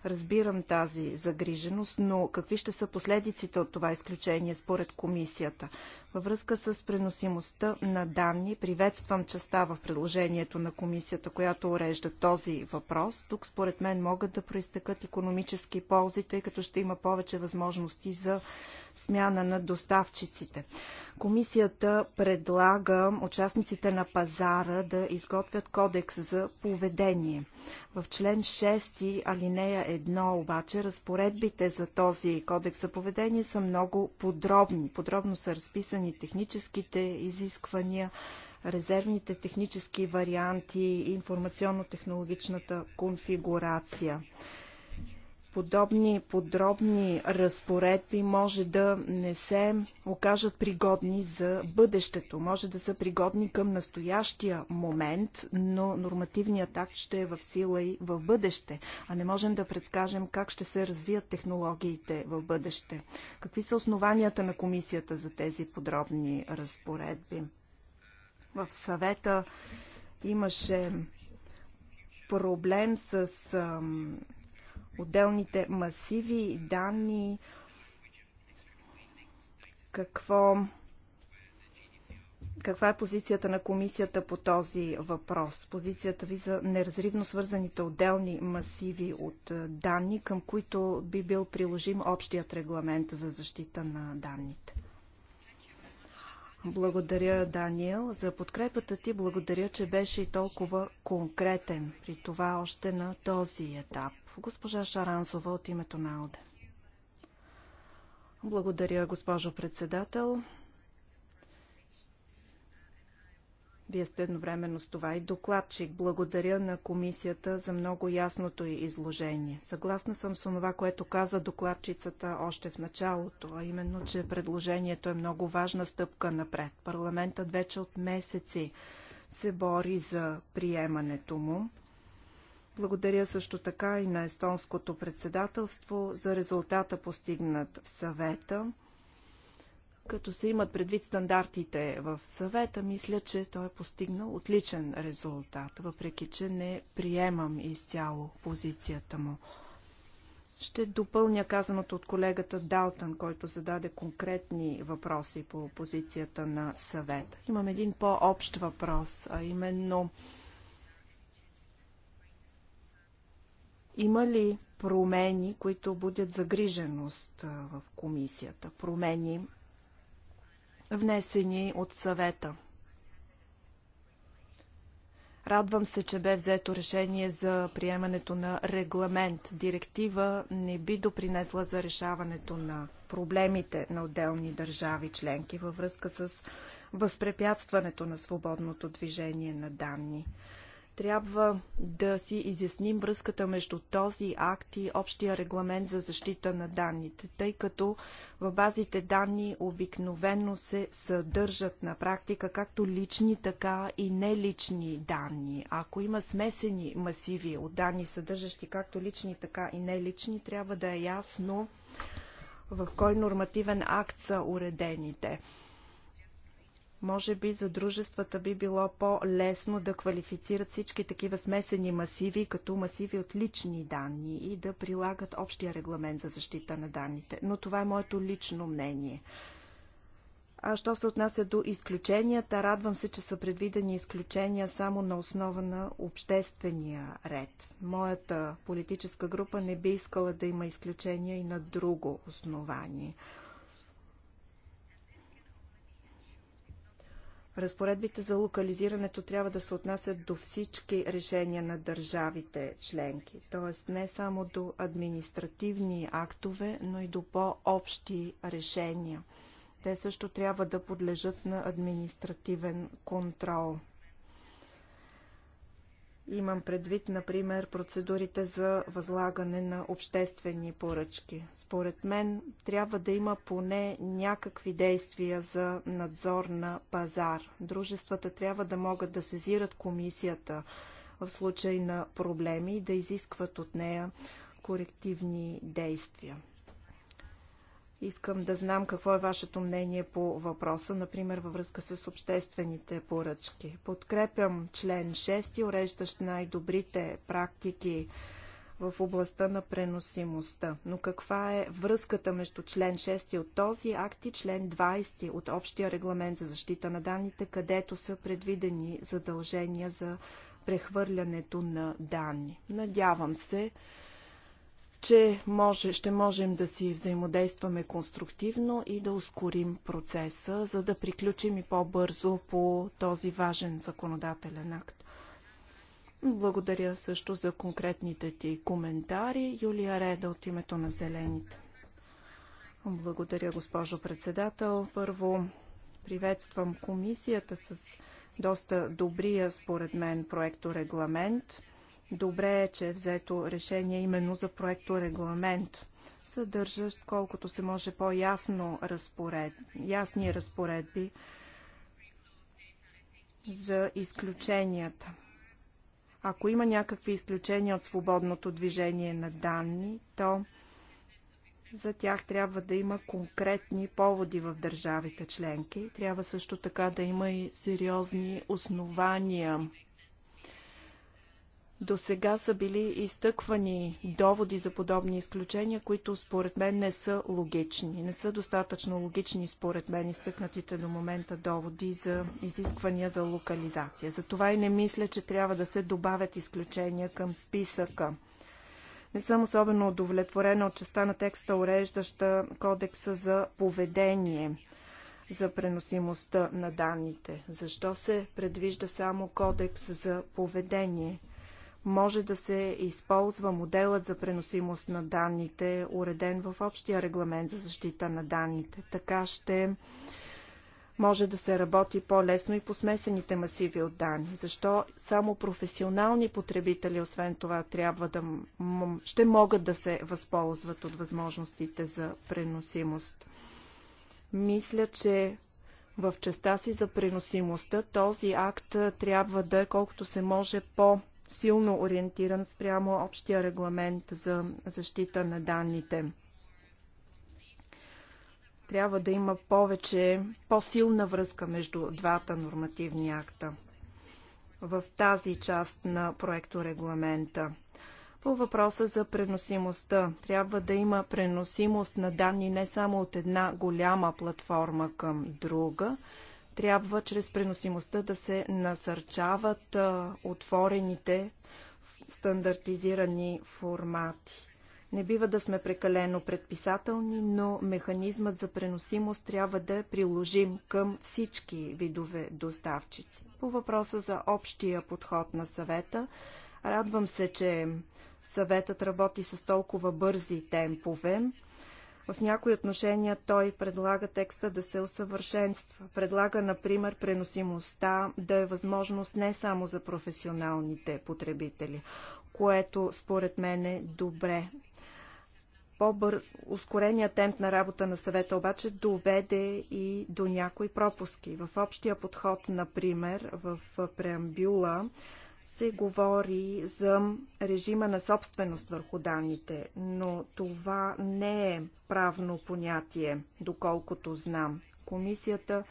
Speaker 5: Разбирам тази загриженост, но какви ще са последиците от това изключение според комисията? Във връзка с преносимостта на данни, приветствам частта в предложението на комисията, която урежда този въпрос. Тук според мен могат да проистъкат економически ползи, тъй като ще има повече възможности за смяна на доставчиците. Комисията предлага участниците на пазара да изготвят кодекс за поведение. В член 6 алинея 1 обаче разпоредбите за този кодекс за поведение са много подробни. Подробно са разписани изисквани, техническите изисквания, резервните технически варианти и информационно-технологичната конфигурация подобни подробни разпоредби може да не се окажат пригодни за бъдещето. Може да са пригодни към настоящия момент, но нормативният акт ще е в сила и в бъдеще, а не можем да предскажем как ще се развият технологиите в бъдеще. Какви са основанията на комисията за тези подробни разпоредби? В съвета имаше проблем с отделните масиви данни, какво, каква е позицията на комисията по този въпрос? Позицията ви за неразривно свързаните отделни масиви от е, данни, към които би бил приложим общият регламент за защита на данните. Благодаря, Даниел, за подкрепата ти. Благодаря, че беше и толкова конкретен при това още на този етап. Госпожа Шаранцова от името на АЛДЕ. Благодаря, госпожо председател. Вие сте едновременно с това и докладчик. Благодаря на комисията за много ясното и изложение. Съгласна съм с това, което каза докладчицата още в началото, а именно, че предложението е много важна стъпка напред. Парламентът вече от месеци се бори за приемането му. Благодаря също така и на естонското председателство за резултата постигнат в съвета. Като се имат предвид стандартите в съвета, мисля, че той е постигнал отличен резултат, въпреки че не приемам изцяло позицията му. Ще допълня казаното от колегата Далтън, който зададе конкретни въпроси по позицията на съвета. Имам един по-общ въпрос, а именно Има ли промени, които будят загриженост в комисията? Промени, внесени от съвета? Радвам се, че бе взето решение за приемането на регламент. Директива не би допринесла за решаването на проблемите на отделни държави членки във връзка с възпрепятстването на свободното движение на данни. Трябва да си изясним връзката между този акт и общия регламент за защита на данните, тъй като в базите данни обикновено се съдържат на практика както лични, така и нелични данни. Ако има смесени масиви от данни, съдържащи както лични, така и нелични, трябва да е ясно в кой нормативен акт са уредените. Може би за дружествата би било по-лесно да квалифицират всички такива смесени масиви, като масиви от лични данни и да прилагат общия регламент за защита на данните. Но това е моето лично мнение. А що се отнася до изключенията, радвам се, че са предвидени изключения само на основа на обществения ред. Моята политическа група не би искала да има изключения и на друго основание. Разпоредбите за локализирането трябва да се отнасят до всички решения на държавите членки, т.е. не само до административни актове, но и до по-общи решения. Те също трябва да подлежат на административен контрол. Имам предвид, например, процедурите за възлагане на обществени поръчки. Според мен трябва да има поне някакви действия за надзор на пазар. Дружествата трябва да могат да сезират комисията в случай на проблеми и да изискват от нея корективни действия. Искам да знам какво е вашето мнение по въпроса, например във връзка с обществените поръчки. Подкрепям член 6, уреждащ най-добрите практики в областта на преносимостта. Но каква е връзката между член 6 от този акт и член 20 от Общия регламент за защита на данните, където са предвидени задължения за прехвърлянето на данни? Надявам се, че може, ще можем да си взаимодействаме конструктивно и да ускорим процеса, за да приключим и по-бързо по този важен законодателен акт. Благодаря също за конкретните ти коментари. Юлия Реда от името на Зелените. Благодаря, госпожо председател. Първо приветствам комисията с доста добрия, според мен, проекто регламент Добре е, че е взето решение именно за проекто регламент, съдържащ колкото се може по-ясно разпоред, ясни разпоредби за изключенията. Ако има някакви изключения от свободното движение на данни, то за тях трябва да има конкретни поводи в държавите членки. Трябва също така да има и сериозни основания до сега са били изтъквани доводи за подобни изключения, които според мен не са логични. Не са достатъчно логични според мен изтъкнатите до момента доводи за изисквания за локализация. Затова и не мисля, че трябва да се добавят изключения към списъка. Не съм особено удовлетворена от частта на текста, уреждаща кодекса за поведение за преносимостта на данните. Защо се предвижда само кодекс за поведение – може да се използва моделът за преносимост на данните, уреден в общия регламент за защита на данните. Така ще може да се работи по-лесно и по смесените масиви от данни. Защо само професионални потребители, освен това, трябва да ще могат да се възползват от възможностите за преносимост? Мисля, че в частта си за преносимостта този акт трябва да е колкото се може по- силно ориентиран спрямо общия регламент за защита на данните. Трябва да има повече, по-силна връзка между двата нормативни акта в тази част на проекто регламента. По въпроса за преносимостта, трябва да има преносимост на данни не само от една голяма платформа към друга, трябва чрез преносимостта да се насърчават отворените стандартизирани формати. Не бива да сме прекалено предписателни, но механизмът за преносимост трябва да е приложим към всички видове доставчици. По въпроса за общия подход на съвета, радвам се, че съветът работи с толкова бързи темпове. В някои отношения той предлага текста да се усъвършенства. Предлага, например, преносимостта да е възможност не само за професионалните потребители, което според мен е добре. По-бърз, ускорения темп на работа на съвета обаче доведе и до някои пропуски. В общия подход, например, в преамбюла се говори за режима на собственост върху данните, но това не е правно понятие, доколкото знам. Комисията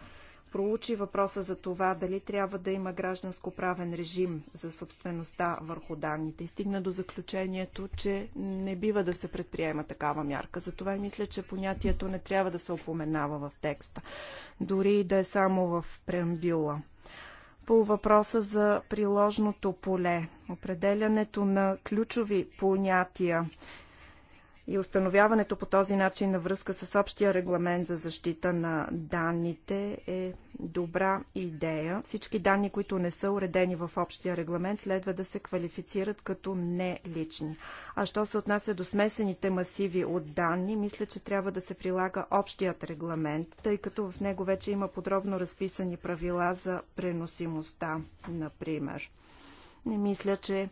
Speaker 5: проучи въпроса за това дали трябва да има гражданско-правен режим за собствеността върху данните и стигна до заключението, че не бива да се предприема такава мярка. Затова и мисля, че понятието не трябва да се упоменава в текста, дори да е само в преамбюла по въпроса за приложното поле, определянето на ключови понятия и установяването по този начин на връзка с общия регламент за защита на данните е добра идея. Всички данни, които не са уредени в общия регламент, следва да се квалифицират като не лични. А що се отнася до смесените масиви от данни, мисля, че трябва да се прилага общият регламент, тъй като в него вече има подробно разписани правила за преносимостта, например. Не мисля, че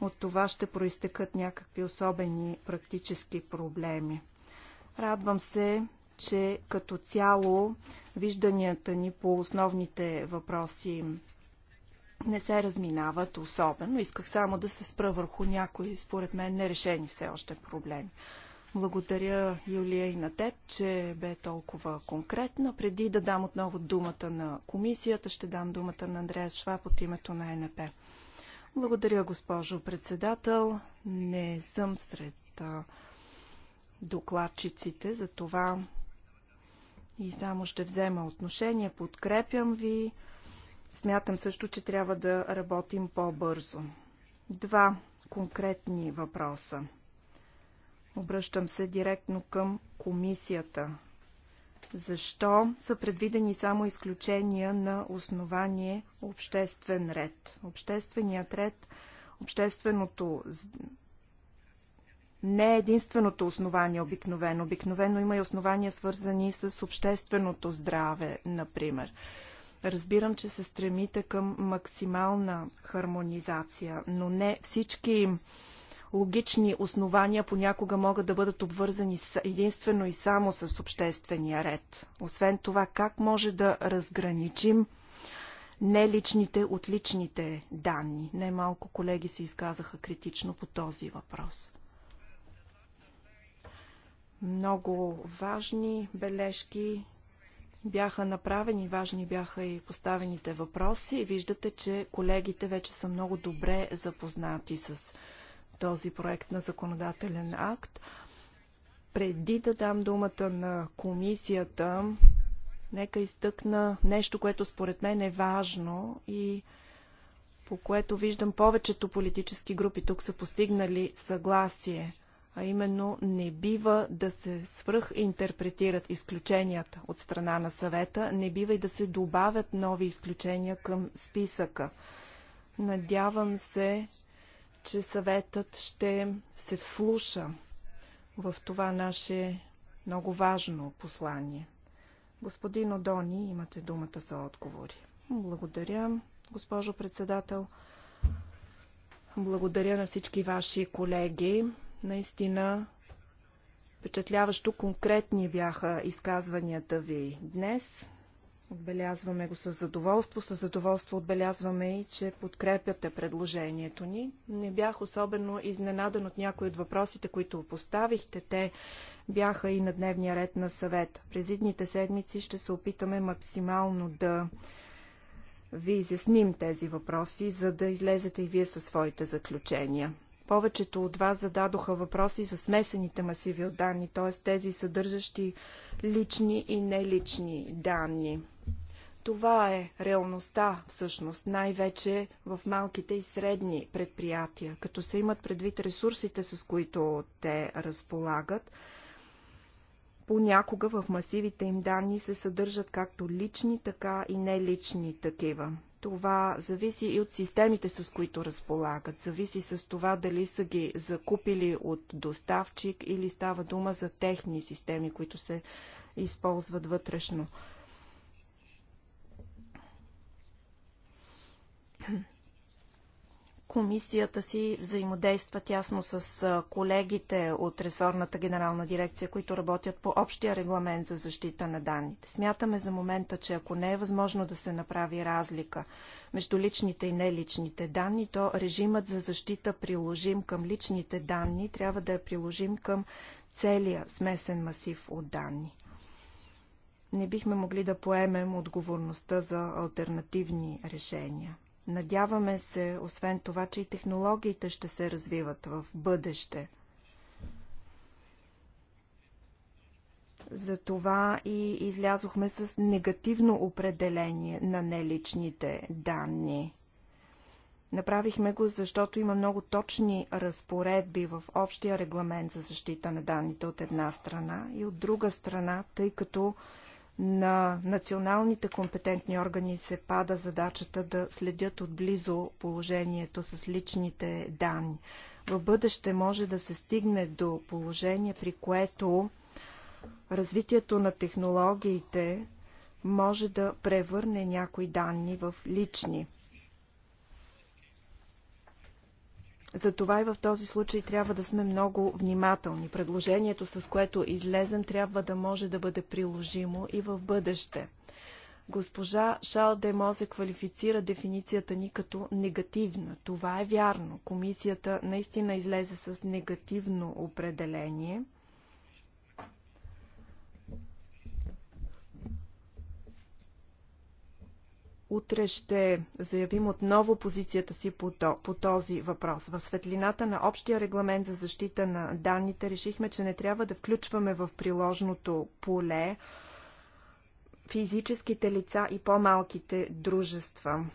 Speaker 5: от това ще проистекат някакви особени практически проблеми. Радвам се, че като цяло вижданията ни по основните въпроси не се разминават особено. Исках само да се спра върху някои, според мен, нерешени все още проблеми. Благодаря, Юлия, и на теб, че бе толкова конкретна. Преди да дам отново думата на комисията, ще дам думата на Андреас Шваб от името на НП. Благодаря, госпожо председател. Не съм сред докладчиците, за това и само ще взема отношение. Подкрепям ви. Смятам също, че трябва да работим по-бързо. Два конкретни въпроса. Обръщам се директно към комисията защо са предвидени само изключения на основание обществен ред. Общественият ред, общественото не е единственото основание обикновено. Обикновено има и основания свързани с общественото здраве, например. Разбирам, че се стремите към максимална хармонизация, но не всички логични основания понякога могат да бъдат обвързани единствено и само с обществения ред. Освен това, как може да разграничим неличните от личните данни? Немалко колеги се изказаха критично по този въпрос. Много важни бележки бяха направени, важни бяха и поставените въпроси. Виждате, че колегите вече са много добре запознати с този проект на законодателен акт. Преди да дам думата на комисията, нека изтъкна нещо, което според мен е важно и по което виждам повечето политически групи тук са постигнали съгласие, а именно не бива да се свръхинтерпретират изключенията от страна на съвета, не бива и да се добавят нови изключения към списъка. Надявам се, че съветът ще се вслуша в това наше много важно послание. Господин Одони, имате думата за отговори. Благодаря, госпожо председател. Благодаря на всички ваши колеги. Наистина впечатляващо конкретни бяха изказванията ви днес. Отбелязваме го с задоволство. С задоволство отбелязваме и, че подкрепяте предложението ни. Не бях особено изненадан от някои от въпросите, които поставихте. Те бяха и на дневния ред на съвет. През идните седмици ще се опитаме максимално да ви изясним тези въпроси, за да излезете и вие със своите заключения. Повечето от вас зададоха въпроси за смесените масиви от данни, т.е. тези съдържащи лични и нелични данни. Това е реалността, всъщност, най-вече в малките и средни предприятия, като се имат предвид ресурсите, с които те разполагат. Понякога в масивите им данни се съдържат както лични, така и нелични такива. Това зависи и от системите, с които разполагат. Зависи с това дали са ги закупили от доставчик или става дума за техни системи, които се използват вътрешно. Комисията си взаимодейства тясно с колегите от ресорната генерална дирекция, които работят по общия регламент за защита на данните. Смятаме за момента, че ако не е възможно да се направи разлика между личните и неличните данни, то режимът за защита приложим към личните данни трябва да е приложим към целия смесен масив от данни. Не бихме могли да поемем отговорността за альтернативни решения. Надяваме се, освен това, че и технологиите ще се развиват в бъдеще. Затова и излязохме с негативно определение на неличните данни. Направихме го, защото има много точни разпоредби в общия регламент за защита на данните от една страна и от друга страна, тъй като на националните компетентни органи се пада задачата да следят отблизо положението с личните данни. В бъдеще може да се стигне до положение, при което развитието на технологиите може да превърне някои данни в лични. Затова и в този случай трябва да сме много внимателни. Предложението, с което е излезем, трябва да може да бъде приложимо и в бъдеще. Госпожа Шал Демозе квалифицира дефиницията ни като негативна. Това е вярно. Комисията наистина излезе с негативно определение – Утре ще заявим отново позицията си по, то, по този въпрос. В светлината на общия регламент за защита на данните решихме, че не трябва да включваме в приложното поле физическите лица и по-малките дружества.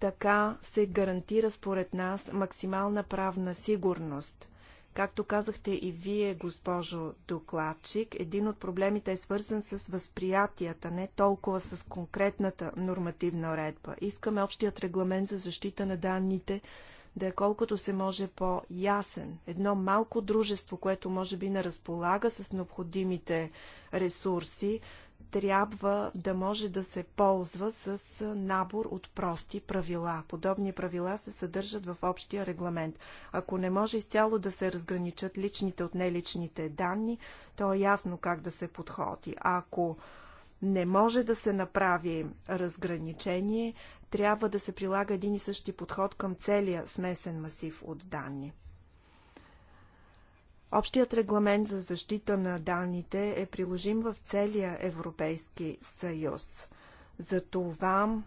Speaker 5: Така се гарантира според нас максимална правна сигурност – Както казахте и вие, госпожо докладчик, един от проблемите е свързан с възприятията, не толкова с конкретната нормативна редба. Искаме общият регламент за защита на данните да е колкото се може по-ясен. Едно малко дружество, което може би не разполага с необходимите ресурси, трябва да може да се ползва с набор от прости правила. Подобни правила се съдържат в общия регламент. Ако не може изцяло да се разграничат личните от неличните данни, то е ясно как да се подходи. Ако не може да се направи разграничение, трябва да се прилага един и същи подход към целия смесен масив от данни. Общият регламент за защита на данните е приложим в целия Европейски съюз. Затова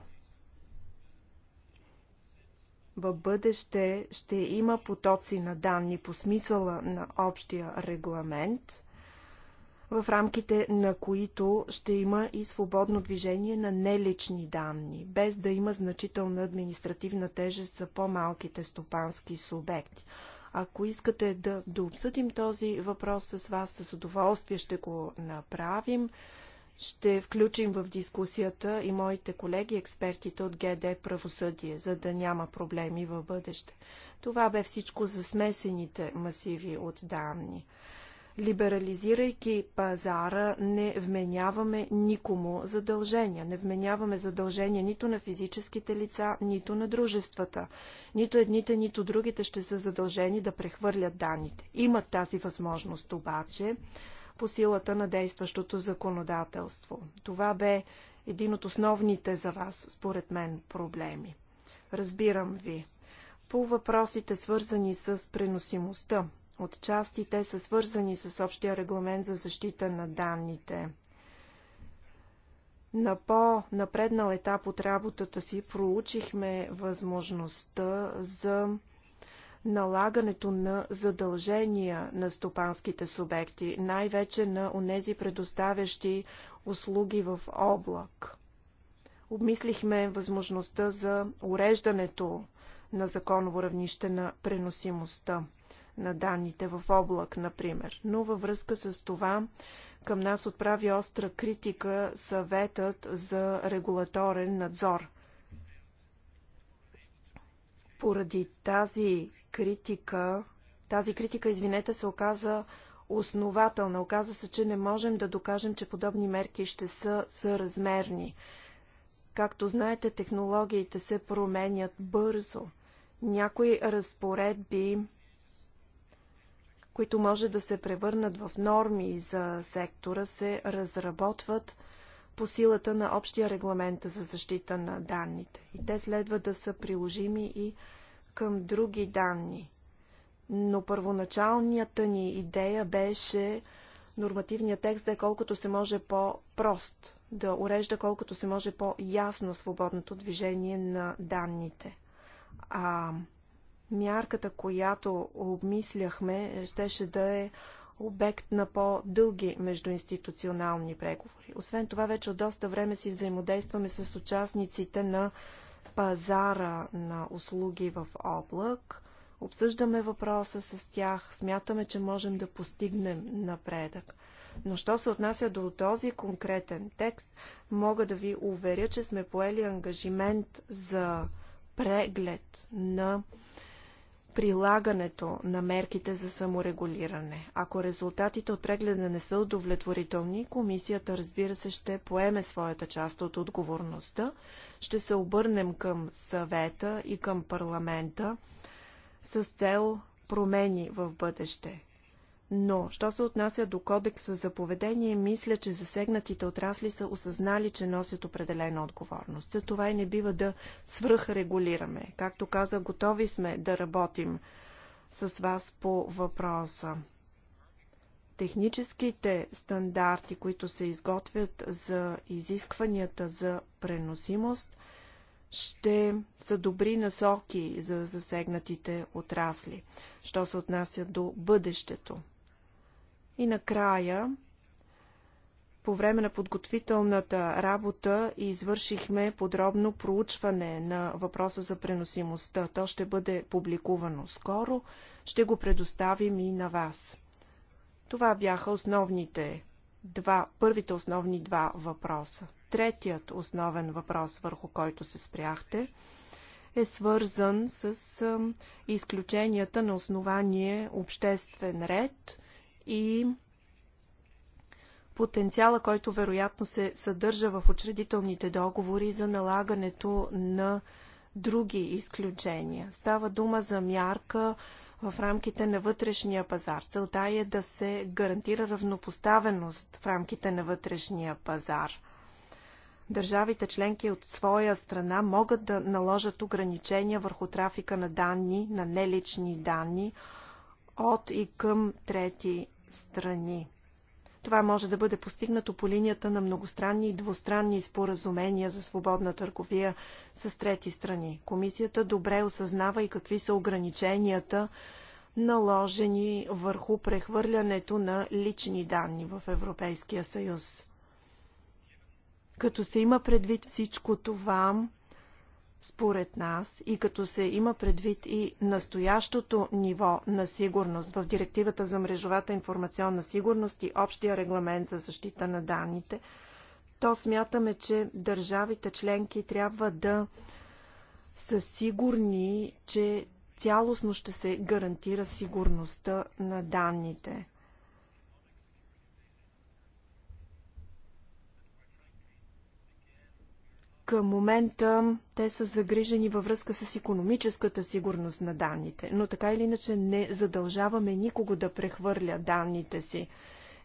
Speaker 5: в бъдеще ще има потоци на данни по смисъла на общия регламент, в рамките на които ще има и свободно движение на нелични данни, без да има значителна административна тежест за по-малките стопански субекти. Ако искате да, да обсъдим този въпрос с вас, с удоволствие ще го направим. Ще включим в дискусията и моите колеги, експертите от ГД Правосъдие, за да няма проблеми в бъдеще. Това бе всичко за смесените масиви от данни либерализирайки пазара, не вменяваме никому задължения. Не вменяваме задължения нито на физическите лица, нито на дружествата. Нито едните, нито другите ще са задължени да прехвърлят данните. Имат тази възможност обаче по силата на действащото законодателство. Това бе един от основните за вас, според мен, проблеми. Разбирам ви. По въпросите, свързани с преносимостта Отчасти те са свързани с общия регламент за защита на данните. На по-напреднал етап от работата си проучихме възможността за налагането на задължения на стопанските субекти, най-вече на онези предоставящи услуги в облак. Обмислихме възможността за уреждането на законово равнище на преносимостта на данните в облак, например. Но във връзка с това към нас отправи остра критика съветът за регулаторен надзор. Поради тази критика, тази критика, извинете, се оказа основателна. Оказа се, че не можем да докажем, че подобни мерки ще са съразмерни. Както знаете, технологиите се променят бързо. Някои разпоредби които може да се превърнат в норми за сектора, се разработват по силата на общия регламент за защита на данните. И те следва да са приложими и към други данни. Но първоначалната ни идея беше нормативният текст да е колкото се може по-прост, да урежда колкото се може по-ясно свободното движение на данните. А мярката, която обмисляхме, щеше да е обект на по-дълги междуинституционални преговори. Освен това, вече от доста време си взаимодействаме с участниците на пазара на услуги в облак. Обсъждаме въпроса с тях, смятаме, че можем да постигнем напредък. Но що се отнася до този конкретен текст, мога да ви уверя, че сме поели ангажимент за преглед на прилагането на мерките за саморегулиране. Ако резултатите от прегледа не са удовлетворителни, комисията, разбира се, ще поеме своята част от отговорността. Ще се обърнем към съвета и към парламента с цел промени в бъдеще. Но, що се отнася до кодекса за поведение, мисля, че засегнатите отрасли са осъзнали, че носят определена отговорност. За това и не бива да свръхрегулираме. Както каза, готови сме да работим с вас по въпроса. Техническите стандарти, които се изготвят за изискванията за преносимост, ще са добри насоки за засегнатите отрасли, що се отнася до бъдещето. И накрая, по време на подготвителната работа извършихме подробно проучване на въпроса за преносимостта. То ще бъде публикувано скоро. Ще го предоставим и на вас. Това бяха основните два, първите основни два въпроса. Третият основен въпрос, върху който се спряхте, е свързан с изключенията на основание обществен ред – и потенциала, който вероятно се съдържа в учредителните договори за налагането на други изключения. Става дума за мярка в рамките на вътрешния пазар. Целта е да се гарантира равнопоставеност в рамките на вътрешния пазар. Държавите членки от своя страна могат да наложат ограничения върху трафика на данни, на нелични данни от и към трети страни. Това може да бъде постигнато по линията на многостранни и двустранни споразумения за свободна търговия с трети страни. Комисията добре осъзнава и какви са ограниченията, наложени върху прехвърлянето на лични данни в Европейския съюз. Като се има предвид всичко това, според нас и като се има предвид и настоящото ниво на сигурност в Директивата за мрежовата информационна сигурност и Общия регламент за защита на данните, то смятаме, че държавите членки трябва да са сигурни, че цялостно ще се гарантира сигурността на данните. към момента те са загрижени във връзка с економическата сигурност на данните, но така или иначе не задължаваме никого да прехвърля данните си.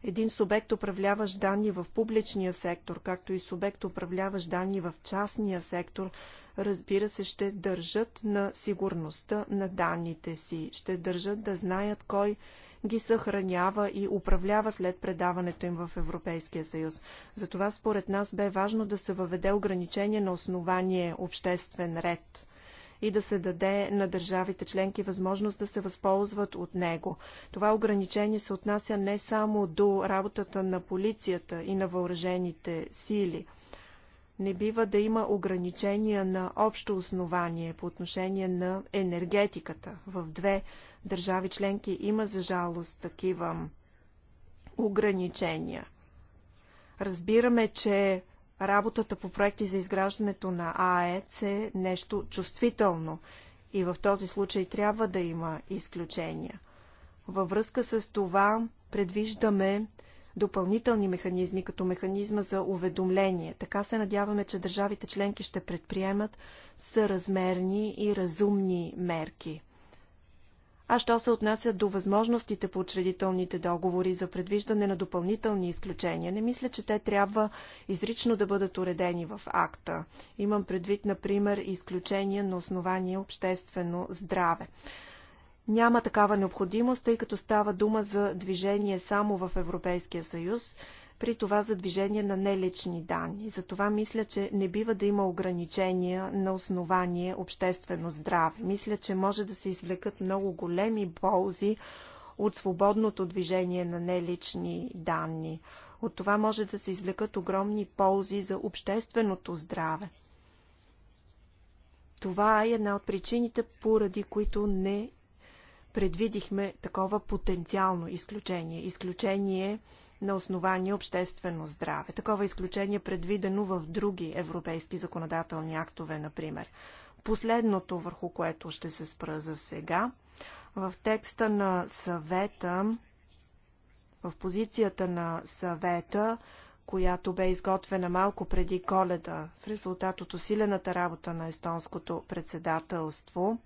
Speaker 5: Един субект, управляваш данни в публичния сектор, както и субект, управляваш данни в частния сектор, разбира се, ще държат на сигурността на данните си. Ще държат да знаят кой ги съхранява и управлява след предаването им в Европейския съюз. Затова според нас бе важно да се въведе ограничение на основание обществен ред и да се даде на държавите членки възможност да се възползват от него. Това ограничение се отнася не само до работата на полицията и на въоръжените сили – не бива да има ограничения на общо основание по отношение на енергетиката. В две държави членки има за жалост такива ограничения. Разбираме, че работата по проекти за изграждането на АЕЦ е нещо чувствително и в този случай трябва да има изключения. Във връзка с това предвиждаме допълнителни механизми, като механизма за уведомление. Така се надяваме, че държавите членки ще предприемат съразмерни и разумни мерки. А що се отнася до възможностите по учредителните договори за предвиждане на допълнителни изключения, не мисля, че те трябва изрично да бъдат уредени в акта. Имам предвид, например, изключения на основание обществено здраве. Няма такава необходимост, тъй като става дума за движение само в Европейския съюз, при това за движение на нелични данни. Затова мисля, че не бива да има ограничения на основание обществено здраве. Мисля, че може да се извлекат много големи ползи от свободното движение на нелични данни. От това може да се извлекат огромни ползи за общественото здраве. Това е една от причините, поради които не предвидихме такова потенциално изключение. Изключение на основание обществено здраве. Такова изключение е предвидено в други европейски законодателни актове, например. Последното, върху което ще се спра за сега, в текста на съвета, в позицията на съвета, която бе изготвена малко преди коледа в резултат от усилената работа на естонското председателство,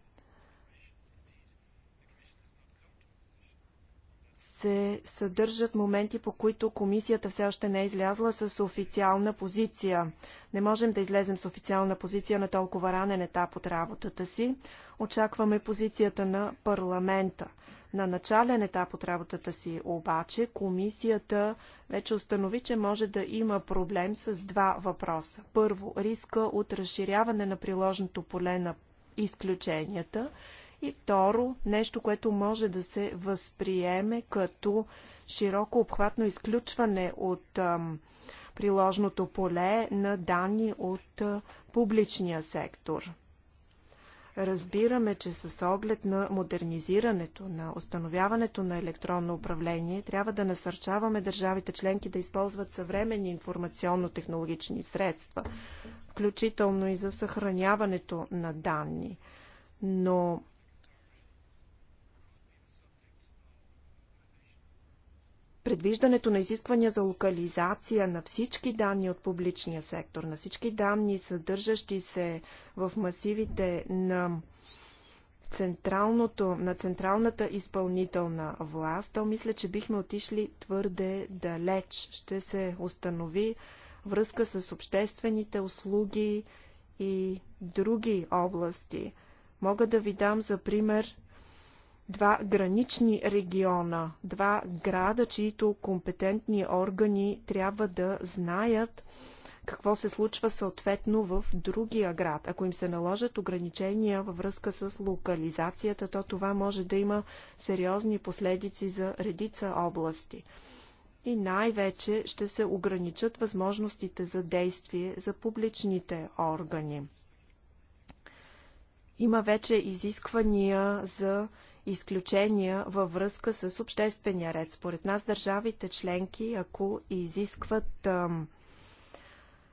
Speaker 5: се съдържат моменти, по които комисията все още не е излязла с официална позиция. Не можем да излезем с официална позиция на толкова ранен етап от работата си. Очакваме позицията на парламента. На начален етап от работата си обаче комисията вече установи, че може да има проблем с два въпроса. Първо, риска от разширяване на приложното поле на изключенията – и второ, нещо, което може да се възприеме като широко обхватно изключване от ам, приложното поле на данни от а, публичния сектор. Разбираме, че с оглед на модернизирането, на установяването на електронно управление, трябва да насърчаваме държавите членки да използват съвременни информационно-технологични средства, включително и за съхраняването на данни. Но предвиждането на изисквания за локализация на всички данни от публичния сектор, на всички данни, съдържащи се в масивите на централното, на централната изпълнителна власт, то мисля, че бихме отишли твърде далеч. Ще се установи връзка с обществените услуги и други области. Мога да ви дам за пример два гранични региона, два града, чието компетентни органи трябва да знаят какво се случва съответно в другия град. Ако им се наложат ограничения във връзка с локализацията, то това може да има сериозни последици за редица области. И най-вече ще се ограничат възможностите за действие за публичните органи. Има вече изисквания за изключения във връзка с обществения ред. Според нас държавите членки, ако изискват ам,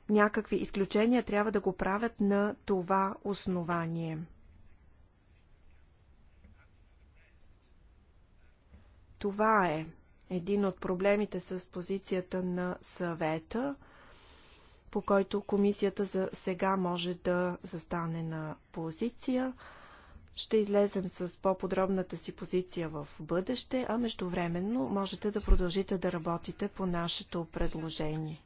Speaker 5: някакви изключения, трябва да го правят на това основание. Това е един от проблемите с позицията на съвета, по който комисията за сега може да застане на позиция – ще излезем с по-подробната си позиция в бъдеще, а междувременно можете да продължите да работите по нашето предложение.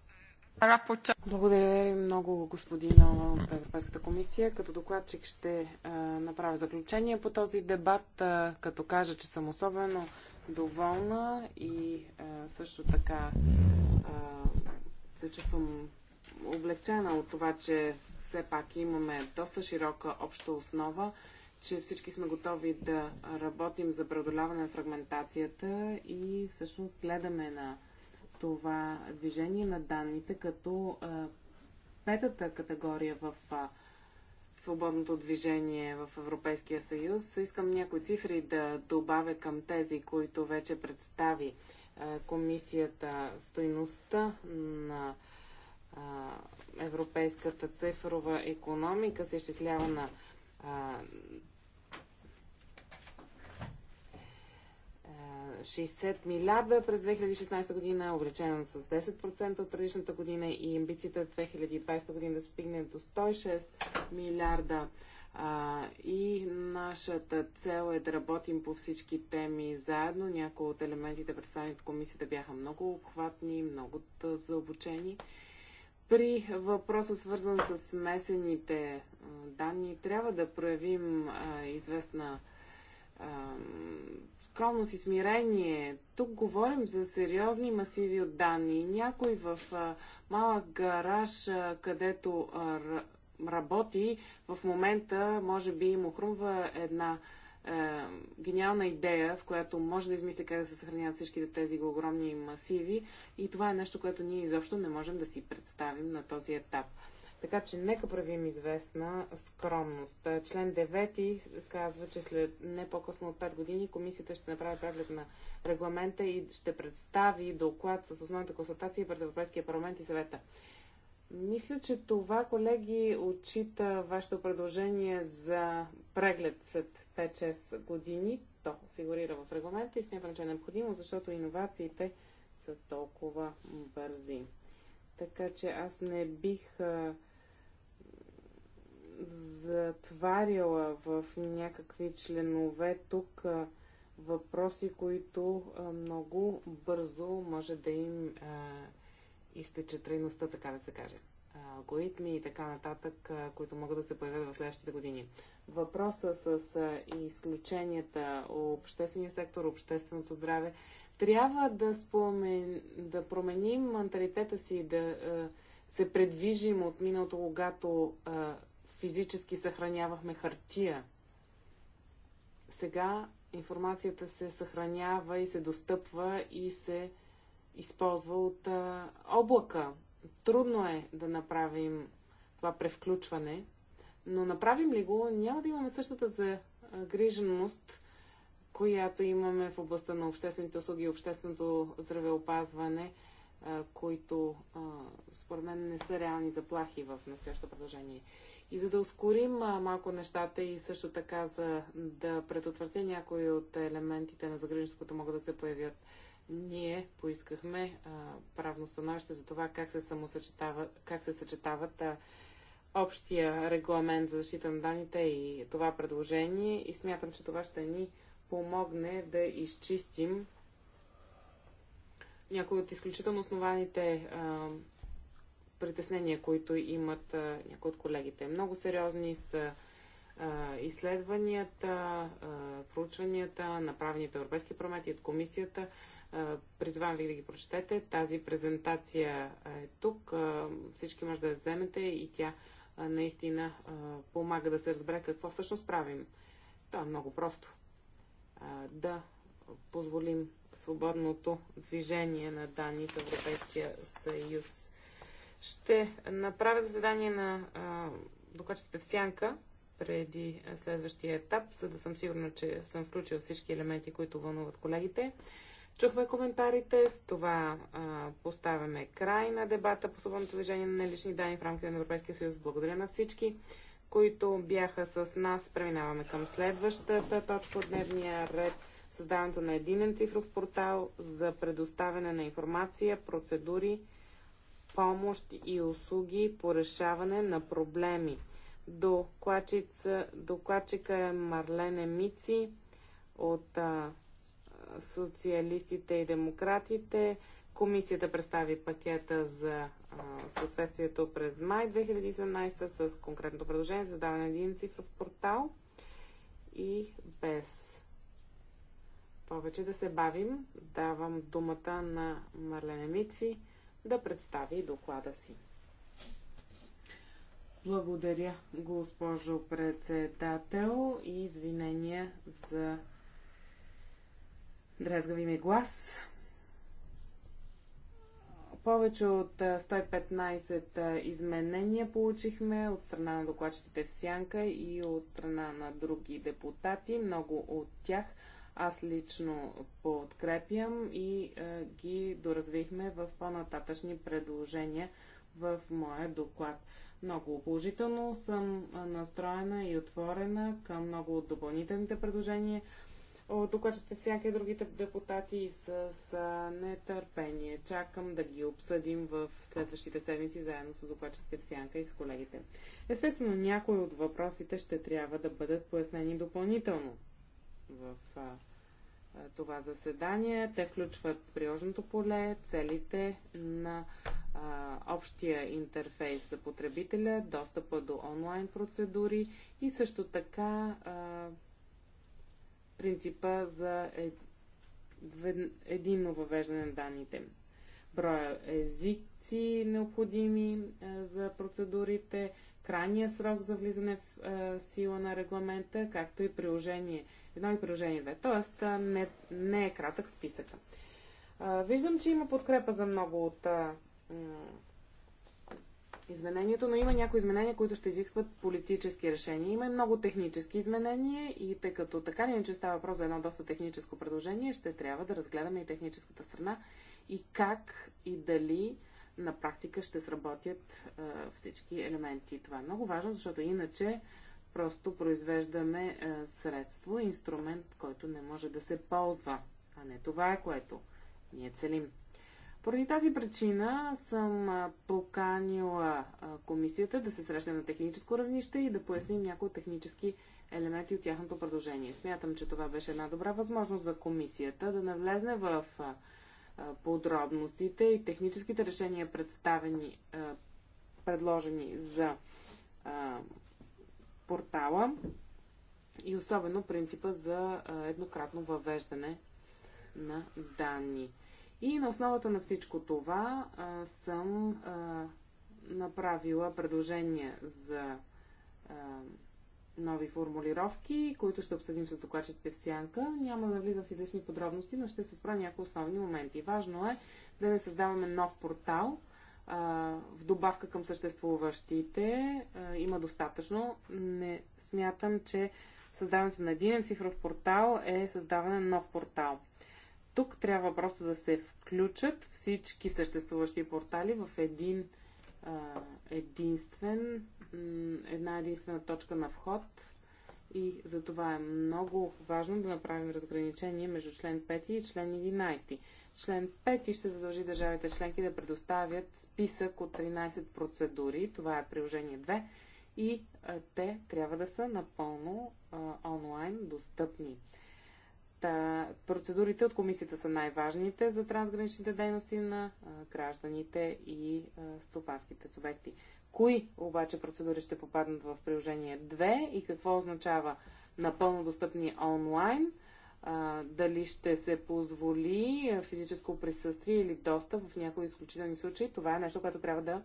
Speaker 2: Благодаря ви много, господин от Европейската комисия. Като докладчик ще а, направя заключение по този дебат, а, като кажа, че съм особено доволна и а, също така се чувствам облегчена от това, че все пак имаме доста широка обща основа че всички сме готови да работим за преодоляване на фрагментацията и всъщност гледаме на това движение на данните като а, петата категория в а, свободното движение в Европейския съюз. Искам някои цифри да добавя към тези, които вече представи а, комисията стойността на европейската цифрова економика се изчислява на 60 милиарда през 2016 година, увеличено с 10% от предишната година и амбицията 2020 година да се стигне до 106 милиарда. А, и нашата цел е да работим по всички теми заедно. Някои от елементите, представени от комисията, бяха много обхватни, много заобучени. При въпроса, свързан с смесените данни, трябва да проявим а, известна а, скромност и смирение. Тук говорим за сериозни масиви от данни. Някой в а, малък гараж, а, където а, работи, в момента може би му хрумва една е, гениална идея, в която може да измисли как да се съхраняват всичките тези огромни масиви. И това е нещо, което ние изобщо не можем да си представим на този етап. Така че нека правим известна скромност. Член 9 казва, че след не по-късно от 5 години комисията ще направи преглед на регламента и ще представи доклад с основните консултации пред Европейския парламент и съвета. Мисля, че това, колеги, отчита вашето предложение за преглед след 5-6 години. То фигурира в регламента и смятам, че е необходимо, защото иновациите са толкова бързи. Така че аз не бих затваряла в някакви членове тук а, въпроси, които а, много бързо може да им а, изтече трайността, така да се каже. Алгоритми и така нататък, които могат да се появят в следващите години. Въпроса с изключенията, обществения сектор, общественото здраве, трябва да, спомен, да променим менталитета си, да се предвижим от миналото, когато а, физически съхранявахме хартия. Сега информацията се съхранява и се достъпва и се използва от а, облака. Трудно е да направим това превключване, но направим ли го, няма да имаме същата загриженост, която имаме в областта на обществените услуги и общественото здравеопазване – които според мен не са реални заплахи в настоящото предложение. И за да ускорим малко нещата и също така за да предотвратя някои от елементите на загрижност, които могат да се появят, ние поискахме правно становище за това как се, самосъчетава, как се съчетават общия регламент за защита на данните и това предложение и смятам, че това ще ни помогне да изчистим някои от изключително основаните а, притеснения, които имат а, някои от колегите. Много сериозни са а, изследванията, а, проучванията, направените европейски промети от комисията. Призвам ви да ги прочетете. Тази презентация е тук. А, всички може да я вземете и тя а, наистина а, помага да се разбере какво всъщност правим. То е много просто. А, да позволим свободното движение на данни в Европейския съюз. Ще направя заседание на докачите в сянка преди следващия етап, за да съм сигурна, че съм включил всички елементи, които вълнуват колегите. Чухме коментарите, с това а, поставяме край на дебата по свободното движение на лични данни в рамките на Европейския съюз. Благодаря на всички, които бяха с нас. Преминаваме към следващата точка от дневния ред създаването на единен цифров портал за предоставяне на информация, процедури, помощ и услуги по решаване на проблеми. Докладчика е Марлене Мици от а, социалистите и демократите. Комисията представи пакета за а, съответствието през май 2017 с конкретното предложение за даване на един цифров портал и без повече да се бавим, давам думата на Марлене Мици да представи доклада си. Благодаря, госпожо председател и извинения за дрезгави ми глас. Повече от 115 изменения получихме от страна на докладчетите в Сянка и от страна на други депутати. Много от тях аз лично подкрепям и а, е, ги доразвихме в по-нататъчни предложения в моя доклад. Много положително съм е, настроена и отворена към много от допълнителните предложения от докладчите всяки другите депутати и с, с нетърпение. Чакам да ги обсъдим в следващите седмици заедно с докладчите всяка Сянка и с колегите. Естествено, някои от въпросите ще трябва да бъдат пояснени допълнително в това заседание. Те включват приложното поле, целите на а, общия интерфейс за потребителя, достъпа до онлайн процедури и също така а, принципа за единно въвеждане на данните броя езици необходими е, за процедурите, крайния срок за влизане в е, сила на регламента, както и приложение едно и приложение две. Тоест е, не, не е кратък списъка. Виждам, че има подкрепа за много от изменението, но има някои изменения, които ще изискват политически решения. Има и много технически изменения и тъй като така ли не че става въпрос за едно доста техническо предложение, ще трябва да разгледаме и техническата страна и как и дали на практика ще сработят а, всички елементи. Това е много важно, защото иначе просто произвеждаме а, средство, инструмент, който не може да се ползва. А не това е което ние целим. Поради тази причина съм поканила комисията да се срещне на техническо равнище и да поясним някои технически елементи от тяхното предложение. Смятам, че това беше една добра възможност за комисията да навлезне в подробностите и техническите решения, представени, предложени за портала и особено принципа за еднократно въвеждане на данни. И на основата на всичко това съм направила предложение за нови формулировки, които ще обсъдим с докладчите в сянка. Няма да влизам в излишни подробности, но ще се спра някои основни моменти. Важно е да не създаваме нов портал а, в добавка към съществуващите. А, има достатъчно. Не смятам, че създаването на един цифров портал е създаване на нов портал. Тук трябва просто да се включат всички съществуващи портали в един единствен, една единствена точка на вход и за това е много важно да направим разграничение между член 5 и член 11. Член 5 ще задължи държавите членки да предоставят списък от 13 процедури, това е приложение 2, и те трябва да са напълно онлайн достъпни. Та, процедурите от комисията са най-важните за трансграничните дейности на а, гражданите и а, стопанските субекти. Кои обаче процедури ще попаднат в приложение 2 и какво означава напълно достъпни онлайн? А, дали ще се позволи физическо присъствие или достъп в някои изключителни случаи? Това е нещо, което трябва да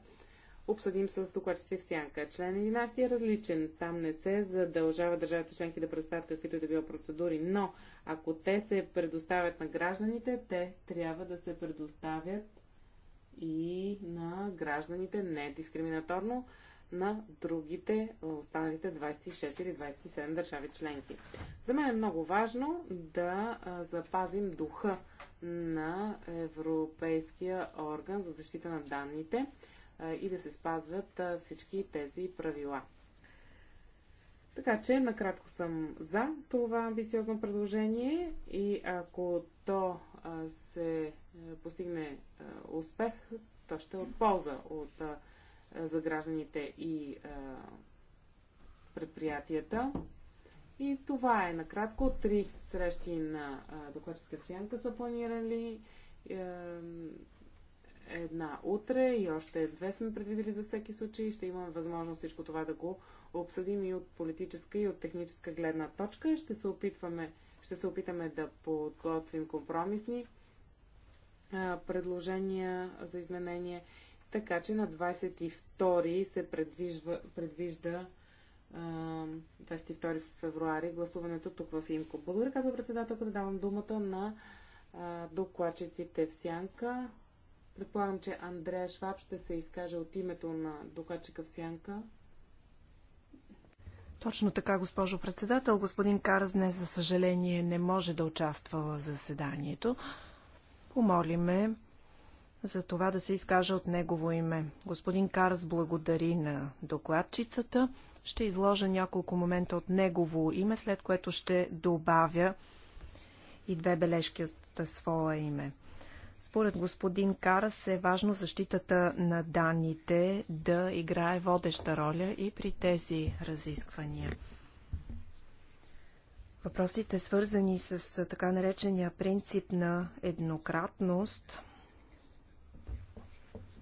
Speaker 2: обсъдим с докладчите в сянка. Член 11 е различен. Там не се задължава държавите членки да предоставят каквито и да било процедури, но ако те се предоставят на гражданите, те трябва да се предоставят и на гражданите не дискриминаторно на другите, останалите 26 или 27 държави членки. За мен е много важно да запазим духа на Европейския орган за защита на данните и да се спазват всички тези правила. Така че, накратко съм за това амбициозно предложение и ако то се постигне успех, то ще е от полза от, за гражданите и предприятията. И това е накратко. Три срещи на докладческа сянка са планирали една утре и още две сме предвидели за всеки случай. Ще имаме възможност всичко това да го обсъдим и от политическа и от техническа гледна точка. Ще се, опитваме, ще се опитаме да подготвим компромисни а, предложения за изменение. Така че на 22 се предвижва, предвижда а, 22 февруари гласуването тук в Имко. Благодаря, казва председател, Да давам думата на докладчиците в Сянка. Предполагам, че Андрея Шваб ще се изкаже от името на докладчика в Сянка.
Speaker 5: Точно така, госпожо председател. Господин Караз днес, за съжаление, не може да участва в заседанието. Помолиме за това да се изкаже от негово име. Господин Карс благодари на докладчицата. Ще изложа няколко момента от негово име, след което ще добавя и две бележки от своя име. Според господин Карас е важно защитата на данните да играе водеща роля и при тези разисквания. Въпросите, свързани с така наречения принцип на еднократност,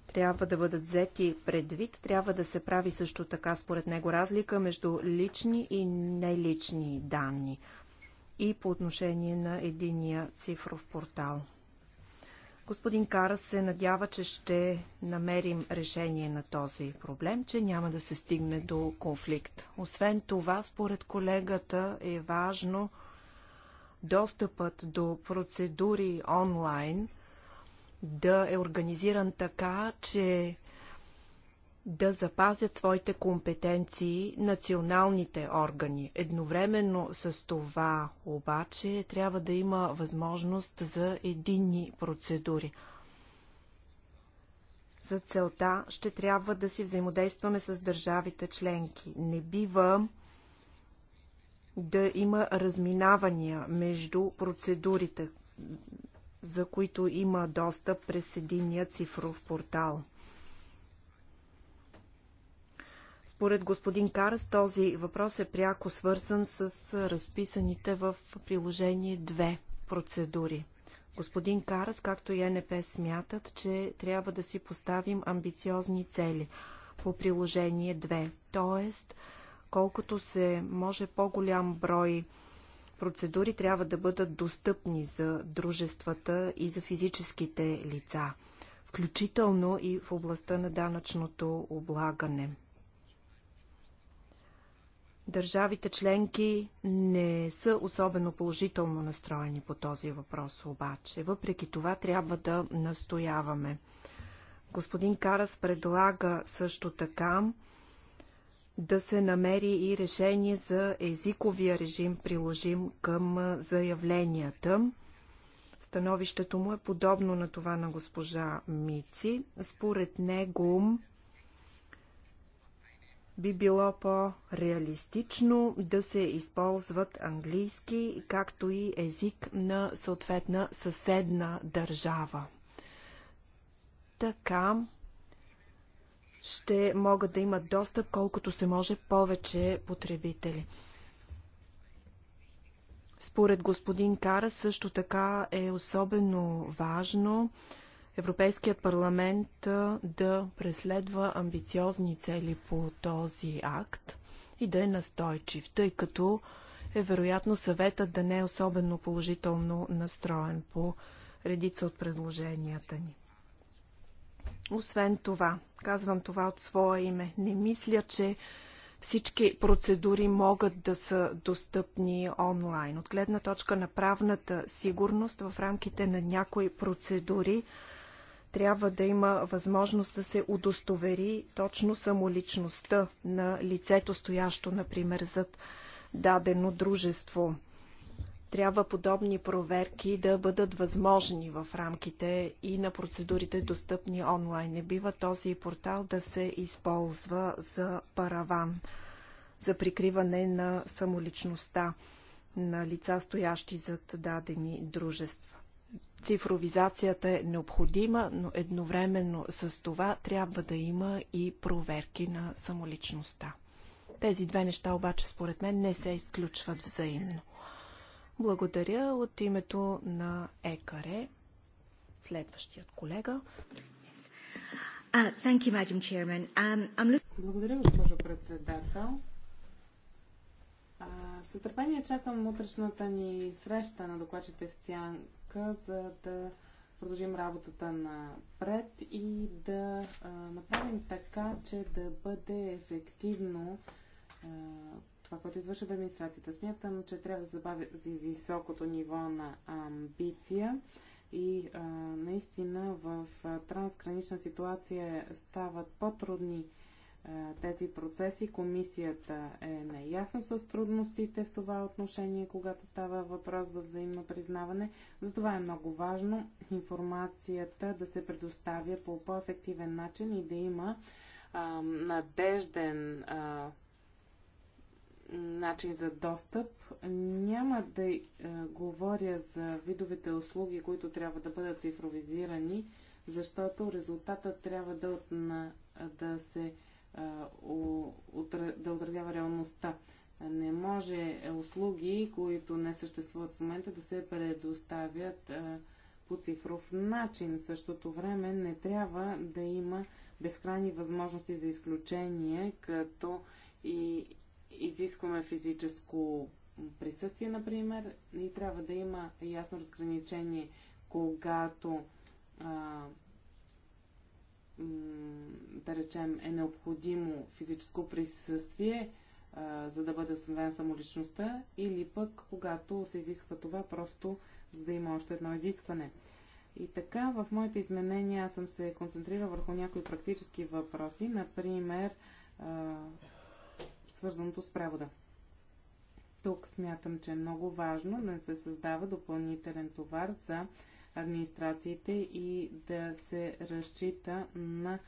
Speaker 5: трябва да бъдат взети предвид. Трябва да се прави също така, според него, разлика между лични и нелични данни и по отношение на единия цифров портал. Господин Карас, се надява, че ще намерим решение на този проблем, че няма да се стигне до конфликт. Освен това, според колегата е важно достъпът до процедури онлайн да е организиран така, че да запазят своите компетенции националните органи. Едновременно с това обаче трябва да има възможност за единни процедури. За целта ще трябва да си взаимодействаме с държавите членки. Не бива да има разминавания между процедурите, за които има достъп през единия цифров портал. Според господин Карас този въпрос е пряко свързан с разписаните в приложение 2 процедури. Господин Карас, както и НП смятат, че трябва да си поставим амбициозни цели по приложение 2, т.е. колкото се може по-голям брой процедури трябва да бъдат достъпни за дружествата и за физическите лица, включително и в областта на данъчното облагане. Държавите членки не са особено положително настроени по този въпрос обаче. Въпреки това трябва да настояваме. Господин Карас предлага също така да се намери и решение за езиковия режим, приложим към заявленията. Становището му е подобно на това на госпожа Мици. Според него би било по-реалистично да се използват английски, както и език на съответна съседна държава. Така ще могат да имат достъп колкото се може повече потребители. Според господин Кара също така е особено важно Европейският парламент да преследва амбициозни цели по този акт и да е настойчив, тъй като е вероятно съветът да не е особено положително настроен по редица от предложенията ни. Освен това, казвам това от своя име, не мисля, че всички процедури могат да са достъпни онлайн. От гледна точка на правната сигурност в рамките на някои процедури трябва да има възможност да се удостовери точно самоличността на лицето, стоящо, например, зад дадено дружество. Трябва подобни проверки да бъдат възможни в рамките и на процедурите достъпни онлайн. Не бива този портал да се използва за параван, за прикриване на самоличността на лица, стоящи зад дадени дружества. Цифровизацията е необходима, но едновременно с това трябва да има и проверки на самоличността. Тези две неща обаче според мен не се изключват взаимно. Благодаря от името на ЕКАРЕ. Следващият колега.
Speaker 2: Um, Благодаря, госпожо председател. С нетърпение чакам утрешната ни среща на докладчите в Цян връзка, за да продължим работата напред и да а, направим така, че да бъде ефективно а, това, което извършва администрацията. Смятам, че трябва да забави високото ниво на амбиция и а, наистина в трансгранична ситуация стават по-трудни е, тези процеси. Комисията е наясно с трудностите в това отношение, когато става въпрос за взаимно признаване. Затова е много важно информацията да се предоставя по по-ефективен начин и да има а, надежден а, начин за достъп. Няма да а, е, говоря за видовете услуги, които трябва да бъдат цифровизирани, защото резултатът трябва да, да се да отразява реалността. Не може услуги, които не съществуват в момента, да се предоставят по цифров начин. В същото време не трябва да има безкрайни възможности за изключение, като и изискваме физическо присъствие, например, и трябва да има ясно разграничение, когато да речем, е необходимо физическо присъствие, за да бъде установена самоличността, или пък когато се изисква това, просто за да има още едно изискване. И така, в моите изменения аз съм се концентрирал върху някои практически въпроси, например, свързаното с превода. Тук смятам, че е много важно да не се създава допълнителен товар за администрациите и да се разчита на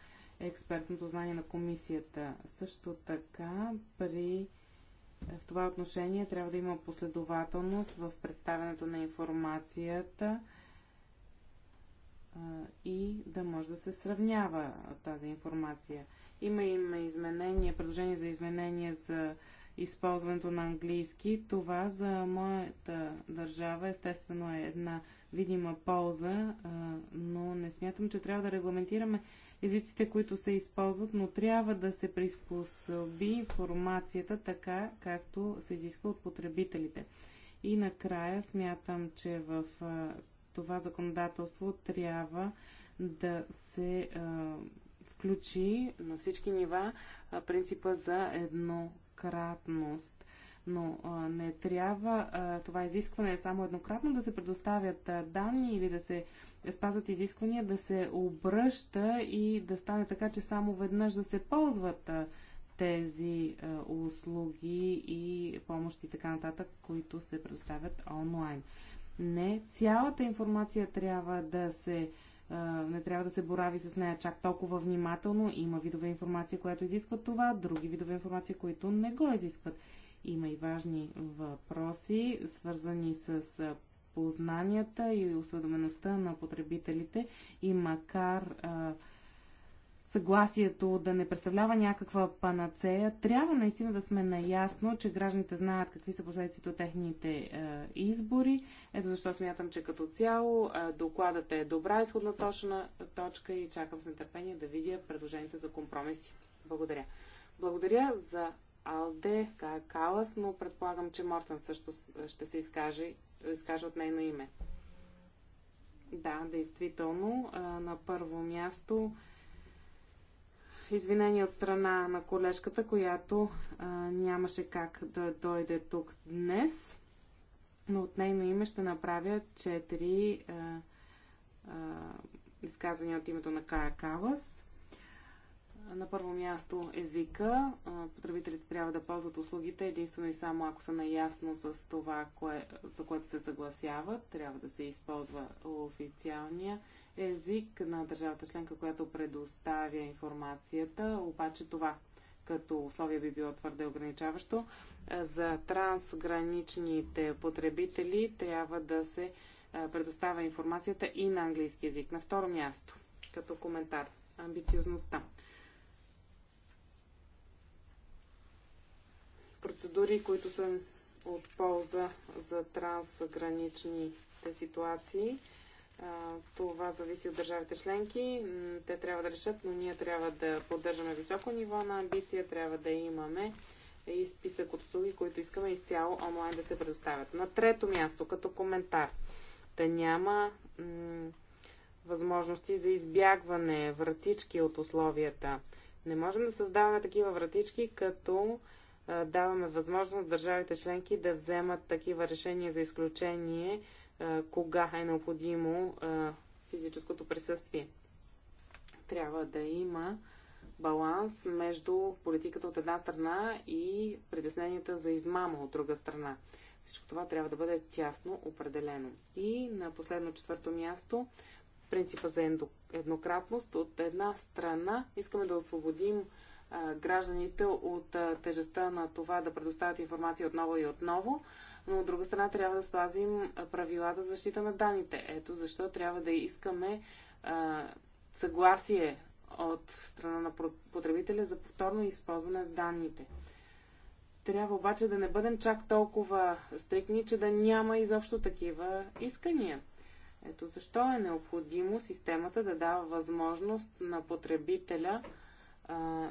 Speaker 2: експертното знание на комисията. Също така при в това отношение трябва да има последователност в представянето на информацията и да може да се сравнява тази информация. Има, има изменения, предложение за изменение за използването на английски. Това за моята държава естествено е една видима полза, но не смятам, че трябва да регламентираме езиците, които се използват, но трябва да се приспособи информацията така, както се изисква от потребителите. И накрая смятам, че в това законодателство трябва да се включи на всички нива принципа за едно еднократност. Но а, не трябва а, това изискване е само еднократно да се предоставят а, данни или да се спазват изисквания, да се обръща и да стане така, че само веднъж да се ползват а, тези а, услуги и помощи и така нататък, които се предоставят онлайн. Не цялата информация трябва да се не трябва да се борави с нея чак толкова внимателно. Има видове информация, която изискват това, други видове информация, които не го изискват. Има и важни въпроси, свързани с познанията и осведомеността на потребителите и макар а, съгласието да не представлява някаква панацея, трябва наистина да сме наясно, че гражданите знаят какви са последиците от техните е, избори. Ето защо смятам, че като цяло е, докладът е добра изходна точна точка и чакам с нетърпение да видя предложенията за компромиси. Благодаря. Благодаря за Алде Калас, но предполагам, че Мортън също ще се изкаже, изкаже от нейно име. Да, действително. Е, на първо място извинение от страна на колежката, която а, нямаше как да дойде тук днес, но от нейно име ще направя четири а, а, изказвания от името на Кая Калас. На първо място езика. Потребителите трябва да ползват услугите единствено и само ако са наясно с това, кое, за което се съгласяват. Трябва да се използва официалния език на държавата членка, която предоставя информацията. Обаче това като условие би било твърде ограничаващо. За трансграничните потребители трябва да се предоставя информацията и на английски език. На второ място, като коментар, амбициозността. процедури, които са от полза за трансграничните ситуации. Това зависи от държавите членки. Те трябва да решат, но ние трябва да поддържаме високо ниво на амбиция, трябва да имаме и списък от услуги, които искаме изцяло онлайн да се предоставят. На трето място, като коментар, да няма възможности за избягване, вратички от условията. Не можем да създаваме такива вратички, като даваме възможност държавите членки да вземат такива решения за изключение, кога е необходимо физическото присъствие. Трябва да има баланс между политиката от една страна и притесненията за измама от друга страна. Всичко това трябва да бъде тясно определено. И на последно четвърто място, принципа за еднократност. От една страна искаме да освободим гражданите от тежестта на това да предоставят информация отново и отново, но от друга страна трябва да спазим правилата за защита на данните. Ето защо трябва да искаме съгласие от страна на потребителя за повторно използване на данните. Трябва обаче да не бъдем чак толкова стрикни, че да няма изобщо такива искания. Ето защо е необходимо системата да дава възможност на потребителя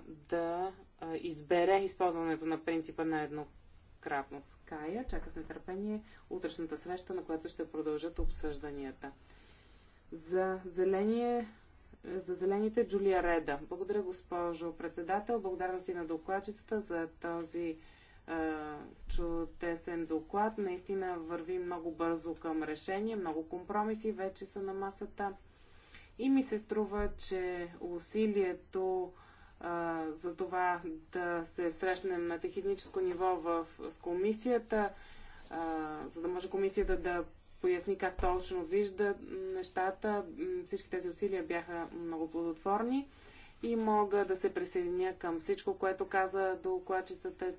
Speaker 2: да избере използването на принципа на еднократност. Кая чака с нетърпение утрешната среща, на която ще продължат обсъжданията. За зеление за зелените Джулия Реда. Благодаря, госпожо председател. си на докладчицата за този е, чудесен доклад. Наистина върви много бързо към решение, много компромиси вече са на масата. И ми се струва, че усилието за това да се срещнем на техническо ниво в, с комисията, а, за да може комисията да поясни как точно вижда нещата. Всички тези усилия бяха много плодотворни и мога да се присъединя към всичко, което каза докладчицата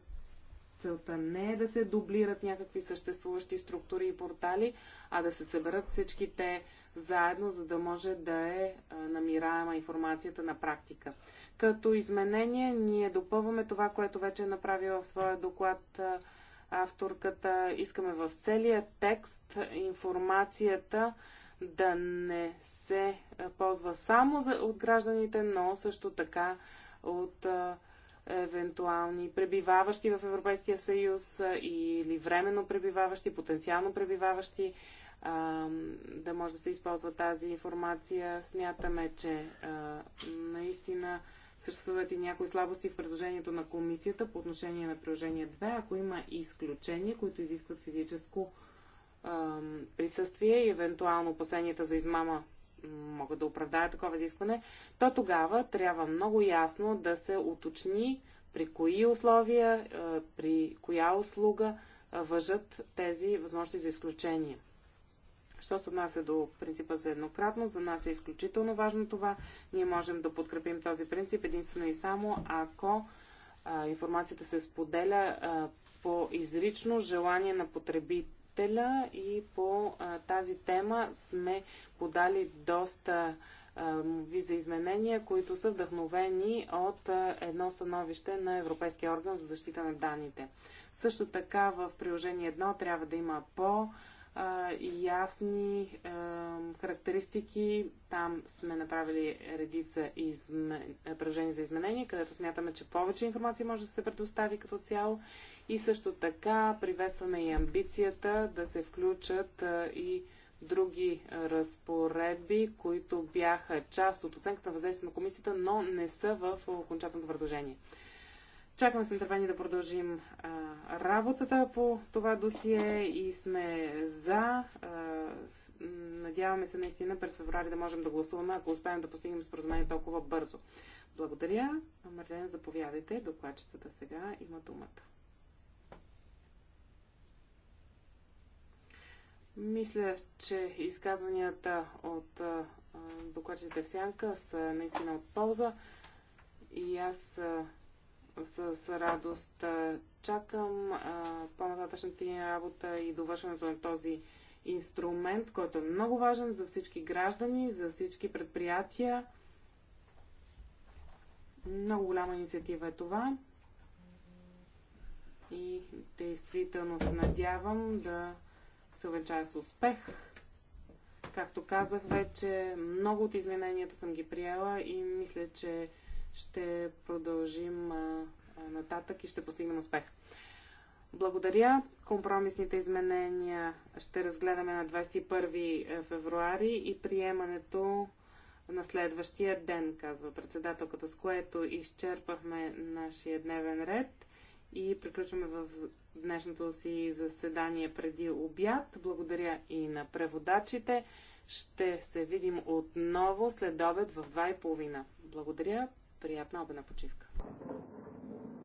Speaker 2: Целта не е да се дублират някакви съществуващи структури и портали, а да се съберат всички те заедно, за да може да е намираема информацията на практика. Като изменение ние допълваме това, което вече е направила в своя доклад авторката. Искаме в целия текст информацията да не се ползва само от гражданите, но също така от а, евентуални пребиваващи в Европейския съюз или временно пребиваващи, потенциално пребиваващи, да може да се използва тази информация. Смятаме, че наистина съществуват и някои слабости в предложението на комисията по отношение на приложение 2. Ако има изключения, които изискват физическо присъствие и евентуално опасенията за измама могат да оправдаят такова изискване, то тогава трябва много ясно да се уточни при кои условия, е, при коя услуга е, въжат тези възможности за изключение. Що се отнася до принципа за еднократно, за нас е изключително важно това. Ние можем да подкрепим този принцип единствено и само ако информацията се споделя по изрично желание на, потреби, председателя и по а, тази тема сме подали доста мови за изменения, които са вдъхновени от а, едно становище на Европейския орган за защита на данните. Също така в приложение 1 трябва да има по- и ясни характеристики. Там сме направили редица измен... предложения за изменения, където смятаме, че повече информация може да се предостави като цяло. И също така приветстваме и амбицията да се включат и други разпоредби, които бяха част от оценката на въздействие на комисията, но не са в окончателното предложение. Чакаме с нетърпение да продължим а, работата по това досие и сме за. А, надяваме се наистина през феврари да можем да гласуваме, ако успеем да постигнем споразумение толкова бързо. Благодаря. Марлен, заповядайте. Докладчицата сега има думата. Мисля, че изказванията от докладчиците в сянка са наистина от полза и аз с радост чакам по-нататъчната ни работа и довършването на този инструмент, който е много важен за всички граждани, за всички предприятия. Много голяма инициатива е това. И действително се надявам да се увенчая с успех. Както казах вече, много от измененията съм ги приела и мисля, че ще продължим нататък и ще постигнем успех. Благодаря. Компромисните изменения ще разгледаме на 21 е, февруари и приемането на следващия ден, казва председателката, с което изчерпахме нашия дневен ред и приключваме в днешното си заседание преди обяд. Благодаря и на преводачите. Ще се видим отново след обед в 2.30. Благодаря. Приятна обедна почивка.